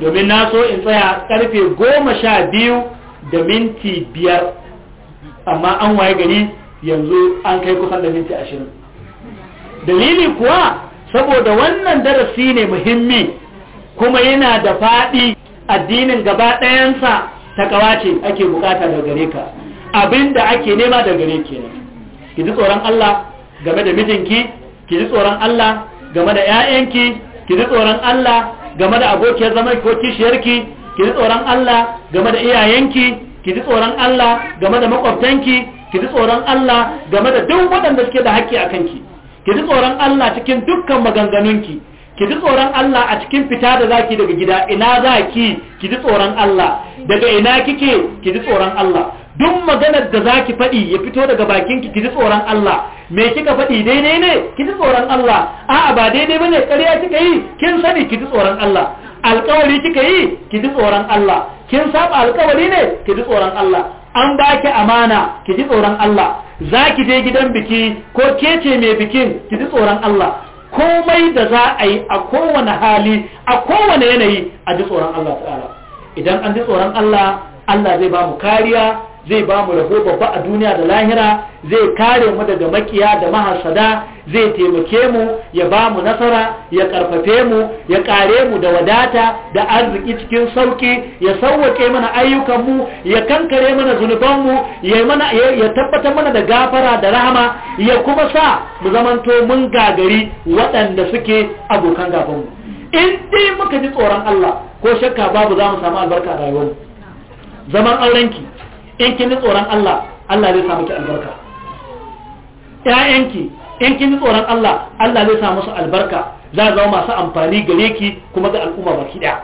S1: domin na so in tsaya ƙarfe goma sha biyu da minti biyar amma an waye gari yanzu an kai kusan da minti ashirin dalili kuwa saboda wannan darasi ne muhimmi kuma yana da faɗi addinin gaba ɗayansa ta kawace ake bukata da gare ka abinda ake nema da gare ke ki ji tsoron Allah game da mijinki ki ji tsoron Allah game da 'ya'yanki ki ji tsoron Allah game da abokiyar zama ko kishiyarki ki tsoron Allah game da iyayenki ki tsoron Allah game da makwabtanki ki tsoron Allah game da duk waɗanda suke da haƙƙi a kanki ki ji tsoron Allah cikin dukkan maganganunki ki ji tsoron Allah a cikin fita da zaki daga gida ina zaki ki tsoron Allah daga ina kike ki tsoron Allah duk maganar da zaki faɗi ya fito daga bakinki ki ji tsoron Allah me kika faɗi daidai ne ki tsoron Allah a'a ba daidai bane ƙarya kika yi kin sani ki ji tsoron Allah alkawari kika yi ki ji tsoron Allah kin saba alkawari ne ki ji tsoron Allah an baki amana ki ji tsoron Allah za ki je gidan biki ko kece mai bikin ki ji tsoron Allah komai da za a yi a kowane hali a kowane yanayi a ji tsoron Allah ta'ala idan an ji tsoron Allah Allah zai ba mu kariya zai ba mu rabo babba a duniya da lahira zai kare mu daga makiya da mahasada zai taimake mu ya ba mu nasara ya karfafe mu ya kare mu da wadata da arziki cikin sauki ya sauwake mana ayyukan mu ya kankare mana zunuban mu ya mana ya tabbatar mana da gafara da rahama ya kuma sa mu zamanto mun gagari waɗanda suke abokan gaban in dai muka ji tsoron Allah ko shakka babu za mu samu albarka a rayuwar zaman aurenki in kin tsoron Allah Allah zai sa miki albarka ƴaƴanki in kin tsoron Allah Allah zai sa musu albarka za zama masu amfani gare ki kuma ga al'umma baki daya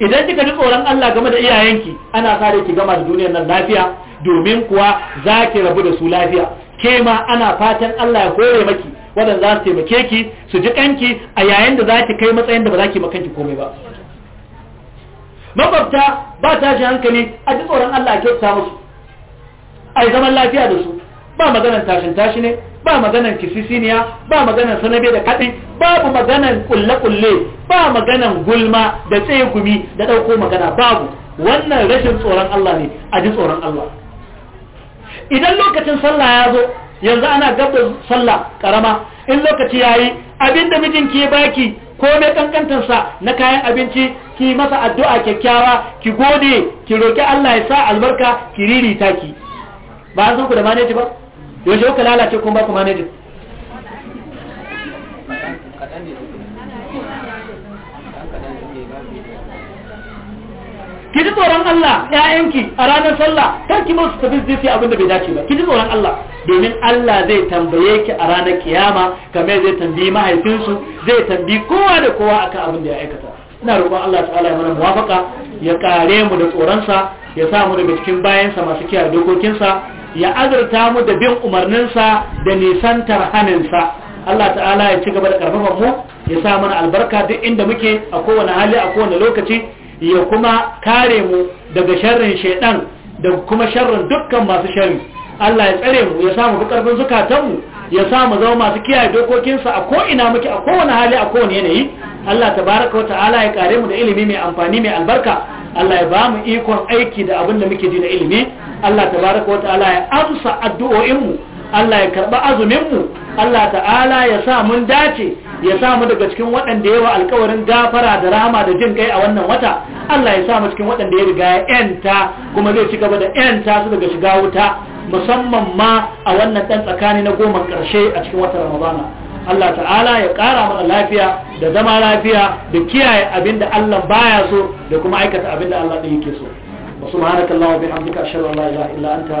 S1: idan kika ji tsoron Allah game da iyayenki ana sa ki gama da duniyar nan lafiya domin kuwa za ki rabu da su lafiya ke ma ana fatan Allah ya kore maki wadanda za su taimake ki su ji kanki a yayin da za ki kai matsayin da ba za ki makanki komai ba makwabta ba tashi hankali a ji tsoron Allah ke ta musu a zaman lafiya da su ba maganar tashin tashi ne ba maganar kisisiniya ba maganar sanabe da kaɗi babu maganan kulle-kulle ba maganan gulma da tsaye gumi da ɗauko magana babu wannan rashin tsoron Allah ne a ji tsoron Allah idan lokacin sallah ya zo yanzu ana gaba sallah karama in lokaci ya yi abinda mijinki ya baki ko mai kankantarsa na kayan abinci ki masa addu'a kyakkyawa ki gode ki roki Allah ya sa albarka ki ririta ki ba an ku da manage ba yaushe kuka lalace kun ba ku manage ki ji tsoron Allah ƴaƴanki a ranar sallah kar ki musu tafi zai abin da bai dace ba ki ji tsoron Allah domin Allah zai tambaye ki a ranar kiyama kamar zai tambayi mahaifinsu zai tambayi kowa da kowa akan abin da ya aikata ina roƙon Allah ta'ala ya mana muwafaka ya kare mu da tsoronsa ya sa mu daga cikin bayansa masu kiyaye dokokinsa ya azurta mu da bin umarninsa da nisantar haninsa Allah ta'ala ya ci gaba da karfafa mu ya sa mana albarka duk inda muke a kowane hali a kowane lokaci ya kuma kare mu daga sharrin shaidan da kuma sharrin dukkan masu sharri Allah ya tsare mu ya samu karfin zukatanmu ya samu zama masu kiyaye dokokinsa a ko'ina muke a kowane hali a kowane yanayi Allah tabaraka wa ta'ala ya kare mu da ilimi mai amfani mai albarka Allah ya ba mu ikon aiki da abin da muke ji na ilimi Allah tabaraka wa ta'ala ya amsa addu'o'inmu Allah ya karɓi azuminmu Allah ta'ala ya sa mun dace ya sa mu daga cikin waɗanda yawa alkawarin gafara da rama da jin kai a wannan wata Allah ya sa mu cikin waɗanda ya riga ya yanta kuma zai ci gaba da yanta su daga shiga wuta musamman ma a wannan ɗan tsakani na goma ƙarshe a cikin watan Ramadana Allah ta'ala ya ƙara mana lafiya da zama lafiya da kiyaye abin da Allah baya so da kuma aikata abin da Allah ɗin yake so. Wasu subhanakallahumma
S2: wa bihamdika ashhadu an la ilaha illa anta